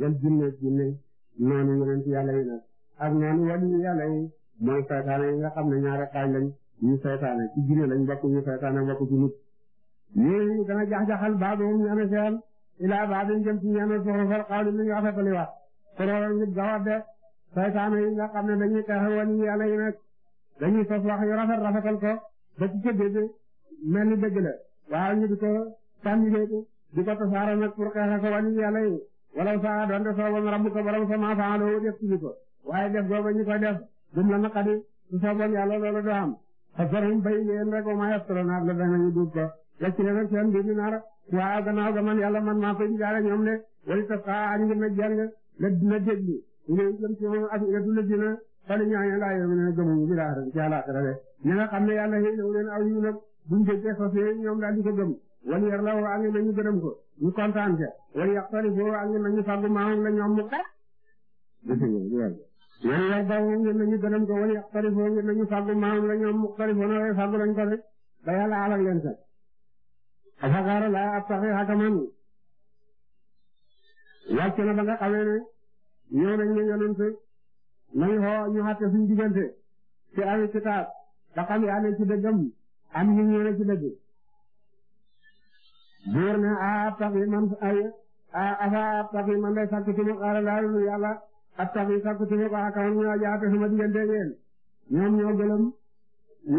yal jinne jinne noonu yonent yàlla yi nag ak noonu wàllu yàlla yi mooy saytaane yi nga xam ne ñaari xaaj lañ ñu saytaane ci jinne lañ bokk ñu saytaane bokk ci nit ñii dana jax-jaxal baadoom ñaana seel ilaa baadin jëm ci ñaana soxrofal xawli li ñu afetali wax koroola ngir gawat de saytaane yi nga xam dañuy sof wax yu rafet rafetal ko ba ci ca dégg mel ni dëgg la waaw ñu di ko sànni léegi di ko tasaare nag pour xeexe ko wàññi yàlla yi wala saa doon def sooboon rabbu ko borom aa faalo def ci ko waaye def googu ñu koy def dum la naqari su sooboon yàlla loolu am fasarum bay leen rek ma yastronaat la danañu duub ko wacc leen ak seen biir naar waaw gannaaw ga man yàlla man maa koy jaare ñoom ne wali tasaa añ ngi na jàng la dina fale ñaaña laa yërëm ne gëmuñu ci laaxira ci àllaaxira de ña nga xam ne yàlla xëy na leen aw yu nag buñ déggee fas yéene ñoom daal di ko gëm wal yar la woo ak ne ñu gërëm ko ñu kontaan ca wal yàq tali foo ak ne ñu fàggu maamam la ñoom mu xar wal yar daw ngeen nañu gërëm ko wal yàq tali foo ngeen nañu fàggu maamam la ñoom mu xari foo na way fàggu lañ ko rek ba yàlla alal leen sax afakaara laa ab taxi xakaman wàcc na ba nga xamee ne ñëw nañ ne yonent nañu xoo ñu xatte suñu diggante ci ahlu kitaab ba xam yàlla ci dëggam am ñu ñëwee ci dëgg. buur ne ah ab yi man ay ah afa ah, ab ah, tax yi man day sakku ci moom ala ah, laalu yàlla ab tax yi sakku ci moom ah kaman ñoo jaate sama diggante ak yéen ñoom ñoo gëlëm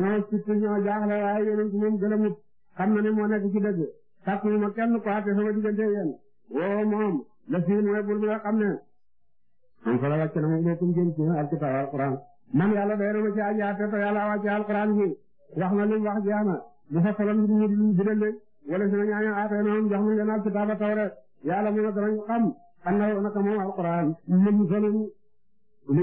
ñoo ci ñoo jaaxle waaye yéen ci moom gëlëmut xam na ne moo nekk ci dëgg sakku ma kenn ko xatte sama diggante ak yéen woo moom la siin mooy buur bi nga xam ne. man ko la wàcce na mu bokkum jëm ci alkitab alquran man yàlla doyna ma ci aji atte te yàlla wàcce alquran ji wax na lim wax jeex na bu fa solon ñu ñu bidal wala sunu ñaan atte na jox na leen alkitab tawre yàlla mu na dañ xam annahu naka moom alquran lim solo li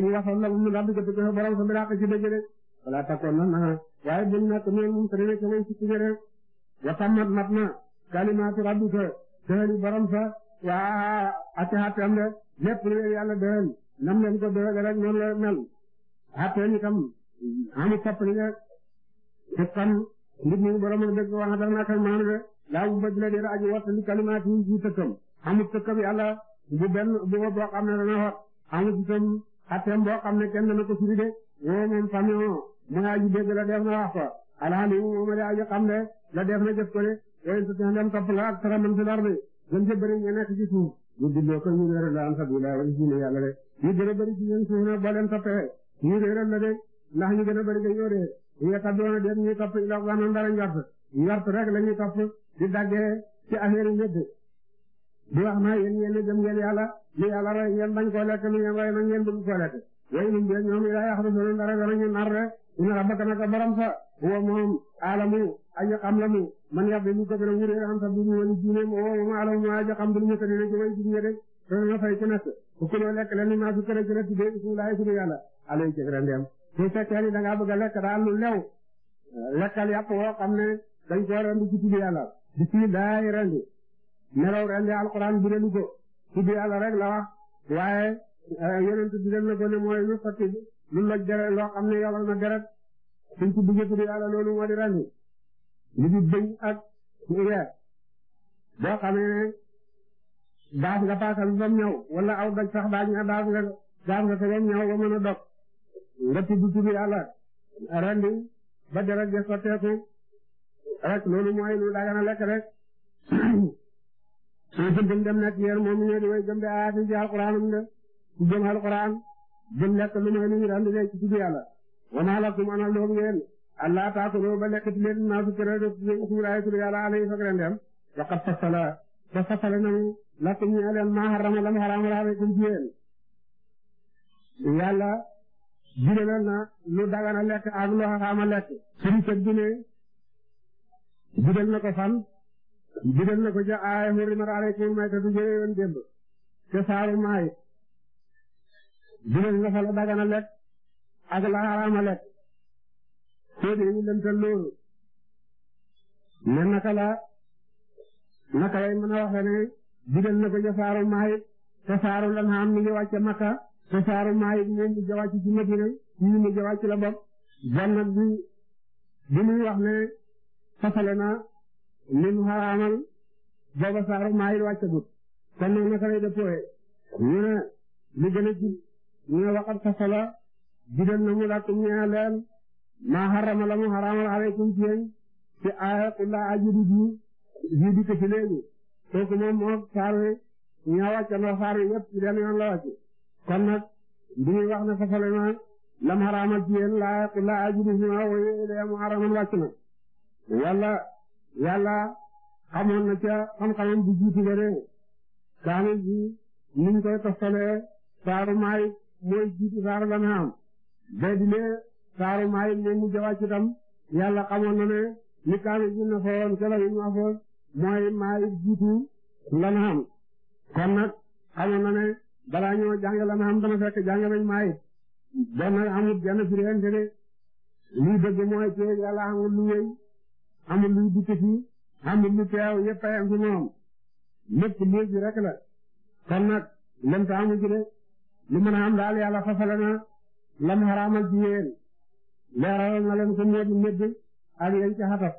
ñu waxal la mu dal jëpp ko borom sa biraq ci dëgg de wala takkoon na na waaye bu nak meen mu tane ko way ci ci rek wa tammat matna kalimatu rabbika dali borom sa waa ati xàtteem de lépp lu yàlla doyal nam leen ko doyal rek noonu la mel xàtteem itam amul toppali nga te kon nit ñi borom a dëgg wax dara naa koy maanu de laa bu bëgg la dee aji wat li kalimaat yi ci tëkkam amul tëkkam bu benn bu ko boo xam ne dana xot amul itam xàtteem boo xam ne kenn dana ko firi de woo moom famion mooy aji dégg la def na wax ko alhaali moom a de aji xam ne la def na jëf ko de yooyu su te ndem la ak tara gën sa bëri ñu nekk ci suuf ñu dilloo ko ñu réeral la am sabila wala diine yàlla de ñu gën a bëri ci ñoom suuf na boo leen toppee ñu réeral la de ndax ñu gën a bëri dañoo de ñu tabdoona dem ñu topp ila wanon dara njort njort rek la ñuy topp di daggee ci affaire yi ñëpp di wax na yéen yéen gëm ngeen yàlla li yàlla rey ngeen bañ koo lekk li ngeen rey na ngeen bëgg koo lekk yooyu ñun de ñoom yaa yaxru nar rek inna rabbaka naka borom sa huwa moom alamu aji xam la mu man yàgg mu ko gën a wuree xam sax duñu wali diine mo moom alamu aji xam duñu ñu tëddee ci way diine rek doon na fay ku nekk ku ko lekk la ni ma su kër ci rek ci bismillah sunu yàlla alay ci grande am su fekkee ni da ngaa bëgg a lekk daal lu lew lekkal yàpp woo xam ne dañ ko rendi ci tudd yàlla bismillah rendi melaw rendi alquran bi rendi ko tudd yàlla rek la wax waaye eh, yonent bi dem na ko mooy lu lu loj loo xam ne yoral na deret suñ ci duggee tudd yàlla loolu moo di ràññi lu di bëñ ak yeer boo ne daas nga paasal ba mu ñëw wala aw doj sax daaj nga daas nga daas nga ko ba mu ñëw ba a dog nga tudd tudd yàlla rendi ba deret ja sotteeku rek loolu lekk rek su gëm dem na ci yéen moom ñu di way gëm de aati ci alquran am de ku gëm alquran bu lekk lu ne li ñu daan di lekk ci tudd yàlla wana lakum ana loog ngeen allah taakulu ba lekk ci leen naa sukkira sukkiraay tudd yàlla alayhi fak rendem waqat fasala ba fasala nanu lakum ñu leen ma harama lam haramal alaykum ci yéen yàlla digalal na lu dagana lekk ak lu xaraama lekk suñu tëb bi ne na ko fan digal na ko ca aaya hurrimat alaykum maytatu jëlee woon démb te saaru maay dinañ la fa la dagana lekk ak la xaraama lekk soo dee ñu lëntal loolu ne naka la naka mën a waxee ne digal na ko ca saaru maayit te saaru lan xam mi ngi wàcc Makka te saaru maayit moom mi wàcc ci Madina ñu mi wàcc la bopp jannat bi bi muy wax ne fasale na lim xaraamal booba saaru maayit wàccagut kon nag naka lay dëppoo ñu ne li gën a ñu waxal fasala bidal nañu lakum ñeel leen ma la mu haramal alaykum ci yéen ci aaya qul laa ajidu bi ji dikk ci léegi kooku moom moo saar wi ña wàccandoo saar wi yëpp ci benn yoon la wàcc kon nag bi wax ne fasala ma lam haramal ci yéen laa qul laa ajidu bi ma woye ilayya mu haramal wàcc na yàlla yàlla xamoon na ca xam-xamam bu jiitu ba dee kaamil bi niñ koy toftalee saaru maay mooy jiitu saaru Banaam bee di lee saaru Maalik moom mu jaww ci tam yàlla xamoon na ne li kaanu junne foowoon ca la yu ma foon mooy Maalik jiitu Banaam kon nag xamoon na ne balaa ñoo jànge Banaam dana fekk jànge nañ Maalik benn amul benn firente de lii dëgg mooy ci yàlla amul lu wéy amul lu dikk ci lu teew yëpp a yem ci moom lépp lii rek la kon nag lënt amu ci lu mën a am daal yàlla fasale na lam xaraamal ci yéen leeralal na leen ko ñëpp ñëpp ak yéen ci xatat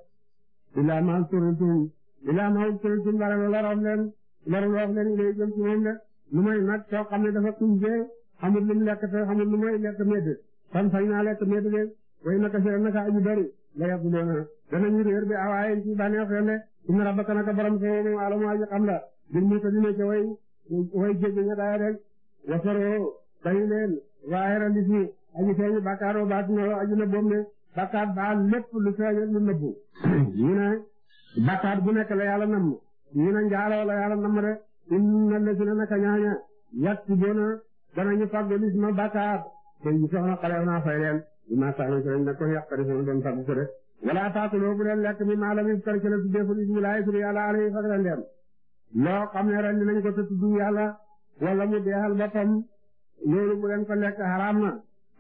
illaa ma usturiltum illaa ma usturiltum dara la lorof leen lorof leen ngay jëm ci moom de lu may nag soo xam ne dafa tuñ bee xamul lu mu lekk te xamul lu may lekk medd fan fañ naa lekk medd de way naka si naka aju bari la yàgg doona danañu réer bi awaaye ci bànneex yoon de inna rabbaka naka borom sa moom alamu aji xam la bil mu ta dina ca way way jégg ña daaya rek wasaro bayu leen waaye li fi aji feeñu bàkkaar o baat na aju na boom ne baa lépp lu feeñ ak lu nëbbu ñu ne bàkkaar bu nekk la yàlla namm ñu ne njaaloo la yàlla namm de inna lasina naka ñaaña yaktubuna danañu fàggu lisma bàkkaar te ñu soxna xalew naa fay leen bi ma sax na ci na ko yàq rek doon fàggu ko de wala taakuloo bu leen lekk mi maa la mi kar ci la tuddee fu lismi laay turi yàlla alayhi fag leen dem loo xam ne ren nañ ko wala mu deexal boppam loolu bu leen ko lekk xaraam na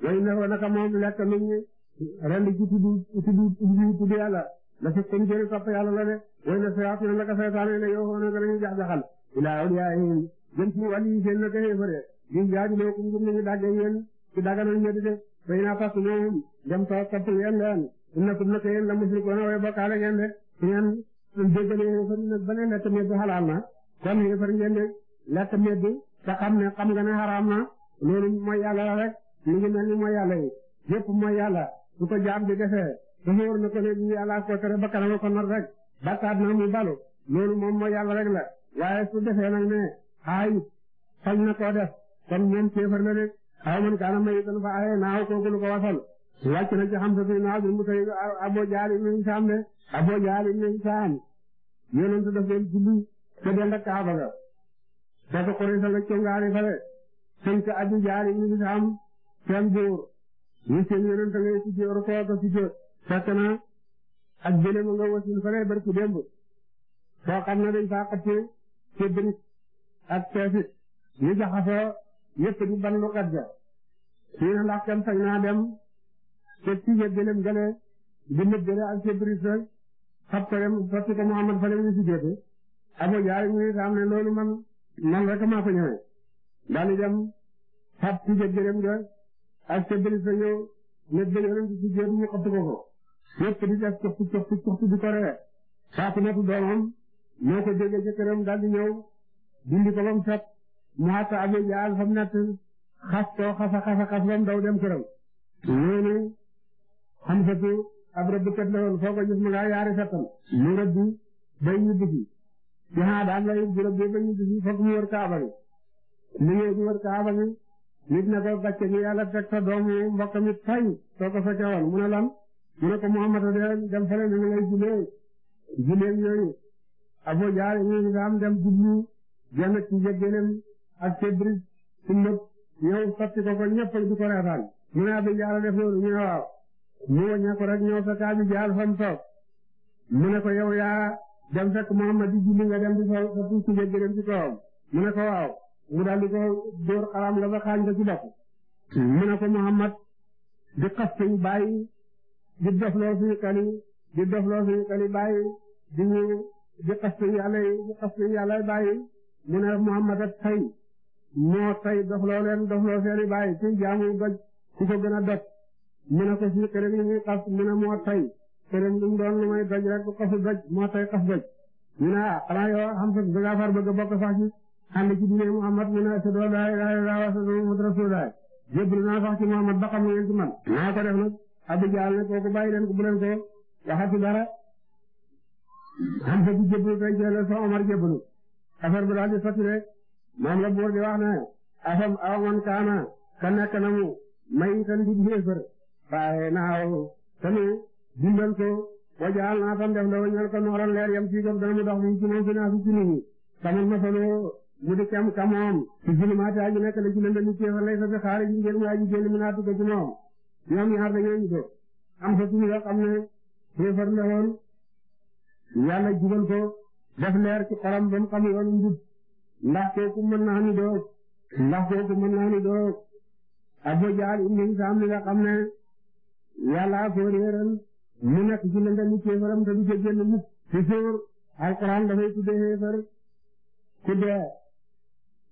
way na ko naka moom lekk nit ñi rend ji tuddu tuddu tuddu tuddu yàlla la fekk ko njëriñ topp yàlla la de way na sayaati na naka saytaane la yoo xoona ko dañu jax jaxal ilaa awliyaahim jëm ci wàll yi seen na ko xéefare di jaaju loo kum gum nañu dàggee yéen ci dagganal ñetti de fay naa fas ñoom dem toog topp yéen leen inna kum naka yéen la musrikoona way bokkaale ngeen de ngeen déggalee xéefar yi nag ba ne lekk metti xalaal na kon xéefar ngeen de lekk meddi te xam ne xam nga ne xaraam na loolu mooy yàlla rek mi ngi mel ni mooy yàlla yi yépp mooy yàlla su ko jaam bi defee su xóor na ko ne lii yàlla ko tere ba kanam ko nar rek bakkaat na mu balu loolu moom mooy yàlla rek la waaye su defee nag ne aayut fañ na koo def kon moom kéefar la rek aw man kaana mayitan fa aye naaw kooku lu ko wasal wàcc na ci xam sa fi naaw mu tey abo jaali nañ saam de abo jaali nañ saam yonent daf leen julli te dafa Quraysh la congaari fa de sënk Abu Jahl ibn Hisham seen buur ñu seen yonent la ci joor ko ko ci joor fekk na ak gëléem wasin fa de barki démb soo xam ne dañ faa xëcc ci birik ak teesit ñu jaxasoo yëpp ñu ban lu xet ga ñu ne ndax kenn sañ naa dem te ci ca gale di nëb gale ak ca sa xab dem fatti Muhammad fa dem ñu ci jote Abu Jahl ne loolu man man rek maa ko ñëwee daal di dem fab ci jëjërëm ga ak ca bëri sa ñëw nekk jëjërëm ci jëjërëm ñu xottu ko ko di def coxtu coxtu coxtu di ko ree saa ku ko jógee ca këram daal di mu set abe jaal fa mu xas koo xasa xasa xas ba mu daw dem këram. loolu xam satu ab rëbbkat la woon foo ngaa yaari fettam mu ah, rëbbi bay ñibbi jihaad am lay juróom bi ba ñu gis fokk mu wër kaaba gi liggéey bu wër kaaba gi nit na ko bàcce bi yàlla teg sa doomu mbokk mi fañ soo ko fekkee woon mu ne lan mu ne ko Muhammad de dem fële na ngay jullee jullee yooyu Abu Jahl ñu daam dem jublu genn ci jéggenem ak cebris ci nëb ñëw sotti ko ko ñëpp di ko reetaan mu ne Abu Jahl def loolu ñu ne waaw mu waññee ko rek ñëw sa kaabi Jahl fan toog mu ne ko yow yaa dem fekk Muhammad di julli nga dem di sa sa suuf si nga jëlee ci kawam mu ko waaw mu daal di ko dóor xaram la ba xaañ ko ci bopp. mu ne ko Muhammad di xas suñu bàyyi di dofloo suñu kali di dofloo suñu kali bàyyi di di xas suñu yàlla yi di xas suñu yàlla mu ne Muhammad ak tey moo tey dofloo leen dofloo seeni bàyyi ci jaamu doj ko gën a def mu ne ko suñu kër yi ñuy xas mu ne moo këram duñ doon lu may doj rek xasu moo tay xas doj ñu ne ah xanaa yow xam sax da ngaa a sax ci ànd ci diine Muhammad ñu ne ashhadu an laa ilaaha illallaah naa sax ci Muhammad ba xam ne ngeen naa ko def nag Abu Jahl ne kooku bàyyi leen ko bu leen ko dara xam sax ci jébbalu tey jëlee sa Omar jébbalu affaire bi daal di saturé wax ne afam aw kaana ka na mu may itam di xéefar waaye naaw tamit dundal ko wajaal naa fan def ndaw ñal ko nooran leer yam ci gëm dana mu dox mu ci moom fi naa fi ci nit ñi kamal masaloo mu di kem kamoom ci zulumaati aji nekk la ci lëndami kéefar lay sa fi ci moom ñoom ñaar dañoo ñu ko am sa tuñu nga xam ne kéefar ko ci xolam ba mu xam ni doog ndax kooku mën naa ni doog abo jaal indi saam mu nekk ci lëndami kéefaram te du ca génn mukk ci suur alquran dafay tudde kéefar ku dee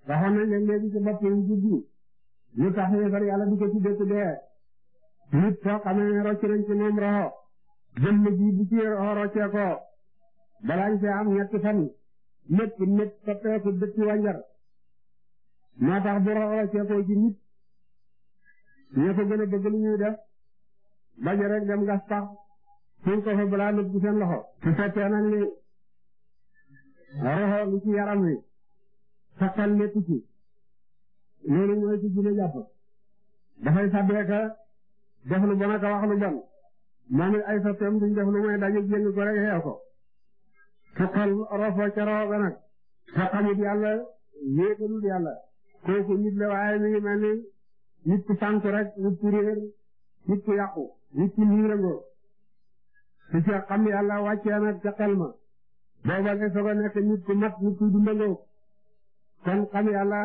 waxoon nañ leen léegi ci bopp yu juddu lu tax kéefar yàlla du ko tudde ku dee nit soo xamee ne rocc nañ ci moom roxo jëmm ji bu ci roxo roccee ko balaañ fee am ñetti fan lépp lépp soppeeku dëkk wanjar moo tax bu roxo roccee ko ci nit ñoo ko gën a bëgg lu ñuy def bañ gas tax suñ ko fa balaa lépp ci seen loxo su fekkee nag ni roxo li ci yaram wi sakkal lépp ci loolu mooy ci gën a jàpp dafay sàbbeeka lu bon ak lu bon moom it ay sotteem duñ def lu mooy daje jéng ko rek xeew ko sakkal roxo ca roxo ga nag sakkamut yàlla yéetalul yàlla kooku nit la waaye mi ngi mel ni nit ku sànku rek nit ku réer nit ku yàqu nit su ci xam yàlla wàccee nag ca xel booba nga soog a nekk nit ku mat nit ku dundaloo kon xam yàlla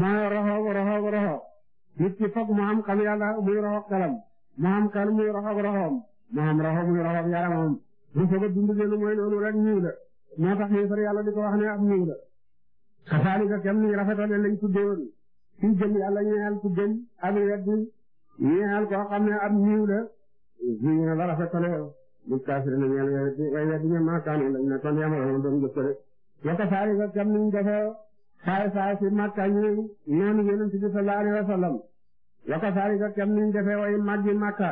mooy roxoog roxoog roxoog nit ki foog mu xam xam yàlla muy roxoog xelam mu xam muy roxoog roxoom mu xam muy roxoog yaramam mu soog a dund leen mooy noonu rek ñiw la moo tax ñu far di ko ne am ñiw la kasaalika kem ni rafetale lañ tuddoon ci jëm yàlla ñeexal ku gëm ak weddi ñeexal koo xam ne am ñiw la ñu la rafetale li kaafirina ñeel yooyu di way weddi ña ma kaanu lañ ne kon yamaloon doon jëf rek waka saari ka kam niñ dafa saay saay si Makka ñu naan yonent bi sallallahu alayhi wa sallam waka saari ka kam niñ dafa way maggi Makka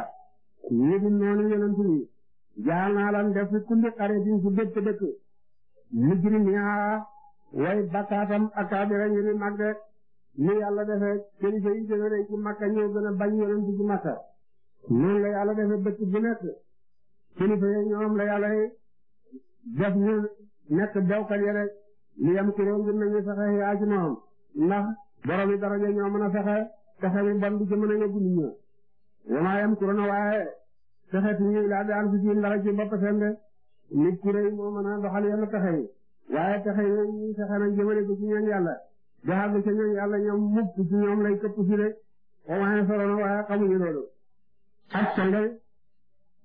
ñi di noonu yonent bi jaanaalan def fi kundi xare din fu dëkk dëkk mujrim yaa way bakkaatam akaabira ñu ni mag de ni yàlla defe kilifa yi jóge ci Makka ñoo gën a bañ mu bi Makka noonu la yàlla defe bëcc bu kilifa yi ñoom la yàlla def ñu nekk bewkat yi rek li yam kuréel ngir nañu fexe yaa ci moom ndax borom yi daraja ñoo mën a fexe fexe bu ci mën a yóbbu nit ñi yamaa yam kuréel waaye fexe fi ñuy laa daan fi ci ndara ci bopp seen de nit kuréel moo mën a doxal yenn pexe yi waaye pexe yi ñuy fexe nañ ko ci ñoom yàlla doxal ci ñoom yàlla ñoom mukk ci ñoom lay këpp fi rek waaye solo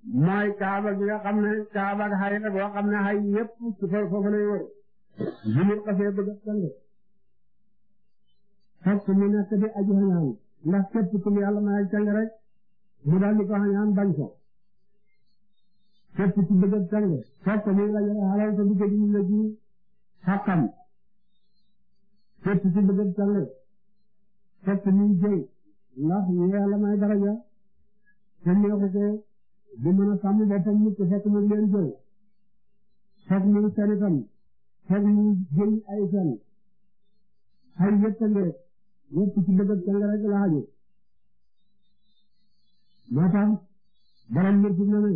mooy kaaba gi nga xam ne kaaba ak xay la boo xam ne xay yëpp ci foofu lay wër bu ñu xasee bëgg a sang fokk mu nekk di aji xañaan ndax képp ku yàlla may sang rek mu daal di ko xañaan bañ ko képp ku bëgg a sang fokk muy la jëlee xalal ko di ko dindi la ci xàqam képp ku bëgg a sang fokk muy jël ndax yàlla may daraja te neexu ko bu mën a sàmm boppam nit ku fekk mu leen jël fekk mu fen itam fekk mu jël ay fen ay yëttale yëpp ci bëgg kenn rek la aju moo tax borom mbir fi mu ne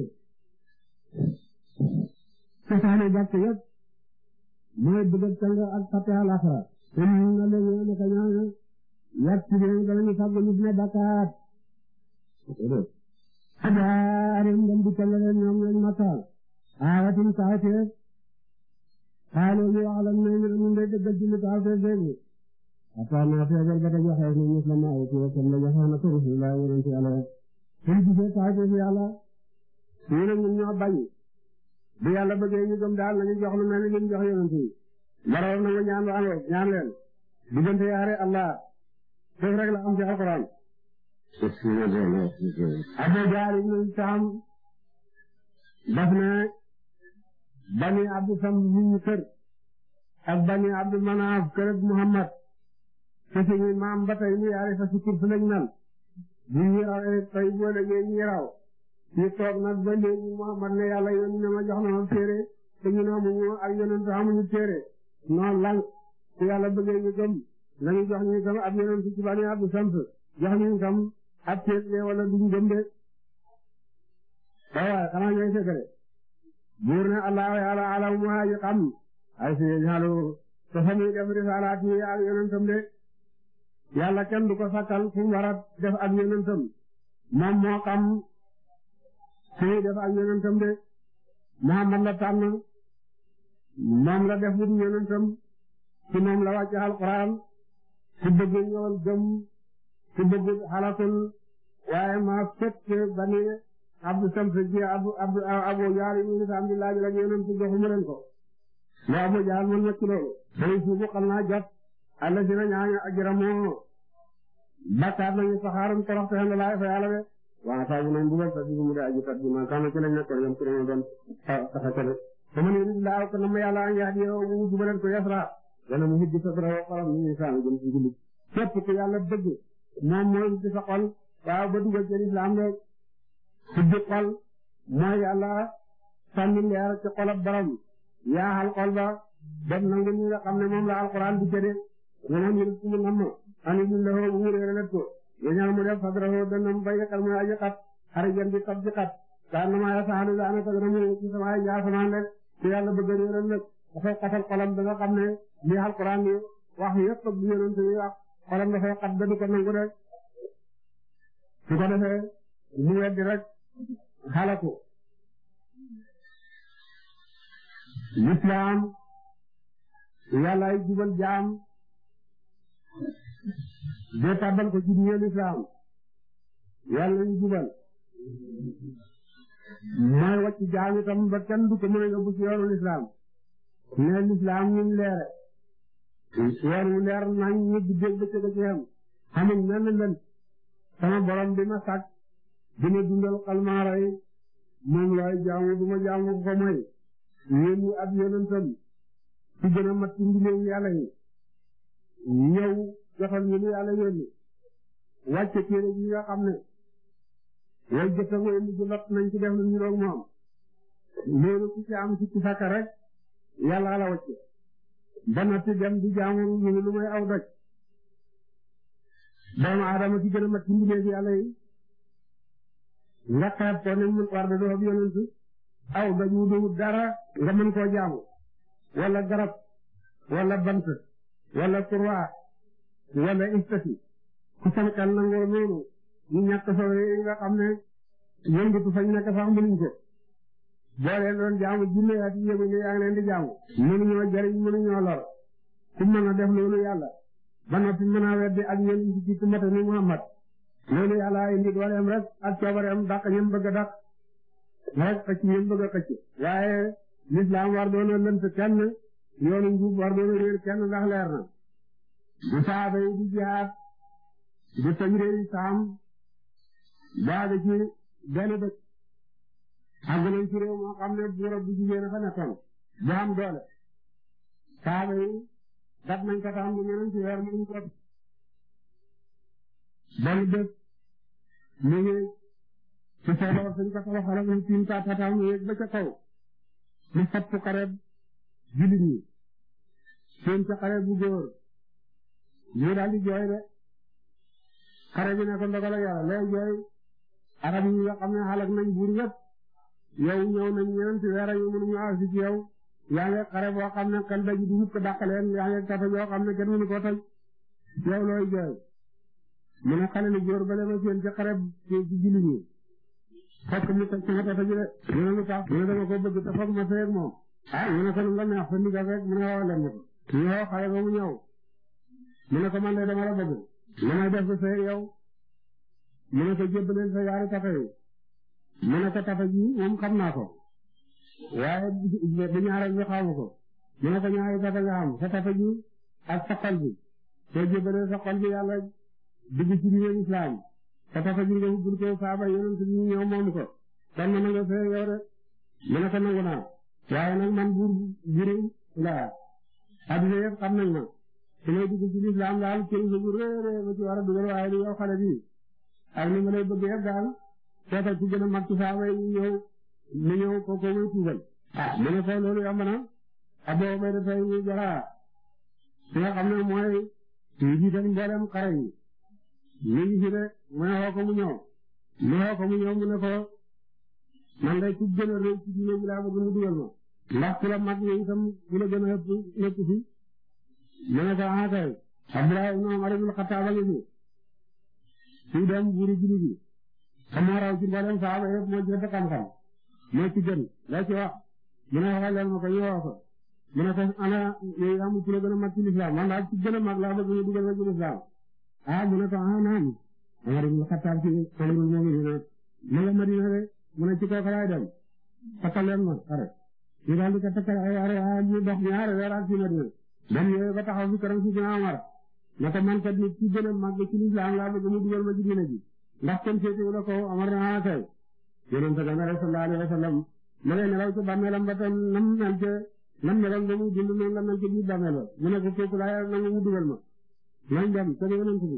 cosaane jàkk yëpp mooy bëgg kenn ak fàtte àlaxira te ñu nga léegi nag ka ñaan yàgg ci biir danañu fàgg ñu fi ne bàkkaat asaareen ngeen di tëllalee ñoom lañ ma taal aawatin kaafeer xaaloo ñu wax lan mooy ñu ñu ngi dëggal julli kaafeer boobu asaa naa feebar ba dañoo xeex ni muslim ay ci waxam la joxoon ak rasulullah yonent yàlla suñ gisee kaafeer yàlla ñu ne ñun ñoo bañ bu yàlla bëggee ñu gëm daal nañu jox lu mel ni ñu jox na nga ñaan ba amoon ñaan leen diggante Allah foofu rek la am ci alquran Abu Jahl ibn Hishaam daf ne bani Abdu Samd ñu kër ak bani Abdu Manaaf kër ak Muhammad te suñu maam ba tey ñu yaare sa sukkur su lañ naan bu ñu rawee tey boo dëggee ñu raw ñu toog nag ba léegi Muhammad ne yàlla yoon na ma jox na ma téere te ñu ne amuñu ak yonent amuñu téere noonu lan ku yàlla bëggee ñu gëm nañu jox ñu gëm ab yonent ci bani Abdu Samd jox ñu gëm ak ceeb lee wala duñ gëm de waaye xanaa ñooy fekkale buur ne allah yàlla alaw mu haaji xam ay si ñaalu te fa def risalaat yi ak yonentam de yàlla kenn du ko sakkal fu mu war a def ak moom moo xam fu muy def ak yonentam de Muhammad la tànn moom la def bu yonentam ci moom la wàcc alquran ci bëgg ñëwal gëm ku bëggul xalakul waaye maa fekk bani abdu sams ji abu abu abu jaar yi ngi am la ñeenam ci joxuma leen ko lo abu jaar man nekk loolu dañu suubu xam naa jot alla si na ñaaña ajramoo bakkaat nañu saxaarum toroxte xen laay fa yàlla mu de aji tat bi man kaana ci lañ nekkoon yam ci lañu doon taxatale sama ni laaw ko nama yàlla an yax di yow jubaleen ko yasra dana mu hiddi sa dara wa moom mooy ubbi sa xol waaw ba dugal ci lislaam de ubbi xol mooy yàlla sànni leer ci xolab borom yaaxal xol ba dem nangu ñi nga xam ne moom la alquran di jëlee maanaam yéen a ngi am ani ñu la woo wuure la ko yéen mu def fadrahu danam bay xal mu aji xat xarijan bi tab ci xat daan na maa ya saxalu daana tag nañu ci sama ay jaasamaan rek ci yàlla bëgg réeral nag dafay xatal xolam da nga xam ne li alquran yi wax yëpp ak yonent yi xolam dafay xat ba du ko nangu rek su ko defee mu weddi rek xalaku lislaam yàllaay jubal jaam de tàbbal ko ci diine lislaam yàlla ñu jubal mooy wàcc jaam itam ba kenn du ko mën a yóbbu ci yoonu lislaam ne lislaam ñu leere weer wu leer nañ ñu di dégg bëccëg a ci am xamuñ sama borom bi ma sàkk bi ma dundal xalmaara moom laay jaamu bu ma jaamu ko mooy yéen ñi ab yonentam gën a mat ci mbileeyu yàlla yi ñëw joxal ñu nga xam ne way jëfandoo mujj lot nañ ci def lu ñu doon moom loolu ku ci am ci ci sàkk rek yàlla la wàcce ba noppi dem di jaamu ñu lu may aw doj doomu aadama ci gën a mat ci mbindeef yàlla yi nga xeeb ko ne war da doo ab yonent aw doj wu dara nga mën koo jaamu wala garab wala bant wala kurwa wala istati ku sam xel nangoo noonu ñu ñàkk soo yi nga xam ne yëngatu fañ nekk sax mënuñ ko boo leen jaamu jinne ak yéemu nga yaa ngi jaamu mënuñoo jariñ mënuñoo lor ku mën a def loolu yàlla ba noppi mën a weddi ak ñoom ñu ci mata ni Muhammad loolu yàlla ay nit rek ak coobareem dàq ñoom bëgg a dàq rek xëcc ñoom bëgg a xëcc waaye lislaam war doon lënt kenn yoonu njub war doon a kenn ndax leer na du saaba yi du jihaad du tëj réew saam baaga ci benn dëkk àgg nañ ci moo xam ne buura bu jigéen a fa nekkoon doole saaba yi dab nañ ko taxam ne ñeneen ci weer mu ko benn bés mu ngi ci feebar suñ ko soxla xale mu tiim ka tatam mu ba ca kaw mu fapp xare jullit ñi seen ca xare bu góor ñu daal jooy de xare bi ne ko ndogal ak yàlla jooy arab yi nga xam ne xalak nañ buur yëpp yow ñëw nañ ñeenti weer yu mënuñu agsi ci yow yaa ngi xare boo xam ne kan daji di mukk dàq leen yaa ngi tata yoo xam ne kenn mënu ko toj yow looy jooy mu ne xale lu góor ba lema seen ci xare ci julli ñi fokk mu toj sama tata ji de mu ne lu tax mu ne dama ko bëgg te ma seeg moom ah mu ta ko lu la neex sa ndigal rek mu ne woo leen ma ko ñu woo xale ba mu ñëw mu ne ko la bëgg damay def ko seeg yow mu ne sa yaari mën na ko tafa ji moom xam naa ko waaye bu ñaareel bi xamu ko mën ko ñaari tafa nga xam sa ji ak sa xol bi soo jébalee sa xol bi yàlla dugg ci biir islam sa tafa ji nga hubbul ko saaba yonent ñi ñëw moom ko kon mën nga fee yow rek mën na ko a naa waaye nag man buur buuru laa adduna yëpp xam nañ ma su may dugg ci islam daal cëri sa bu rëy rëy ba ci war a dugal waaye li yow xale bi ak ni ma lay bëgg yëpp daal seetal ci gën a mag ci saaba yi ñëw mu ñëw kooku muy tuubal ah mu ne ko loolu yomb na Abu Ubayda dafay ñu jaraa ki nga xam ne mooy njiital mboolem xare yi ñu ngi ci de mu ne xoo ko mu ñëw mu xoo ko mu ñëw mu ne ko man day ku gën a rëy ci diine bi laa bëgg mu dugal ma ndax ku la mag yi itam ku la gën a ëpp nekk ci mu ne ko ah kay Abdullah ibn Umar ibn Khattab a ngi fi suy dem buuru jullit yi xam naa raw ci mboolem saaba yëpp moo ci ëpp xam moo ci gën loo ci wax mu ne ma ko yowoo ko mu ne ko ana yooyu amul ci la gën a mag a laa bëgg ñu dugal ma ci lislaam ah mu ne ko ah naam Umar ibn Xattaab ci amirul mu'minin ma nga Madina de mu ne ci kooku laay dem takkal leen ma pare ñu daal di ko takkal ay are ñu dox a weer ak ci Madina dem yooyu ba taxaw a Umar na ko a mag ndax kenn féetewu la ko Omar naa tey yonente ba mel sallallahu alayhi wa sallam ma ngay nelaw ci bàmmeelam ba tey nam mel ci nam meloon ba muy dund noonu la mel ci biir bàmmeel ba mu ne ko kooku laa nangu mu dugal ma nañ dem te yonente bi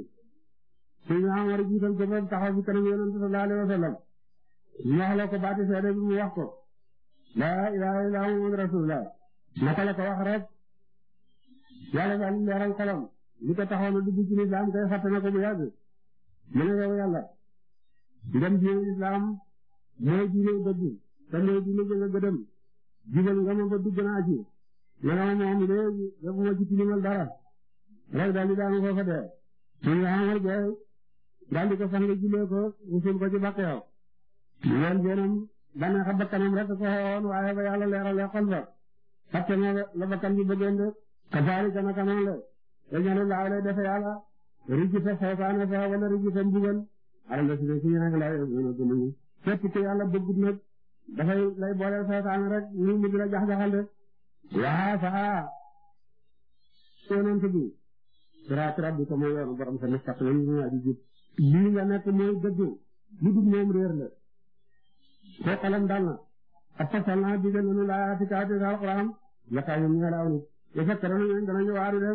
suñu Omar jiital ko boobu taxaw fi kanam yonente sallallahu alayhi wa sallam ñu wax la ko baati seede bi mu wax ko laa ilaaha illallaa Muhammadu rasuulullaah naka la ko wax rek yàlla daal leeral xolam li ko taxaw na dugg ci lislaam kay fàtte na ko bu yàgg mu ne yow yàlla ndem diine islam mooy diine dëgg te mooy diine jëga gëdëm jubal nga ma ba dugg naa ci nga ne ma moom léegi tilimal dara rek daal daanu foofa dee mu nga xamal bee daal di ko sang julee ko ko ci bàqeew loolu jeenam dana xa bakkanam rek ko xewoon waaye ba yàlla leeralee xol ba fàtte na la bakkan bi bëggoon de ka faari kana kanaan le te ñaari laaw defe yàlla rijisa seytaane fa wala rijisa mbugal alal si si nag lay gënuñu képp ku yàlla bëggut nag dafay lay booleel seytaane rek ñu mujj la jax-jaxal de waa fa yonent bi siraat rabbika mooy yoonu borom sa mustaqim ñu aji jub lii nga nekk mooy dëgg lu dul moom réer la ko xalam dal na apasal naa digal nanu laa fi kaati alquran la kaay ñu la aw nit ya fakkaranu ñu danañu waaru de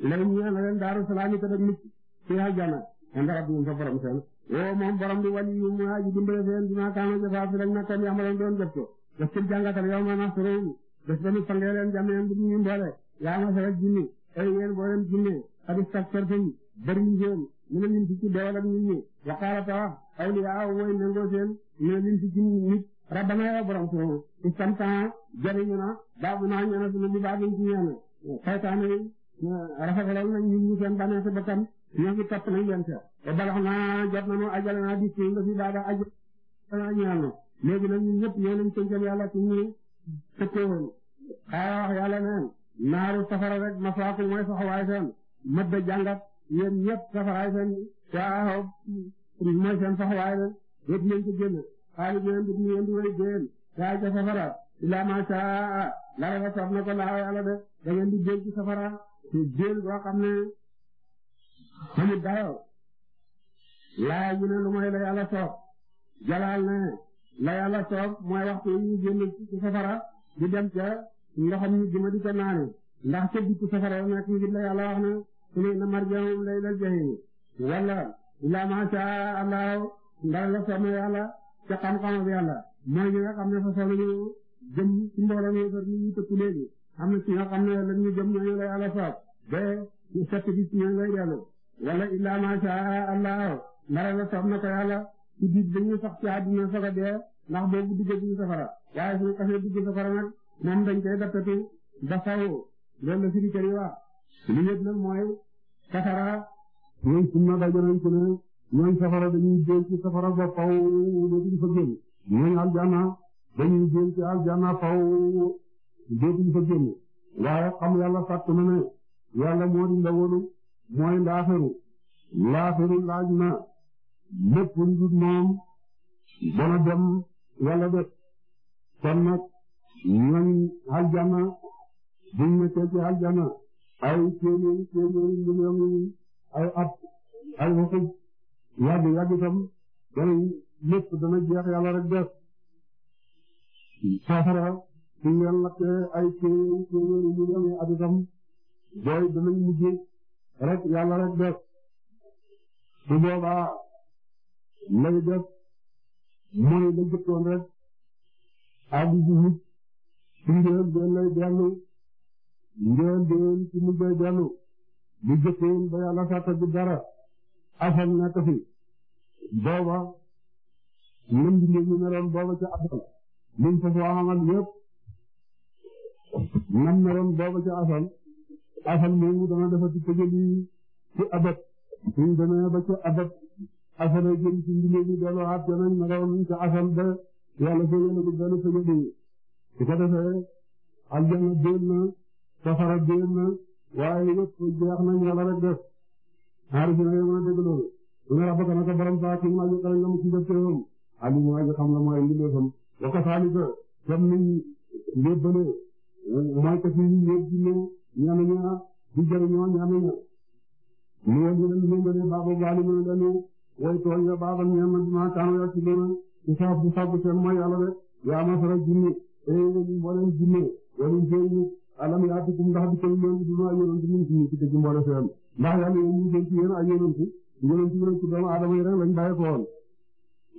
léegi ñu ne leen daaru salaam yi te nag mucc ci aljana inda rabbihim fa borom seen woo moom borom bi wàññi yu mu aji dimbale seen dina kaana jëfaa fi rek nekkoon yamaloon doon def ko def ci ma nasru def ba ñu fangee leen jameen bi ñu mboole yaa ma sara jinni ay yéen boo leen jinne xadi staktartum bëri ngeen ñu ne ñun si ci dewal ak nit ñi waqaala tawa awliyaa mooy nangoo seen ñu ne ñun si ci nit rabbana yow borom seen istamtaa jariñu na baabu naa ñana sunu bi baabu ci ñana rafetalal nañ nit ñi seen bànneex ba tam ñoo ngi topp nañ leen ca te balax naa jot nañu ajal naa bis nga fi baada ajal naa ñaan na léegi nag ñun ñëpp ñoo leen tënkal yàlla ci ñu tëkkoon xaaral wax yàlla neen naaru safara rek ma faaku mooy saxawaay seen mët da jàngat yéen ñëpp safaraay seen waaw mooy seen saxawaay rek yëpp nañ ko génn xaalis yéen di ñu yéen di wéy génn yaa ca safara illa ma saa la rafet na ko laaw yàlla de da ngeen di dégg safara ci jël boo xam ne xamul dayoo laaya ji ne lu la yàlla soob jalaal ne la yàlla soob mooy waxtu yi ñu génn ci safara di dem ca ndoxam ñu dima di ko naane ndax ca bitti safara nekk ngir la yàlla ne ilayna marji'uhum laylal jahiim wala ilaa maa shaa Allah ndara la soob na yàlla ca xam-xamam yàlla mooy ñi nga xam ne fa soob nañu jëm ci mbooloo ñu tëkk léegi am na ci ñoo xam ne lan ñu jëm ñoo lay alafaat ba ñu set bi ci ñoo lay dellu wala illaa ma sha Allah ndara la soob na ko yàlla ci biir dañuy sax ci àdduna soog a dee ndax boobu duggee duñu safara waaye suñu xasee dugg safara nag moom dañ koy dappatu ba faw loolu la suñu kër yi wax li yëpp nag mooy safara ñooy sumna dajanañ ko ne ñooy safara dañuy jël ci safara ba faw dootuñu fa génn ñooy aljanna dañuy jël ci aljanna faw dootuñ fa génn waaye xam yàlla fàtt na ne yàlla moo di ndawoonu mooy laaxiru laaxiru laaj na lépp lu dul moom dana dem yàlla def kon nag ñooñ aljana buñ nekkee ay téeméeri téeméeri millions ay at ay rek def saafara su ñu leen lakkee ay téeméer téeméer yu ñu demee ab itam booy danañ mujj rek yàlla rek des su boobaa lay def mooy la jëkkoon rek ak yu wut su ngeen dee lay dellu ngeen dee ci mujj lay dellu lu jëkkoon ba yàlla sàkk bi dara afal nekk fi booba lënd ñu meroon booba ca abal liñ fa soo amal yëpp man na ron booba ca asal asal moomu dana dafa di tëjali ci abat suñ demee ba ca abat asala jëm ci mbile bi delluwaat danañ na ron ca asal ba yàlla foo yéene ko benn tëjali su ko defee aljanna déen na safara déen na waaye yëpp jeex nañ yàlla rek def xaar bi na yow mën a dégg loolu dina rabaka naka borom saa kii maa ngi xale nga mu ci def te yow Aliou maa ngi xam la mooy mbindeefam wa kasaalika comme niñ lébbale mooy que fii ñëpp ñu ñu amee ñaar di jëriñoo ñu amee ñaar ñu wër ñu dem ñu mën a baaboo baali ñu ne leen way tool ya baabal ñu ne maa kaanu yaa ci gën a isaaf bu fàggu seen mooy yàlla rek yaa ma faral jinne te ñu mboolem jinne wala ñu ñu alam yaa tukum ndax bi ko ñu di ma yonent ñu ci ci dëgg mboole seen ndax yàlla ñu ñu ci yéen ay yonent yonent ñu ci doomu aadama yi rek lañ bàyyi ko woon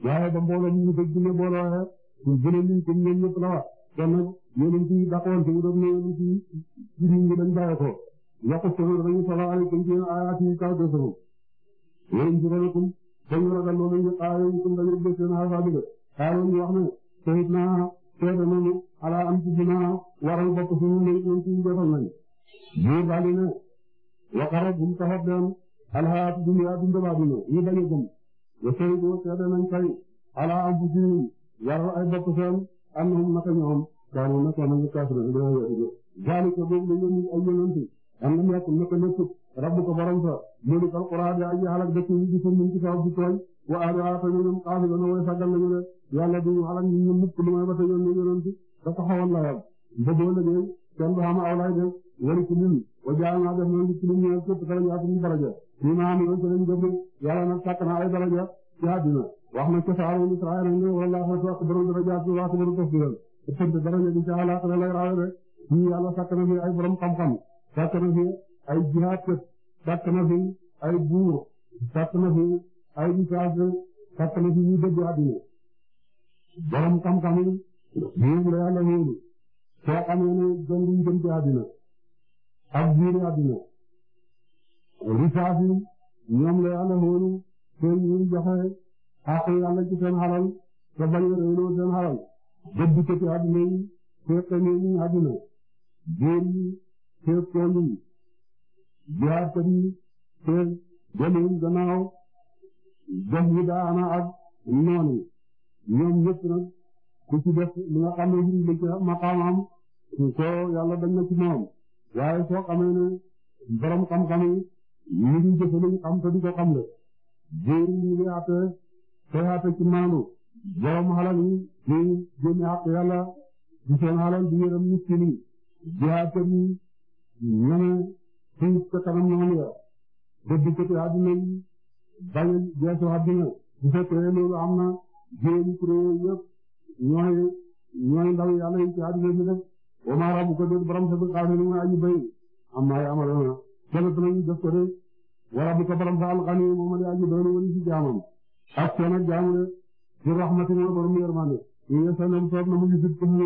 waaye ba mbooloo ñu dëgg ne booloo rek ñu gën a ñu comme ñoom ñëpp la wax kon nag yéen ci bàqoon te itam ñooñu ci ci nit ñi dañ bàyyi ko yàqu sama dañuy soxla ay dañ cee aayaat yu kaw des moom. yéen ci rëbëtum dañu ragal loolu ñu aayoo ñu comme dañu des seen aafaa bi de aayoo ñu wax ne te it naa seetlu nañu ala am ci dinaa waral bopp suñu mbéy ñoom suñu jotal nañu. buur daal di ne waqara bu mu taxaw dem alxayaatu dunya dundamaa dina ñu bañ a gëm. te seetlu nañ kay ala am ci yar ay bopp seen am na mu naka ñoom. daal di nekk am nañu kaas bi dina yóbbu daal di ko boobu dañu leen ay yonent am na nekk nekk nekk rabbu ko borom sa loolu kal Qur'an di ay xalak dëkk yi di sunu ci kaw bu tooy wa aadaata ñu ñoom xaasi ba nooy sagal nañu ne yàlla du ñu xalak ñu ñu mukk lu may ba te yoon ñu yonent dafa xawoon la yàlla ba doo liggéey kenn du xam aw lay def wari ci lim wa jaa naa def nañu ci lim ñëw képp kala ñaata ñu daraja ñu ma am nañu ci lañ jëm yàlla nag sàkk na ay daraja ci àddina wax na ca saaru Israël ne wallahu akbar darajaatu wa akbaru tasbiran te dara ñu ci ala la lay raawé ñu yàlla sàkk na fi ay borom xam-xam na fi ay jihaat sàkk na fi ay buur sàkk na fi ay misaas sàkk na fi ñu dëgg àdduna borom xam-xam yi ñoom la yàlla ñëwul ne jënduñ jëm ci àdduna ak biir àdduna risaas yi ñoom la yàlla ñëwul te ñu joxe xaq yàlla ci seen xalal te bañ a réeroo seen xalal bët bi tëti àdduna yi fépp tamit ñu àdduna góor yi fépp tool yi jihaadkat yi fépp delluwul gannaaw gëm yi daana ak noonu ñoom nag ku ci def li nga xam ne bii dañ ca maqaamam soo yàlla dañ na ci moom waaye soo xamee ne borom xam-xam yi ñu ngi jëfe lañ te di ko xam le góor yi ñu ngi àtte te ci maandu borom xalal yi di génne xaq yàlla ci seen xalal di yërëm miskin yi jihaad kër yi ñeme ci ca kanam ñoom ya dëdd këti àddina yi bañ geesu àddina bu fekkee loolu am na jéem kuréel yëpp ñooy ñooy ndaw yàlla yi ci àddina bi rek wa maa rabbuka dee borom sa bi xaafilun aji bay amma ya'maluna kenn ku nañu def ko de wa rabbuka borom sa alxani moom a di aji bay lu wëri ci jaamam ak seen ak jaamu de bi rahmatin mooy borom yërmande yooyu sanam soob na mu ngi jub ko mu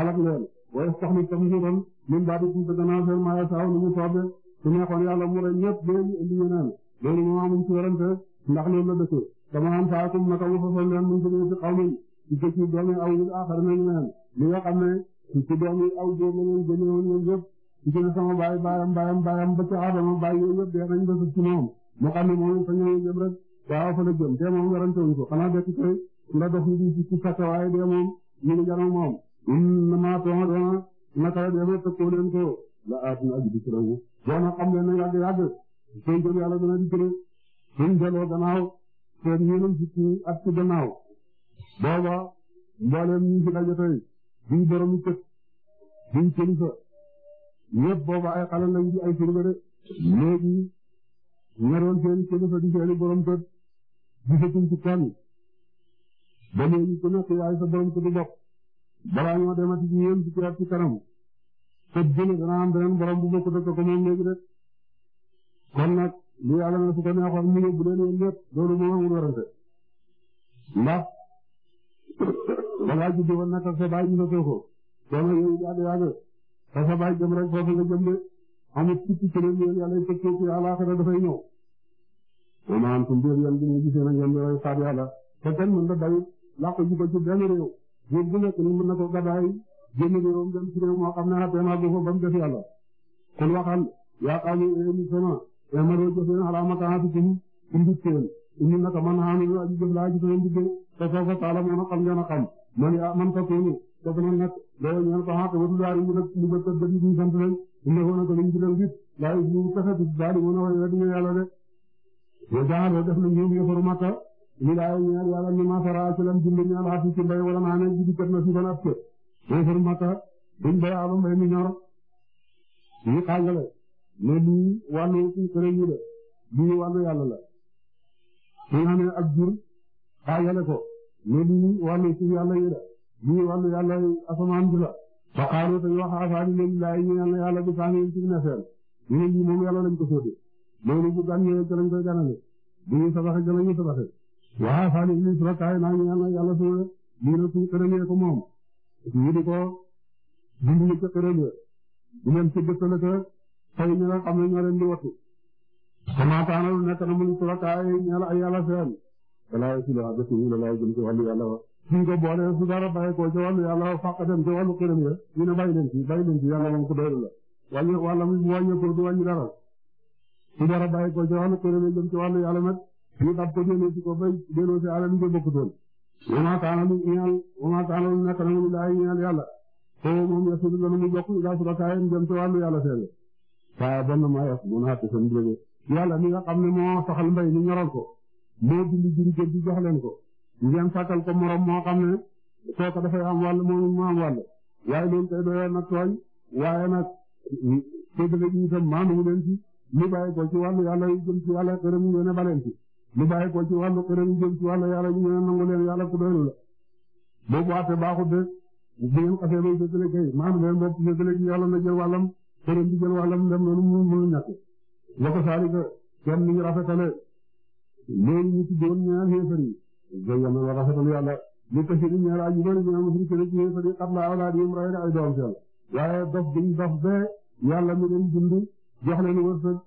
alak leen waaye sax ni tam ñu doon min daa di tuuti gannaaw seen maaya a ni mu soobe su neexoon yàlla mu rek ñëpp leen indi ñeneen loolu ñu amuñ ci warante ndax loolu la dëkkee dama am saakum naka mu fasal leen mun suñu ci xaw ci dëkki doomi aw ñu axar na ñeneen ci doomi aw jóor la leen génne woon ci gën sama baay baayam baayam baayam ci aadama baay yooyu yëpp ci moom mu xam ne moom fa ñëw daaw fa la jëm moom yorante wuñ ko xanaa dëkk nga dox ñu di ci sakka waaye dee moom ñu ngi jano moom na maa toona doona nakala deema tëkkoo leen ko la aatuna aji di kirawu boona xam leen na yàgg yàgg sooy jëm yàlla dana di këré suñ deloo gannaaw seen ñeenam fukki at ci gannaaw booba mbooleem ñi fi daje tey duñ boromi kët duñ kilifa ñëpp booba ay xale lañ di ay surga de léegi ña doon seen kilifa di seeni borom kët gisaguñ ci tool yi ba léegi ku nekk yaay sa borom kër bopp balaa ñoo demati ci yéen fukki at ci kanam te jënd dana am beneen borom bu bokkul ak ko kon nag li yàlla na su ko neexoon mu yóbbu leen yéen ñëpp loolu moo amul warante ndax balaa judd woon nag ak sa baay ñu ne ko kon nag de amul maanaam suñu biir yoon bi ñu gisee nag ñoom ñooy faat yàlla te kenn mën na bay làq ji ko ci benn réew réew bu nekk ni mën na ko gàddaay génn réewam dem ci réew moo xam ne xatee ah a ko ba mu def yàlla kon waxal yaa qawmi a'malu lakum i'malu jëfeen alaa makaanatikum indi seen indi naka man aamilu aji jëf laa ji seen indi seen te soo ko taalamoon a xam ngeen a xam man a man takkuunu te dana nag loolu ñeen ko xaq ah, wadu laari mu nag mu bëgg bëgg di sant leen inna ko nag liñ ci leen gis laa yi ñu taxatu di mën a way wa jaxaloo def na ngeen yëfaru Makka li laay ñaar yàlla ni ma fara ci lam jumbi ñaar xasi ci mbay wala maa ne jigi kat na si kon ab cëp yëfaru Makka bay aba mbay mi ñor ñu xaajale ne lii wàllu ci kër yi la lii wàllu yàlla la ñu nga ak jur xaajale ko ne lii wàllu ci yàlla yi la lii wàllu yàlla asamaan bi fa xaaru te wax asaani ne lii laay ñu yàlla bi saani ci nefeel ñu ne lii moom yàlla lañ ko sóote loolu bu gan ñëwee gën a koy ganale bu ñuy sabaxe gën a ñuy sabaxe waaw Fane Iblis la kaay naa ñu yàlla yàlla suñu lii nag suñu xërëmee ko moom ñu di ko dundal ca xërëmee di leen ci gëstale que ne ñoo leen di wattu. xamaataana lu nekk na mu ngi la kaay ñaala ay yàlla seen balaa si la gëstu ñu ne laay jëm ci wàllu yàlla wa. suñ ko boolee su dara bàyyi ko ci wa fàq su dara bàyyi ko ci wàllu kuréel jëm ci wàllu yàlla nag ñu ko jëlee ci ko bay delloo ci àll bi nga bokkutoon. wa wa maa lu nekk nag laay ñaal yàlla foo moom yàlla suñu gën mu bokk ila surakaayam jëm ci yàlla seen waaye bon na maa yàq mu naat seen jóge yàlla mi nga xam ne moo soxal mbay mi ñoral ko moo dindi jur gi di jox leen ko ngeen sàkkal ko morom moo xam ne kooku dafay am wàll moom mu am wàll waaye loolu kay doyoon na tooñ waaye nag séddale gi itam maandu leen ci lu bàyyi ko ci wàllu yàlla yu jëm ci yàlla xërëm yi ngeen a baleen ci lu bàyyi ko ci wàllu xërëm yu jëm ci wàllu yàlla yi ngeen a nangu leen yàlla ku bu ngeen xasee bay séddale kay maanaam leen bopp séddale ci yàlla la jël wàllam xërëm bi jël wàllam dem noonu mu mënu ñàkk wa ko saalika ni ñu rafetale loolu ñu tuddoon ñaar xéefar yi joy yàlla wa rafetal yàlla li kasiri ñaar aji bëri ay doom seel waaye dof biñ dof bee yàlla mi leen dund jox leen wërsëg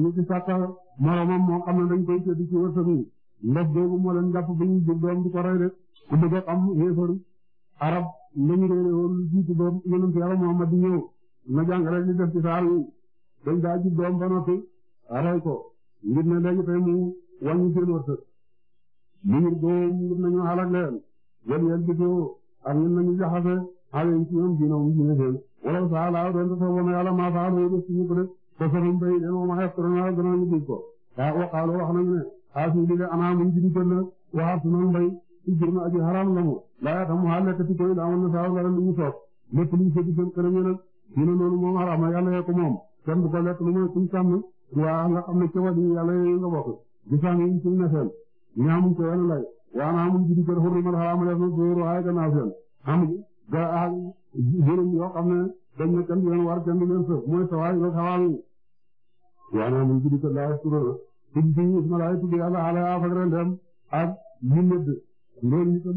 ñu ci sàkkal moromam moo xam ne dañ koy séddu ci wërsëg yi ndox boobu moo leen jàpp ba ñu jur doom di ko rek ku bëgg a am yéefar arab lañu réere woon lu doom yonentu Yàlla Muhammad na jàng rek li def ci saar yi daa jur doom ba noppi rey ko ngir ne léegi tey mu wàññi seen wërsëg lu ñu góom ngir nañu xalak leen wan yel gisoo wala saa laaw doon te soobana yàlla maa faa loolu def ci ñu ko fasarum bay ne moom ayaftarona danañu dig ko a waqaalu wax nañu ne a suñu dige ana muñ jidi tëlla waxar sunan bay si jurma aji haram la mu laaya tam xaal lekk ci koy daamoon na saaw dara lu ñu soob lépp luñ sëdi seen këram nag ñu ne loolu moom haram na yàlla moom kenn du lekk lu mooy suñ sàmm waa nga xam ne ca wàññi yàlla yooyu nga bokk gisaam yiñ suñ ne seen ñaamuñ ko yàlla lay waa na góor waaye gannaaw seen am ga a jërëm yoo xam ne dañ ne kenn waana mu ngi ko laa suro tudd ci Ismaila ala afak rendem ak ñu nëdd loolu ñu tam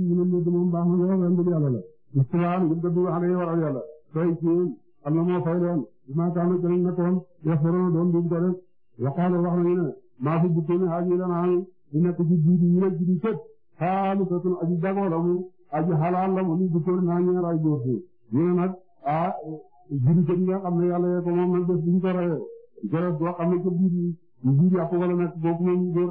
ñu ne nëdd la istiraan ñu dëddu xale yi waral yàlla tey moo fay leen ma kaana gën na koon doon duñ ko def waxaale wax nañu ne maa fi bukkeeni haaji lan aan di nekk ci jiidi ñu ne jiidi sët xaalu aji jagoo la mu aji xalaal la mu ni bukkeeni nag ah jiidi sët nga xam ne yàlla yee ko moom nag def duñ jërëjëf boo xam ne que biir yi biir yàqu wala nag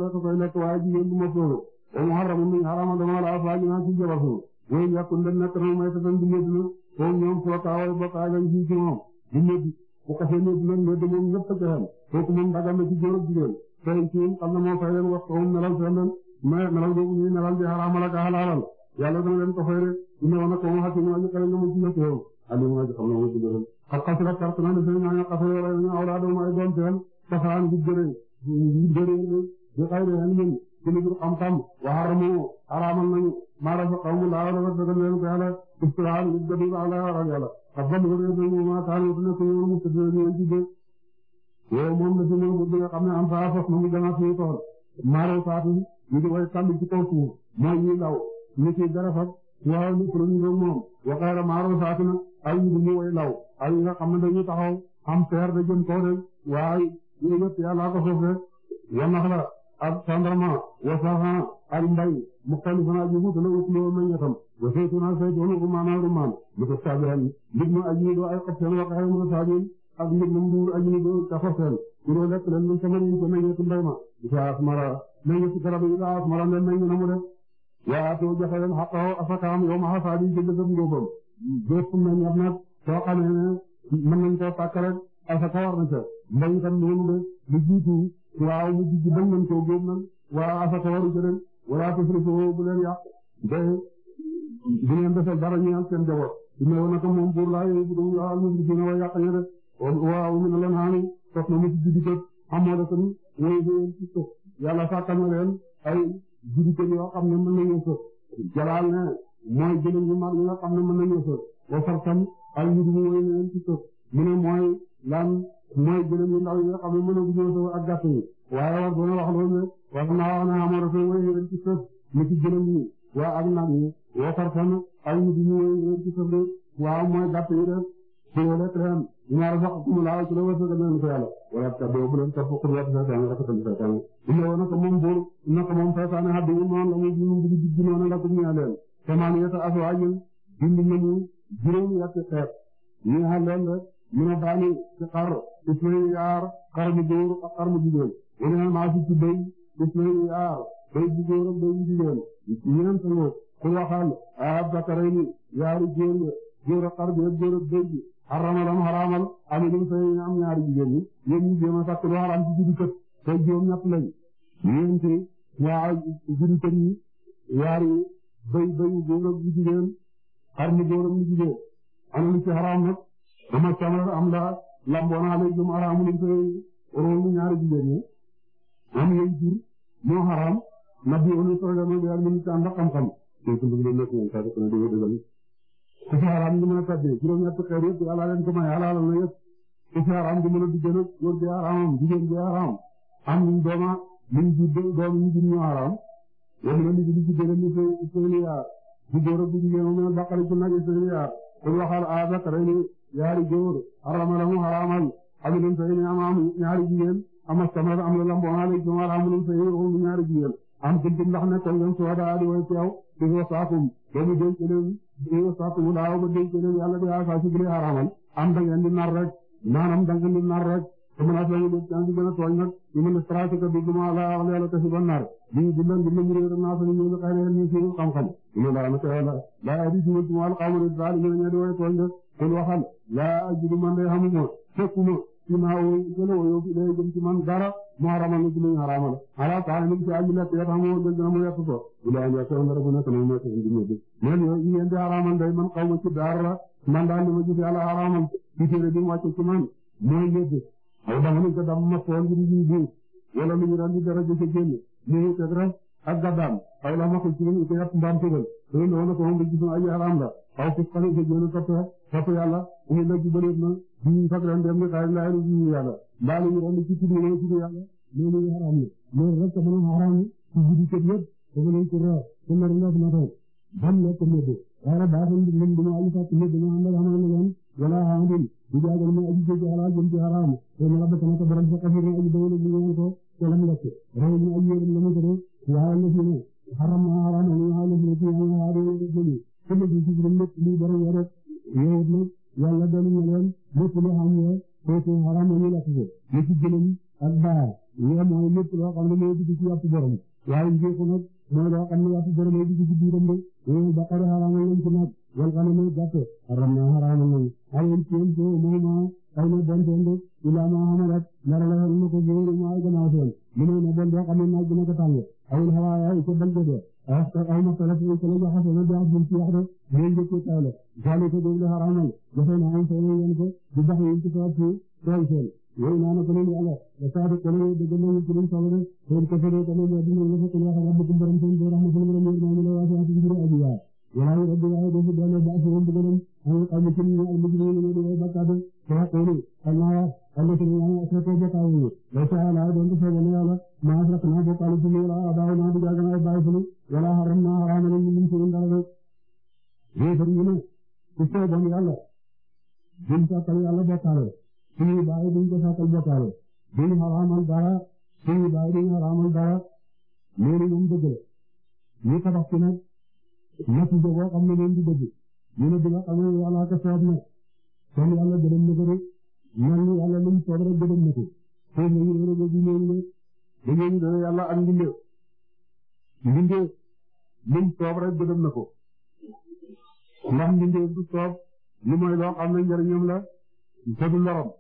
a koy lekk waaye jigéen du ma soobee. ba mu xaramoon nañu xaramoon dama la faa ñu naan ci jabaso a yàqul dañ nekk nag mooy saxam du ñëpp nag foofu ñoom soo taawee ba kaayal fii ci moom du ñëpp bu ko see ñëpp nag ñëpp moom ñëpp a joxeel foofu moom dagal na ci góor ak jigéen tey ci xam na moo fay leen wax xaw ma melal seen leen mais melal boobu ñuy melal di xaramal ak xalaalal yàlla dana leen ko fay rek ñu ne ma xasee ñu wàññi xale ma ci xar xasira perte naa ne seen ñaareel xasee wala ñu awlaado mooy doom seen safaan bi jëree bi jëree bi xay na yéen ñun ci lu dul xam-xam waxaar mu araamal nañu maara sa xaw mu laaw dafa fegal leen ko yàlla istiraar ñu gëdd ba ala waral yàlla ak ba mu gëdd ba mu taal ñu nekk yow mu tëdd ñu ci dé yow moom la ci mën bu nga xam ne am fa fas mu gëna fi tool maara faatu ñu di way tàmbi ci kaw suuf mooy ñuy law ñu ci garafak waaw li ci lañu doon moom waxaara maaroo saatu ay ñu mu way law ay nga xam ne dañu taxaw am peer da jëm kaw de waaye yëpp yàllaa ko suuf rek wanax la ak sandarma wasaxan ak mbay muxtalifan aji wut la wut loo meññatam wa saytuna saytuna rumaana rumaan mutastaabihan ndig ma aji doo ay xob seen waxaara mutasaabin ak ndig ma mbuur aji doo taxaw seen ñu lekk leen lu sama ñu ko meññatu mbay ma isa asmara meññatu garab yi ila asmara leen meññ na mu def yaa ngi koy joxe leen xaqoo asakaam yow ma xasaadi jëgësam ngóobam bépp meññat nag soo xamee ne mën nañ koo sàkk rek asaka war na ca mbay itam noonu de lu jiitu waaw mu jijji bañ nañ koo góob nag waaw asaka waru ca leen wala tusrifu bu leen yàq de bu ngeen defal dara ñu seen jaboot dina woon naka moom pour laa yooyu bu doon waaw ñu dina way yàq ñu de waaw mu ne la naanu toog na mu ci jiddi ko amoo de tamit yooyu yàlla sàkkal na leen ay jiritéen yoo xam ne mën na yësër jalaal ne mooy jëlin yu mag yoo xam ne mën na yësër wa fartam ay yir mu woy neen ci sëf mu ne mooy lan mooy jëlin yu ndaw yoo xam ne mën na bu yësër ak gàtt yi waaye war doona wax loolu ne war naa wax ne amoon dafay woy neen ci sëf ni ci jëlin yi waa ak nag yi wa fartam ay yir mu woy neen ci sëf de waaw mooy gàtt yi de su lekk leen dinaa razaqakumullah ci la wërsëgal leen ko yàlla wala tabu bu leen topp xul yàlla seytaane rafetal seytaane illa wa naka moom buur naka moom seytaane xaddu noonu la muy dund di digg noonu la ko ñëw leen samaaniyata aswaajin bind nañu juróom yàtti xeet ñu xal leen rek mën a baani ci xar ismail yaar xar mu góor ak xar mu jigéen ñu ne maa ci ci béy ismail yaar béy bu góor ak béy bu jigéen ñeent la ku waxal ab zakarayni yaaru góor góor ak xar bi ak góor ak béy bi xarama lam xaramal amilum sëy am ñaari ñi yéen ñu jéem lu xaram ci judi kët te juróom ñett lañ ñeenti ñaa judi kët yi yaari bay bayu góor ak bu jigéen xar mu góor ak mu jigéen ana lu ci xaram nag ama camar am la lamboonaale jëm xaramulum sëy róolu ñaari jigéen ñi am yey jur xaram na bi onu soxla ma bi ak mu nit ànd ak xam-xam am di mën a tabbi juróom-ñetti xeer yëpp yàlla leen ko may na yëpp ku fi di mën a bi haram am nañ dooma luñ ji doom ñu ji ñu di ji dëna ni s sëni yaar bu góor ak bu jigéen mu mën a dàqali ci nag sëni yaar kon waxal adak rey ni am leen sëy ni am am ñaari jigéen ama samar am am ñaari jigéen am kuntum ndax nekkoon ngeen suwada di way teew ci wasaakum ba mu denc leen ci wasaakum laaw ba denc leen yàlla bi asaa ci bi leen xaraamal am da ngeen di nar rek naanam da ngeen di nar rek te mën a soññ bi daan di gën a tooñ nag ñu mën a traité ko bi duma laa wax yàlla kasi ba nar di leen di leen réer naa fa ñu xëy na ñu ci xam-xam ñu la na ko yàlla laa adi ci mëntu wàllu xamu ne daal ñu ne di man de xamuma fekkuma ci maa woowu ci la woowu ci man dara mu xaramal la ci lu ñu xaramal ala taala ñu ci àgg lekk yoo xam ne dëgg mu yàq ko. bu dee ànd ak yow dara bu nekk noonu mooy suñu jiw bi man yooyu day man xaw ma ci dara man daal li ma ci téere mu wàcc ci man ni ko dama ma soxla ngir ñu jiw wala lu ñu daan di dara jëfe génn ñu teg rek ak gàddaam xaw la ma ko ci ñu ko yàpp mbaam tëgal loolu la woon na ko moom dañu gis ay xaram la xaw ko xale ko génn topp ñu la jubalee na ñu fag ren dem xaar laa leen ñu yàlla mbaa la ñu ren ci tudd yàlla tudd yàlla loolu xaraam na loolu rek dafa doon xaraam ci guddi kër yëpp dafa doon ko raar te mer nga dina taw ban la ko mëdde wala baa xam ne mën dina ay fàtt mëdde ñu àndal xamal na leen wala xaamul bu jaagal ma aji jëj ala jëm ci xaraam te ma la ba sama ko borom sa xafir na aji dawal ñu ñaan ko te lam lekk raw ñu aji yërëm la mu ko yaa la fi ne xaram ma xaraam ñu yaa la fi ne ci yaa la fi ne ci jëmi ko ci ci lu nekk li borom ya rek yow nag yàlla dolli na leen lépp loo xam ne foofu haram la ñu lakk ko lu ci jëlum ak baar yoo mooy lépp loo xam ne mooy dugg ci yàpp borom waaye njeexu nag mooy loo xam ne yàpp borom mooy dugg ci biiram de yooyu baqara haram lañ ko nag wal xam ne gàtt haram na haram lañ ayen seen ko mooma ay na bon teen de ilaa ma xamalat nara la xam ne ko zéeru ma ay gannaaw teen mu ne na bon boo xam ne naaj dina ko tàng awul xawaayaa ko bëgg de ah sa ay na salaf yi kala jaxase na jaas buñ ci wax de ngeen jëkkee tawle jaale ko déglu xaraamal jafe naa am seen yoon ko di bax yi ci toog ci tool seen yooyu naa na ko leen yàlla da saa ko leen dëgg nañu ci luñ solo de seen kafe de kala ya dina la fa ko waxa rabbu borom seen borom mu borom yéen naa la waxa ci ngiru aji waa wala yu rabbi waaye do ci dana ba ci woon bëgg nañ ay ay ci ñu ay mu ñu ñu do bakka de ko ko ni Allah التي هي أشرف بقاوية وسأل عبد فضل ولا ما أشرفنا بقال فيه ولا أباؤنا بجاجنا أباؤ فيه ولا حرمنا حراما من شيء درجة يفر ينا كفر بني الله جنسا قلي الله بقاله فيه باعي دين جسا قل بقاله دين حرام الدارا فيه باعي دين حرام الدارا ميري يوم بجل يقضى كنا نفذ وقم من يوم بجل ينا بلا قلي الله كفر بنا فهي الله جلن نظره man ni yàlla luñ soob rek gërëm na ko xëy na yéen a ngi ji ñoom ñoom dañoo dana yàlla ak mbindeef mbindeef luñ soob rek gërëm na ko ndax mbindeef du soob lu mooy loo xam ne njëriñam la te du lorom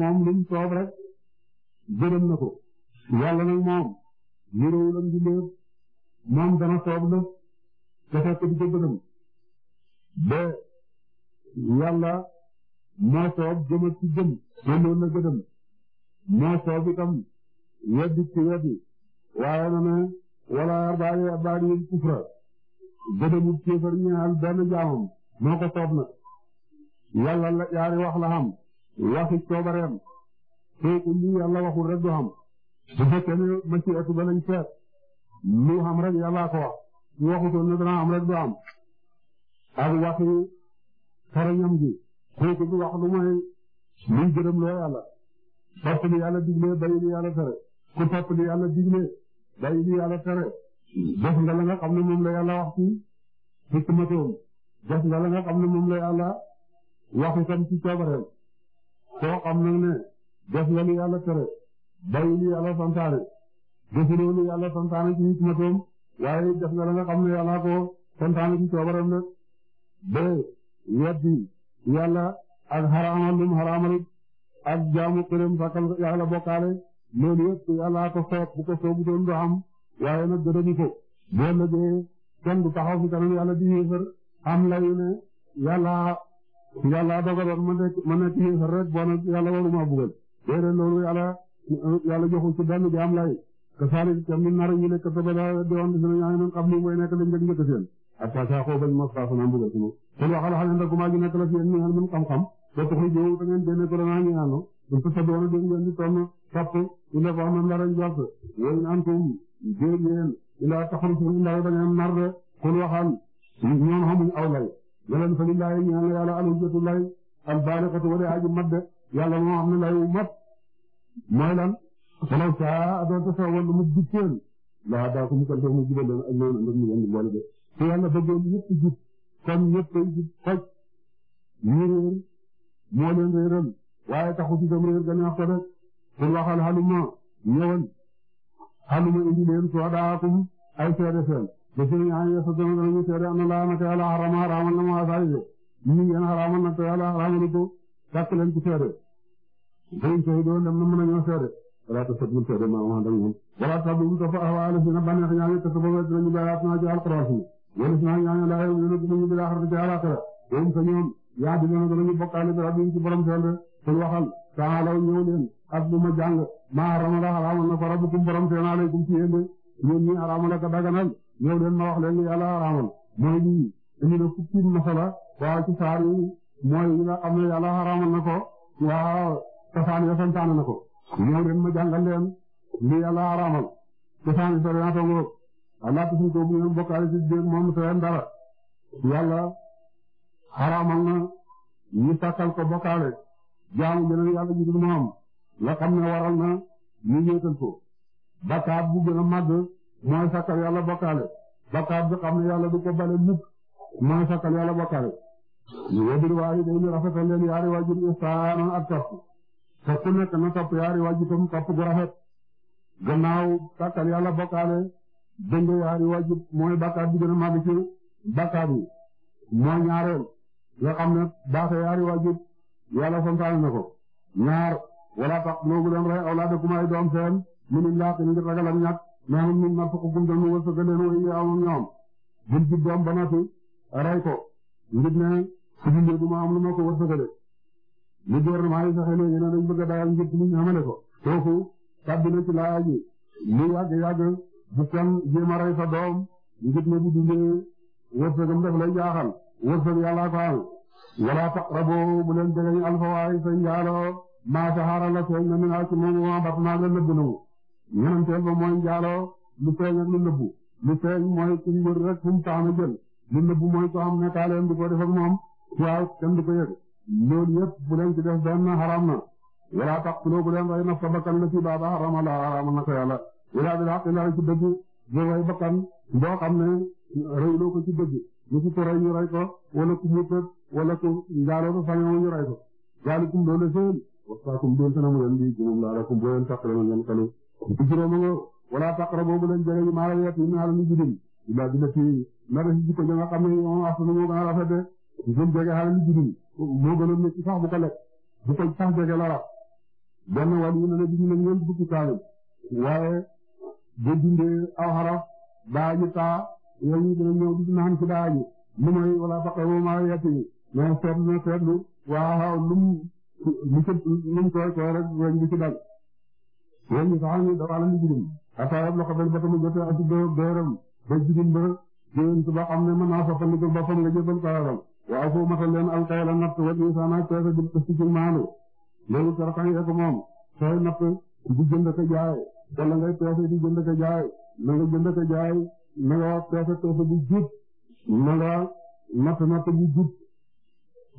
moom luñ soob rek gërëm na ko yàlla nag moom niroowul ak mbindeef moom dana soob la te fekk du ko gërëm ba yàlla. moo soob jëma ci jëm àndoon na gëdëm moo soob itam weddi ci weddi waaye na ne wala arbaari arbaari yëpp kufra gëdëmut kéefar ñaal benn jaamam moo ko soob na yàlla la yaari wax la xam waxi coobareem foofu lii yàlla waxul rek du xam su fekkee ma ci ëtt ba lañ lu xam rek yàllaa ko wax su waxutoon dana am rek du am ak waxi xarañam gi kooku du wax lu mooy luy gërëm loo yàlla topp li yàlla digle bàyyi li yàlla tere ku topp li yàlla digle bàyyi li yàlla tere def nga la nga xam ne moom la yàlla la wax itam ci coobareem koo xam nag ne def nga li yàlla tere bàyyi li yàlla santaane defuloo li yàlla la nga xam ne yàlla ko santaane ci yàlla ak xaraamal lum xaraamal ak jaamu këram sàkkal yàlla bokkaale loolu yëpp yàlla ko soob bu ko soobu doon du am waaye nag gërëmu ko boo lëgee kenn du taxaw fi kanam yàlla di yéefar am layu ne yàlla yàlla dogaloon ma nekk ma nekk yéefar rek boo nag yàlla waruma bugal déedéet loolu yàlla yàlla joxul ci benn jaam lay te Salif tam ñu nar a ñu nekk te ba daa doon dina ñaari ni mooy nekk dañ njëkk njëkk seen ak Pacha Kow kon waxal waxal ndax gu maa ngi nekk la fii ak ñu naan xam-xam ba taxul jiw da ngeen génne ko da ngaa ñu ñaanu dañ ko soxla woon dañ leen di sonn topp ñu ne wax man dara ñu jot yooyu ñu am tuum jiw yéen ilaa taxul suñu ndaw da ngeen nar de kon waxal ñoom xamuñ aw lay nga leen fa ñu laay ñaan la yàlla alal jotu lay al baaliqatu wa aji mat de yàlla moo xam ne lay wu mat mooy lan. walaw saa doon te woon mu jub seen laa daa ko mu ko def mu jubal leen ak noonu ak ñu leen di boole de te yàlla bëggoon yëpp jub kon ñëpp ay jub xoj ñu réer moo leen waaye taxu ci dem réer ga neex ko rek pour waxal xaluma ñëwal xaluma indi leen soo daakum ay seede seen ba seen yaa ngi sa dama danañu seede am na laa naka yàlla xarama xaramal na ma asaay de ñu ngeen xaramal naka yàlla xaramalu ko tàkk leen ci seede dañ koy doon dem na mën a ñoo seede wala ta sabul seede ma wax dangum wala ta bu ta fa awala fi na baneex ñaangi ta sabul seede ñu bayaat naa ci ñoom ñoo ñaan la yow ñu gëmu bi la xarbi ala ko doom fa ñoom yaa di ñoo ñu bi rabbi ci borom sel te waxal taalaw ñëw leen ak ma jàng ma ramala haramal na ko rabbukum borom sel alaykum ci yeen ñoom ñi haramal ak daganal ñëw leen ma wax leen yàlla haramal mooy lii indi na yi mooy leen ma jàngal leen li yàlla haramal tasaan ya santaane na ko allah tusuñ ko bu ngeen bokkaale ci biir moom seen dara yàlla xaraamal na ñu sàkkal ko bokkaale jaamu yeneen yàlla ji dul moom la xam ne waral na ñu ñëetal ko bakkaat bu gën a màgg mooy sàkkal yàlla bokkaale bakkaat bi xam ne yàlla du ko bale mukk mooy sàkkal yàlla bokkaale wabil waali day ni rafetal leen yaari waajur ihsaanan ak topp topp nekk na topp yaari waajuram topp gu rafet gannaaw sàkkal yàlla bokkaale dëng waari wajib mooy bàkkaar bi gën a màgg ci bàkkaar yi moo ñaareel nga xam ne baaxe yaari wajib yàlla santaane na ko ñaar wala tax noogu leen rey awlaadakum ay doom seen minin laa ngir ragal ak ñàkk naanu min na fukk gum danu wërsëg leen wa iyyaahum ñoom bul ci doom ba rey ko ngir ne su dundee am lu ma ko wërsëgale li gouvernement yi saxe léegi ne dañ bëgg a dayal ngir bu kenn jéem a rey sa doom ngir ne bu dundee wërsëgam daf lay jaaxal wërsëg yàllaa ko am wala taqrabu bu leen jegeñ alfawaay sa njaaloo maa sahara la feeñ na minaa ci moomu ma bat naa la nëbb namu ñenanteel ba mooy njaaloo lu feeñ ak lu nëbbu lu feeñ mooy ku mbër rek fu mu taama jël lu nëbbu mooy ko am nekkaaleen di ko def ak moom waaw kenn du ko yëg loolu yëpp bu ci def benn xaram na wala taqtuloo bu leen rey nafsa bakkan la ci baaba xarama la xarama ilaa bil haqq ilaa ci dëgg ngay way bakkan boo xam ne reyloo ko ci dëgg lu ci ko rey ñu rey ko wala ku mu tëb wala ku njaaloo ko fañoo ñu rey ko zaalikum loolu seen wasaakum dénk na mu leen di juróom wala taqara boobu la yeet yi naa la ñu jidim ilaa bi ci na def jikko ja nga xam ne moom asana moo gën a rafete jëm jege xaala ñu jidim moo a jege la rab benn wàll yi ne ne bi ñu ne ñeent boo bindee aw xaraf daa ji taa yooyu dina naan ci daa ji may wala faqahu ma yati mais seet na seetlu waaw lu mu lu ci tooy tooy rek weñ bi ci dal weñ bi sax ni dafa la ñu jirim asaayab loxo ba mu jotee ak dooram ba jirim ba jirim ba xam ne mën naa wal insaana peese jëm ko ci maanu loolu tarxan yeeku moom sooy natt di jënd ko jaay te la ngay peese di jënd ko jaay na nga jënd jub na nga natt bu jub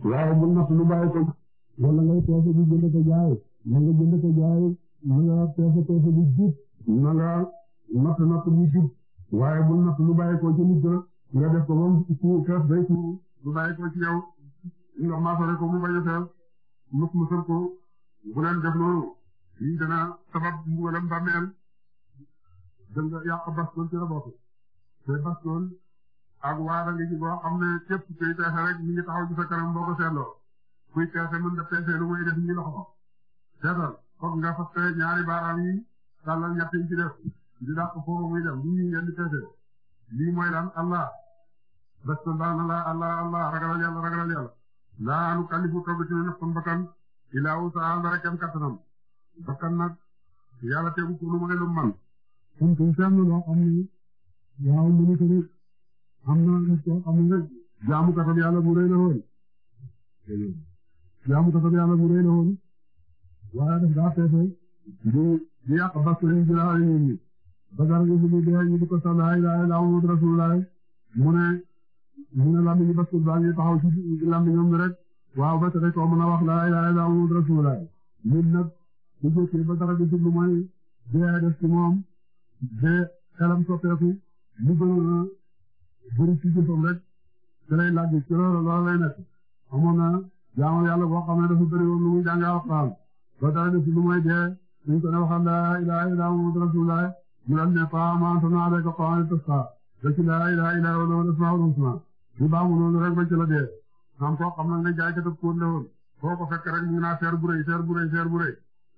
waaye bu natt lu ko te la ngay peese di jënd ko jaay na nga jub na nga natt bu jub waaye bu natt lu ko ci nit nga def ko ba mu suuf kees day suuf lu bàyyi ko ci yow nga maasale ko mu bañ a teel mu ko bu leen def noonu. lii dana sabab mbugalam bàmmeel dëng yàq bastool ci la bokk te bastool ak waara ngi ci boo xam ne képp kuy peese rek mi ngi taxaw ci sa kanam boo ko seetloo kuy peese mën da peese lu muy def nii loxo ko seetal foog nga fas te ñaari baaraam yi tàllal ñett yi ci def di dàq foofu muy dem lii ngeen di peese lii mooy lan allah bastool daan allah allah allah laa nu kallifu kaw bi ci ne nafsan bakkan ilaa wusahaa ndara kem kattanam bakkan nag yàlla tegu ko lu may lu man kon tey sànni loo xam ne waaw mu ngi tamit am na lu ko am na jaamu katam yàlla bu rëy la woon jaamu katam yàlla bu rëy la woon waaye daf daa feefe di di yàq yi di sa laay laay laaw mu rasulaay mu ne mu ne lambi ñu baskul baa ngi taxaw ci rek waaw ba te rek koo a wax laay laay laaw mu rasulaay ñun nag su fekkee ba dara di jublu mooy dee def ci moom de kalam soppeeku mu gën a bëri la jëfam rek te lay laaj ci loolu loolu lay nekk amoon na jaamu yàlla boo xam ne dafa bëri lu muy jàng alxuraan ba dara di jublu mooy dee suñ ko ne waxal laa ilaaha illallaa muhammadu rasuulullaah ñu dal ne taamaa anzalnaa alayka ta'aaman tasqaa da ci laa ilaaha illallaa wal asmaa'ul husnaa ñu rek ba ci dee xam koo xam na nga jaay kat ak la woon foo ko fekk rek mu naa seer bu seer bu seer bu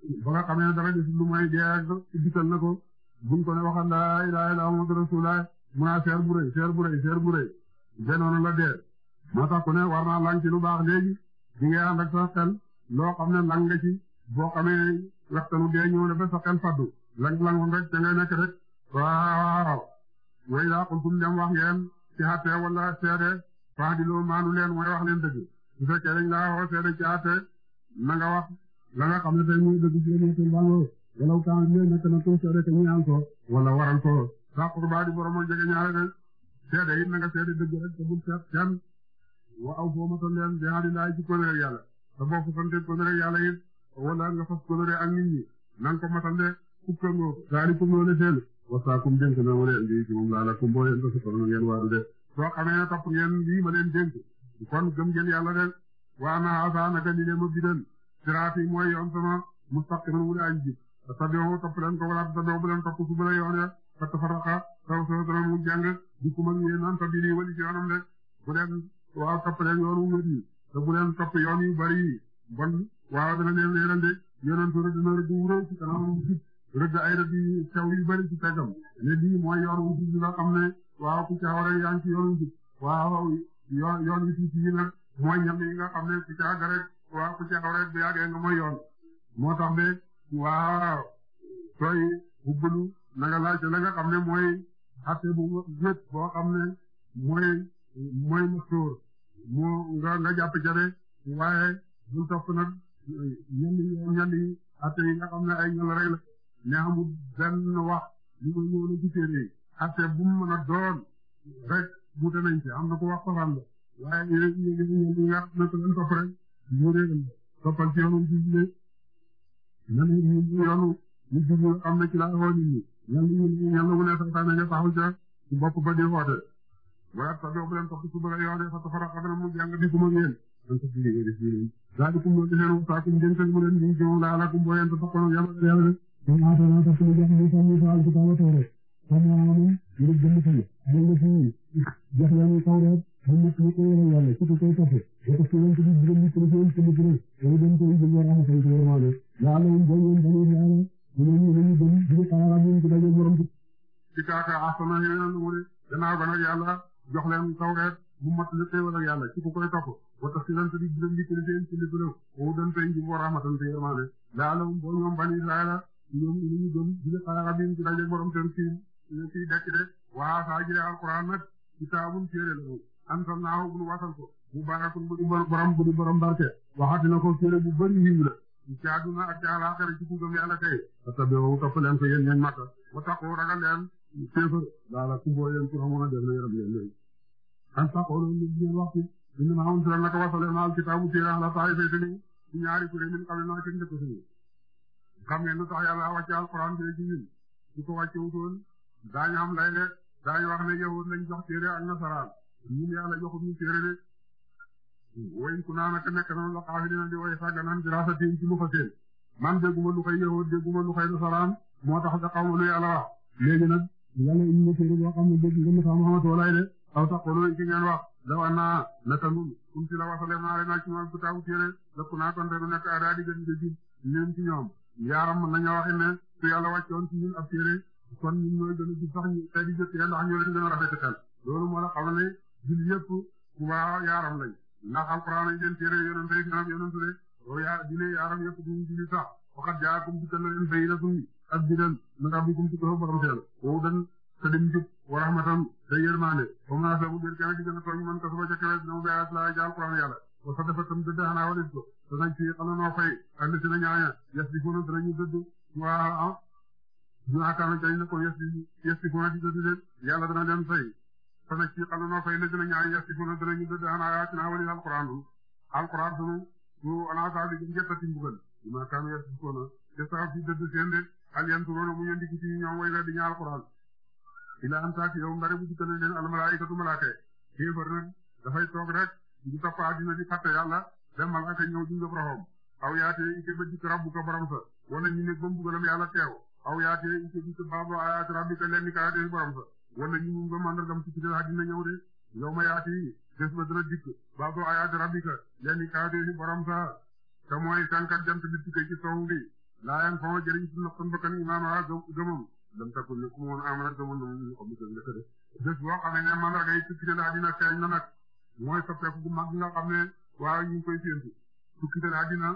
ba nga xam ne dara gisul lu dee ak dikkal na ko buñ ko ne waxal laa ilaaha illallaah muhammadu mu naa ah seer bu seer bu seer bu rëy de noonu la dee moo tax ku ne war naa lang ci lu baax léegi di nga ànd ak sa xel loo xam ne lang nga ci boo xamee waxtanu dee ñëw na ba sa xel faddu lang lang rek da ngay nekk rek waaw way laa xultum dem wax ngeen ci àtte wala seede faa di loo maanu leen wax leen dëgg bu fekkee dañ laa woo seede ci àtte na nga wax la xam ne tey muy dëgg ci yéen seen bànqóo wala temps bi nekk na tuuti rek ñu am seede it na nga seede dëgg rek te bul seet kenn wa aw foo matal leen bi adi ci kóllëre yàlla te boo ko nga fas kóllëre ak nit ñi na nga ko matal de kukkangoo daal di kum loole na ma leen lii ci moom laa la kum boo leen ko soxla na ngeen waadu de soo xamee ne topp ngeen lii ma leen dénk kon gëm ngeen yàlla de waa na xaasaa naka ni leen ma siraati mooy yoon sama mustaqiman wu laaj bi tabi'u topp leen ko wala tabi'u bu leen topp su bële yoon ya fa tafarraqa taw soo dana mu jàng di kuma yéen naan sabili wali ci yoonam leen waaw topp leen yoonu wér yi te bu leen topp yoon yu bari yi bon waaw dana leen leeral de yonent rëdd na rëdd wu rëy ci kanam rëdd ay rëdd yu sew bari ci tegam ne lii mooy yoon wu jub nga xam ne waaw ku caaw rek yaa ngi yoon yi nag mooy ñam yi nga waaw ku ca a rek bu yàggee nga mooy yoon moo tax be waaw sooy na nga laajte la nga xam ne mooy atte bu ñett boo xam ne mooy mooy mastóor moo nga nga jàpp ca waaye mu topp nag ñenn ñenn atte yi nga xam wax li ma ñëw na ci téere yi atte bu mu a doon rek buute nañ ci am na ko wax ko waaye ñenn ñi nga xam ne ko rek ñu ne toppal ci yoonu jublu na ñu ñu yoonu ñu am na ci laa xool nit ñi ñoom ñu ñu ñoom ñu ne sax daan nañu taxaw ca ci bopp ba di xoote. waaye ak sa bopp leen topp su bëgg a yoonee fa tafara xam na mu jàng di kuma ngeen. donc ci lii rek ñu daal di kumul seen waxtaakum jënd mu leen ñu jëm laa la na yàlla. ñu naan seen waxtaan suñu jox ñu seen ñu faal ci kaw a tawreet. xam naa ne ñu jëm ci ñu jëm ci ñu moom it ñu koy yàlla ci koy taxe da ko suñu ci bi ñu ko suñu ci ñu ko dañ koy jël wala ñu koy wala la la ñu doon ñu dañu yàlla ñu ñu ñu doon di ko ala ñu ko dañu borom ci ci kaaka asama ñaan mu ne danaa ba nag yàlla jox leen tawreet mu mat le teewal ak yàlla ci ku koy topp wa tafsilan bi ñu ñu ko seen ci ñu ko o dañ tay ñu rahmatan te yermane la la bo ñoom bani israila ñoom ñu ñu doon di ko ala ñu ko dañu borom tan ci ci dakk de wa faajira alquran nag kitaabun an naaw bu nu wasal ko mu baarakun bu di borom bu barke waxati na ko téere bu bëri yiw la ci àdduna ak ci àllaaxira ci ku gëm yàlla kay tattabi'u topp leen ko yéen ñeen makka wa taqu ragal leen féefar laala kumboo yéen pour amoon a def na yërëm leen léegi an taqooloon li ngeen wax ci ina maa unsila naka wasale maal kitaabu téere ala taa'ifayni ci ñaari kuréel min qablinaa ci njëkk suñu xam ngeen lu tax yàlla wàcce alquran bi ci ñun su ko wàcce wutoon daañu am lay de daañu wax ne yahud lañ jox ñun yàlla joxum ñu téere de way ku naan ak nekk na la xaafi dina di way sàgganaan bi raasa tiin ci mu fa seen man dégguma lu koy lu koy moo tax da xawma lu yàlla wax léegi nag yàlla indi na téere boo xam ne dégg nga Musaa Muhammad walaay de aw taqulu ngeen wax law annaa natanun kum si la wasale maare naa ci moom kitaabu téere ku naa kon te du nekk adaa di gën di ñun yaaram mën nañu waxi ne su yàlla wàccoon ci ñun ab téere a a jul yëpp Tuubaa yaaram lañ ndax alquran lañ leen téere yonent yi kanam yonent de loolu yaa dina yaaram yëpp duñ juli sax faqad jaakum dikkal na leen bayyinatun ak dinan min rabbikum tukkee borom seen wow dan te dim jub wa rahmatan da yërmande ba mu naa sabu dér kenn ci gën a tooñ man ka suba ca kewet na mu gayaat laa ci alquran yàlla wa sa dafa tam dëdd xanaa walis ko danañ ci xala noo fay ak li si na ñaaña yes di fona danañu dëdd waa ah ñu akaana cañ na ko yes di yes di fona di dëdd de yàlla dana leen fay fana ci xam na fay la dina ñaan ya ci fona dara ñu dëdd ana ayaat na wali alquran alquran sunu ñu ana ta di ngetta ci mbugal ma kam ya ci fona te sa fi dëdd seen de al yantu rono mu yëndi ci ñoom way la di ñaan alquran ila yow mbare bu ci tan leen al malaa'ikatu malaa'ika dafay toog rek ñu topp àddina di fàtte yàlla dem malaaka ñëw di ngëb roxoom aw yaatee ite ba jikk rabbu ko borom sa wala ñu ne ba mbugalam yàlla teew aw yaatee wala ñu mun nga màndargam ci biir dina ñëw de yow ma yaati des ba dara dikk ba do ayaat rabbika lenn kàddu borom sa te mooy sànqat jant bi tukkee ci sowu laayaan fa ma jëriñ ci naqan bakkan imaam a gëmam dam takku ne ku mu woon amanat gëmul ñu yi ci biir dina feeñ na nag mooy soppeeku bu mag nga xam ne waaye ñu koy séentu tukki dal àddina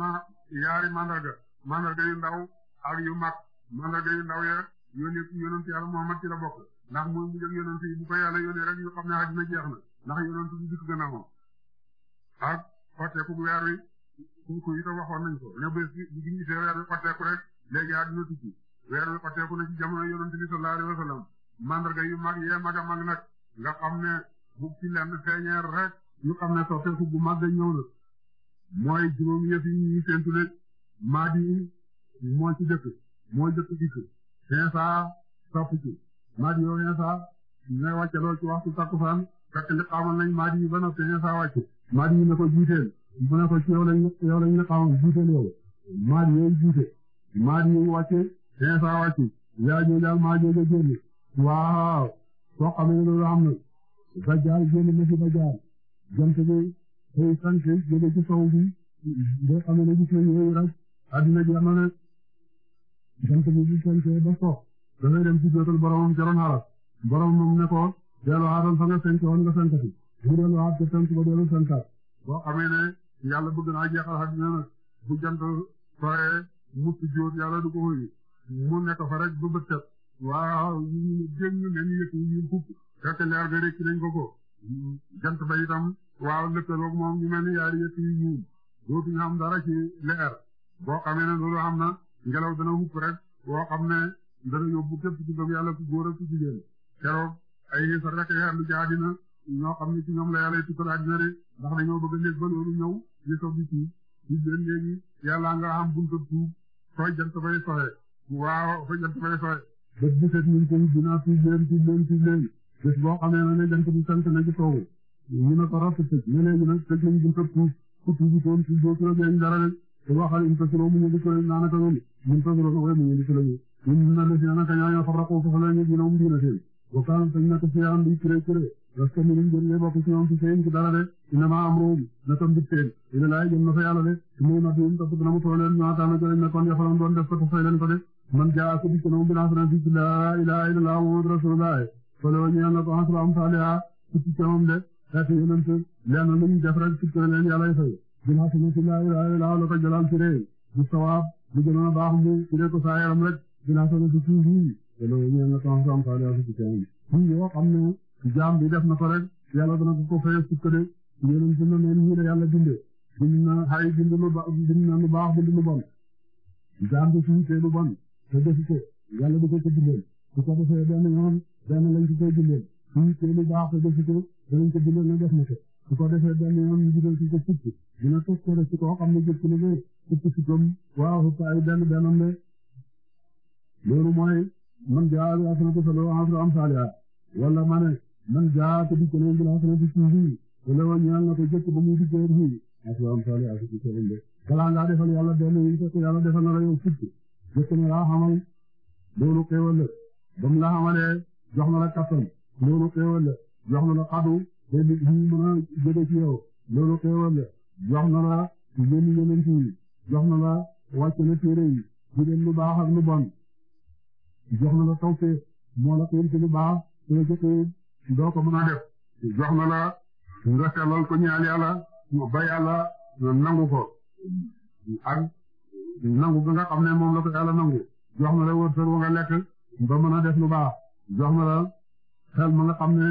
na yaari mandarga mandarga yu ndaw ak yu mag mandarga yu ndaw ya yónnee yonent yàlla Muhammad ci la bokk ndax mooy mu jël yonent yi bu ko yàlla yónnee rek ñu xam ne àddina jeex na ndax yonent bi dikk gën a moom ak xotteeku weer wi kooku itam waxoon nañ ko ne bés bi bu ñu gisee weer wi xotteeku rek léegi àddina tukki weer wi xotteeku na ci jamono yonent bi sallallahu alayhi wasallam mandarga yu mag yee mag a mag nag nga xam ne bu ci lenn feeñeer rek ñu xam ne soppeeku bu mag ñëw na mooy juróom yëf yi ñu séntu ne maa di moo ci dëkk mooy dëkk dikk 500 topp ci maadi yoo 500 ñooy wàcce lool ci waxtu takkusaan fekk li xamoon nañ maadi yi ba noppi 500 wàcce maadi yi ko jiiteel mu ne ko ci yow lañ yow lañ li xamoon jiiteel yow maadi yooyu jiite maadi yi wàcce 500 wàcce yaa jooju ak maa jooju génn waaw soo xamee loolu am na ba jaar génn jant bi ñu fenkee ba so dafay dem ci jotal boromam jaroon xalat ne ko delloo aatal fa nga fenk woon nga mu yàlla bëgg naa jeexal xaj na nag bu jant soyee mu sujjóot yàlla ko wuyu mu nekk fa rek ba bët set waaw ñu jëm ñu ne ñu yëpp ñu fukk fekk mel ni yaari yëpp yi ñuul dara ci leer boo xamee loolu am na ngelaw dana hukk rek boo xam ne dana yóbbu képp ci gëm yàlla ku góor ak ku jigéen keroog ay xeesar rek ay àndu jaadina ñoo xam ne ci ñoom la yàlla tukkal àddina rek ndax dañoo bëgg a nekk ba loolu ñëw ñu soog di tuub ñu leen léegi yàlla nga am buntu tuub sooy jant bay soxe waa sooy jant bay soxe bés bu set ñun tamit dinaa tuub leen tuub leen tuub leen bés boo xamee na ne jant sant na ne ko rafet ñu ne léegi nag tëj nañ buntu tuub ku tuubutoon tuub dootu la benn dara su ma waxee intasiroo mu ñëw di suñu naan ak a ñëw koy mu ñëw di suñu ñun ñu naan la si naan ak a ñëw ñoo xam ne kooku na ko si yaram di curé curé parce que mu ngi jëm ngay bokk si ñoom maa am na tam di seen ila laay jëm na fa yàlla de muy kon yafalam doon def ko te ko de man jaa ko dikk na mu binaa fana fii la ilaha illallah muhammad rasulullah faloo ñu yàlla ko asra am saaliha ci ci dinaa fi ñu si laa ilaaha illallaah la ko jëlaal ci réew bu sawaab lu gën a baax mu ci ko saa yaram rek dinaa soxla si suuf yi te loolu ñu ne sama sama xaalis ak si keneen ñun yoo xam ne jaam bi def na ko rek yàlla dana ko fayee sukk de yéen a ngi ñii de yàlla bindee bind na xay bind lu ba bind na lu baax bind lu bon jaam bi suñu tee lu bon te defi ko yàlla du ko ko bindee su ko defee benn yoon benn lañ ci te defi ko danañ ko bindee na def na ko. su ko defee benn yoon ñu dugal ci ko fukki dina tos ko def ci koo xam ne jël ci liggéey fukki si comme waaw xëppaayu benn benn de loolu mooy man jaa bi hasanatu falahu ashru amsaalihaa wala ma ne man jaa te dikk leen bi hasanatu suufi wala wa ñaan na ko jëkk ba muy dikkee fii ashru amsaalihaa fukki sëriñ de balaa ngaa defal yàlla benn yi fekk yàlla defal na la yow fukki jëkk na laa xamal loolu xéewal la ba mu la xamalee jox na la kattan loolu xéewal la jox na la xadu te li ñu mën a jëlee ci yow loolu xéewal la jox na la yónni yonent yi jox na la wàcc na téere yi bu lu baax ak lu bon jox na la tawfeex moo la lu baax te la jotee doo ko mën a def jox na la nga sellal ko ñaan yàlla ba yàlla nangu ko nangu ga nga xam ne moom la ko yàlla nangu jox na la wërsëg wa nga lekk ba mën a def lu baax jox na la xel ma nga xam ne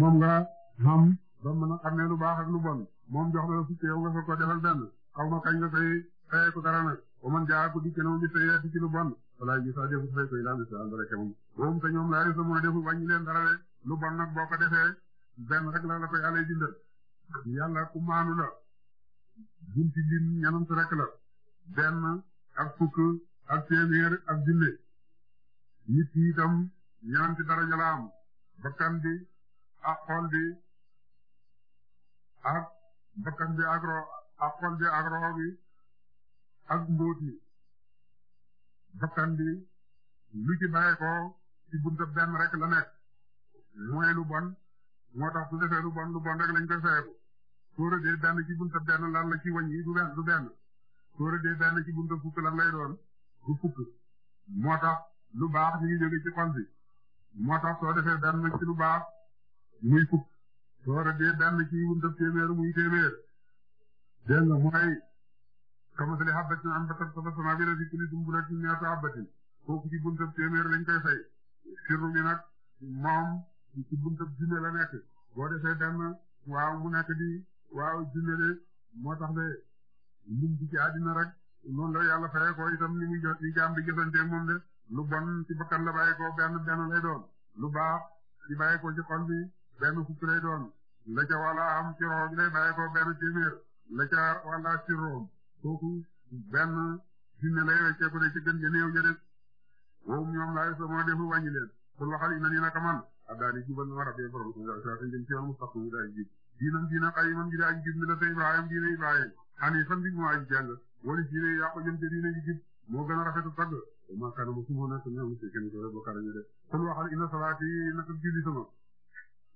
moom nga moom ba mën a xamee lu baax lu bon moom jox na la fukki yow nga soog ko defal benn xaw ma kañ nga koy fayee ko dara nag man jaa ko dikk na mu ngi fayee ci lu bon walaay bi sax defu fay ko ilaa misaal ba rek moom. moom te ñoom laay sama defu wàññi leen dara rek lu bon nag boo ko defee benn rek la la koy alay dindal yàlla ku maanu la bunti din ñanam su rek la benn ak fukk ak téeméer ak junne nit yi itam ñanam ci dara ñu la am bakkan bi ak xol bi. ak bakkan bi ak roo ak xol bi ak roo bi ak bi lu ci ci bunta benn rek la nekk mooy lu bon moo tax su defee lu bon lu bon rek lañ koy feyeeku tóora dee benn ci bunta benn lan la ci wëñ yi benn du benn tóora dee benn ci bunta fukk lan lay doon du fukk moo tax lu baax ñu ngi jóge ci xol bi moo tax soo defee benn ci lu baax muy fukk door a dee daan na ci bu mu def téeméer muy téeméer dégg nga mooy kamasali habbatin ambatat sab'a sanaabila fi kulli sumbulatin mi'atu habbatin kooku ci bu mu def téeméer lañ koy fay sirru bi nag moom ci bu mu def waaw mu nekk di waaw junne moo tax de lim ci àddina rek noonu la yàlla fayee ko itam ni muy jot ni jaam bi jëfandikoo moom de lu bon ci bakkan la bàyyi ko benn benn lay doon lu baax ci bàyyi ci xol bi. benn fukk lay doon la ca wàlla am ci benn téeméer la ca wàlla ci room kooku benn junne lay wecceeku de ci gën ja néew ja de moom ñoom laay sa moo defu wàññi leen pour waxal ina nii naka man ab jubal na war a bee borom ko saa fi jëm ci yoon mustaqim bi daal jib diinam diina qayyimam ji daal jib mi la tey diina yi moo gën a rafetu tagg maa kaana muslimuuna te ñoom kenn ko bokkaale ñu de pour waxal ina salaati naka julli sama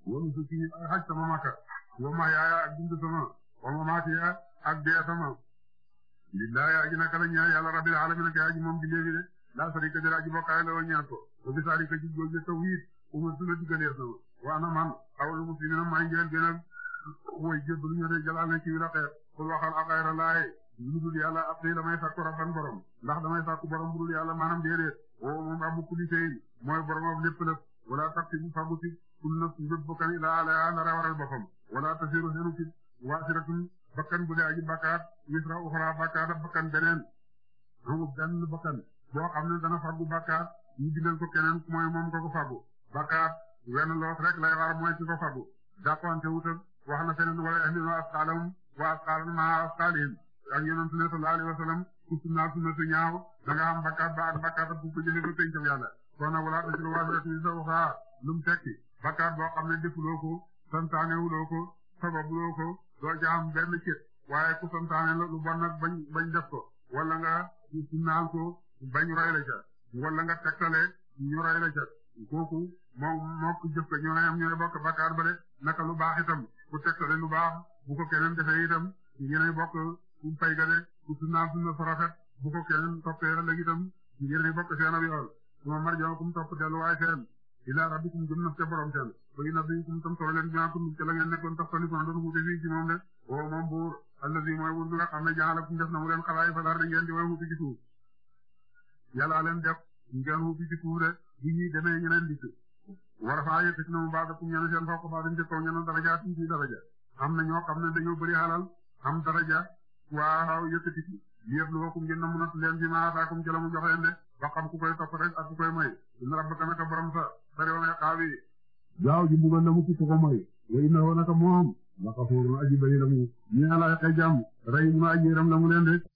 wonu su ci xaj sama makka wa ma ak dund sama wa ma maatiya ak dee sama lillahi aji naka la ñaar yàlla rabbil alamin ka aji moom bi léegi de la sarika dara la woon ñaar ko wa ci jooju tawhid uma wa ana man awlu muslimina maa njël gënal way jëdd lu ñu de jalal na ci wiraqeer kul waxal ak ayra laaye lu dul yàlla ab tey damay sàkku rabban borom ndax damay sàkku borom bu dul yàlla maanaam déedéet wa moom rabbu kulli shay'in borom ab kullu nafsin bépp bakkan illaa aleyhaa nar a waral boppam wala tasiru xenu ci waasiratun bakkan bu dee aji bakkaat wisra uxraa bakkaat ak bakkan beneen amul benn bakkan boo xam ne dana faggu bakkaat ñu bindal ko keneen mooy moom ko ko faggu bakkaat wenn loos rek lay war mooy ci ko faggu dàqante wutal wax na feneen wala ahlinoo asqaalahum wa asqaalan maa asqaalihim ak yonent ne sallallahu alayhi wa sallam ku sunna sunnatu ñaaw da nga am bakkaat ba ak bakkaat ak bu ko jëfee ba pencam yàlla kon nag wala tasiru waasiratun wisra uxraa lu mu tekki bakkaar boo xam ne defuloo ko santaanewuloo ko sababuloo ko doo ca am benn cër waaye ku santaane lu bon nag bañ bañ def ko walla nga sunnaal ko bañ roy la ca wala nga tegtale ñu roy la ca kooku moom mokk jëf ko ñoo am ñooy bokk bakkaar ba de naka lu baax itam ku tegtale lu baax bu ko keneen defee itam ñeneen bokk ku pay ga de ku sunnaal sunna sa rafet bu ko keneen toppee rek itam ñeneen bokk seen ab yoon su ma marjoo kum topp delluwaay seen ila rabbikum jëm na ca borom seen ba ina bikum tam solo leen ñaa la ngeen nekkoon tax tali doon wuute fii ci moom de woo moom buur allazi mooy wur bi nga xam ne jaalakum def na mu leen xalaay fa dar di ngeen di way a ci suuf yàlla leen def ngeen wuute ci suuf de bi ñuy demee ñu war a faa yëkkati na mu baax dakum a seen fokk faa dañ ci kaw ñene daraja tum ci daraja am na ñoo xam ne dañoo bëri xalal am daraja waaw yëkkati ci yëpp lu wakum ngeen na mu nat leen bi ma ataakum ci la mu jox leen de ba xam ku koy topp rek ak ku koy may a xaabi gaaw ji mbugal na mu ku ko moy wa inna woo naka mu ñeela xejam rahim aji ram la mu leen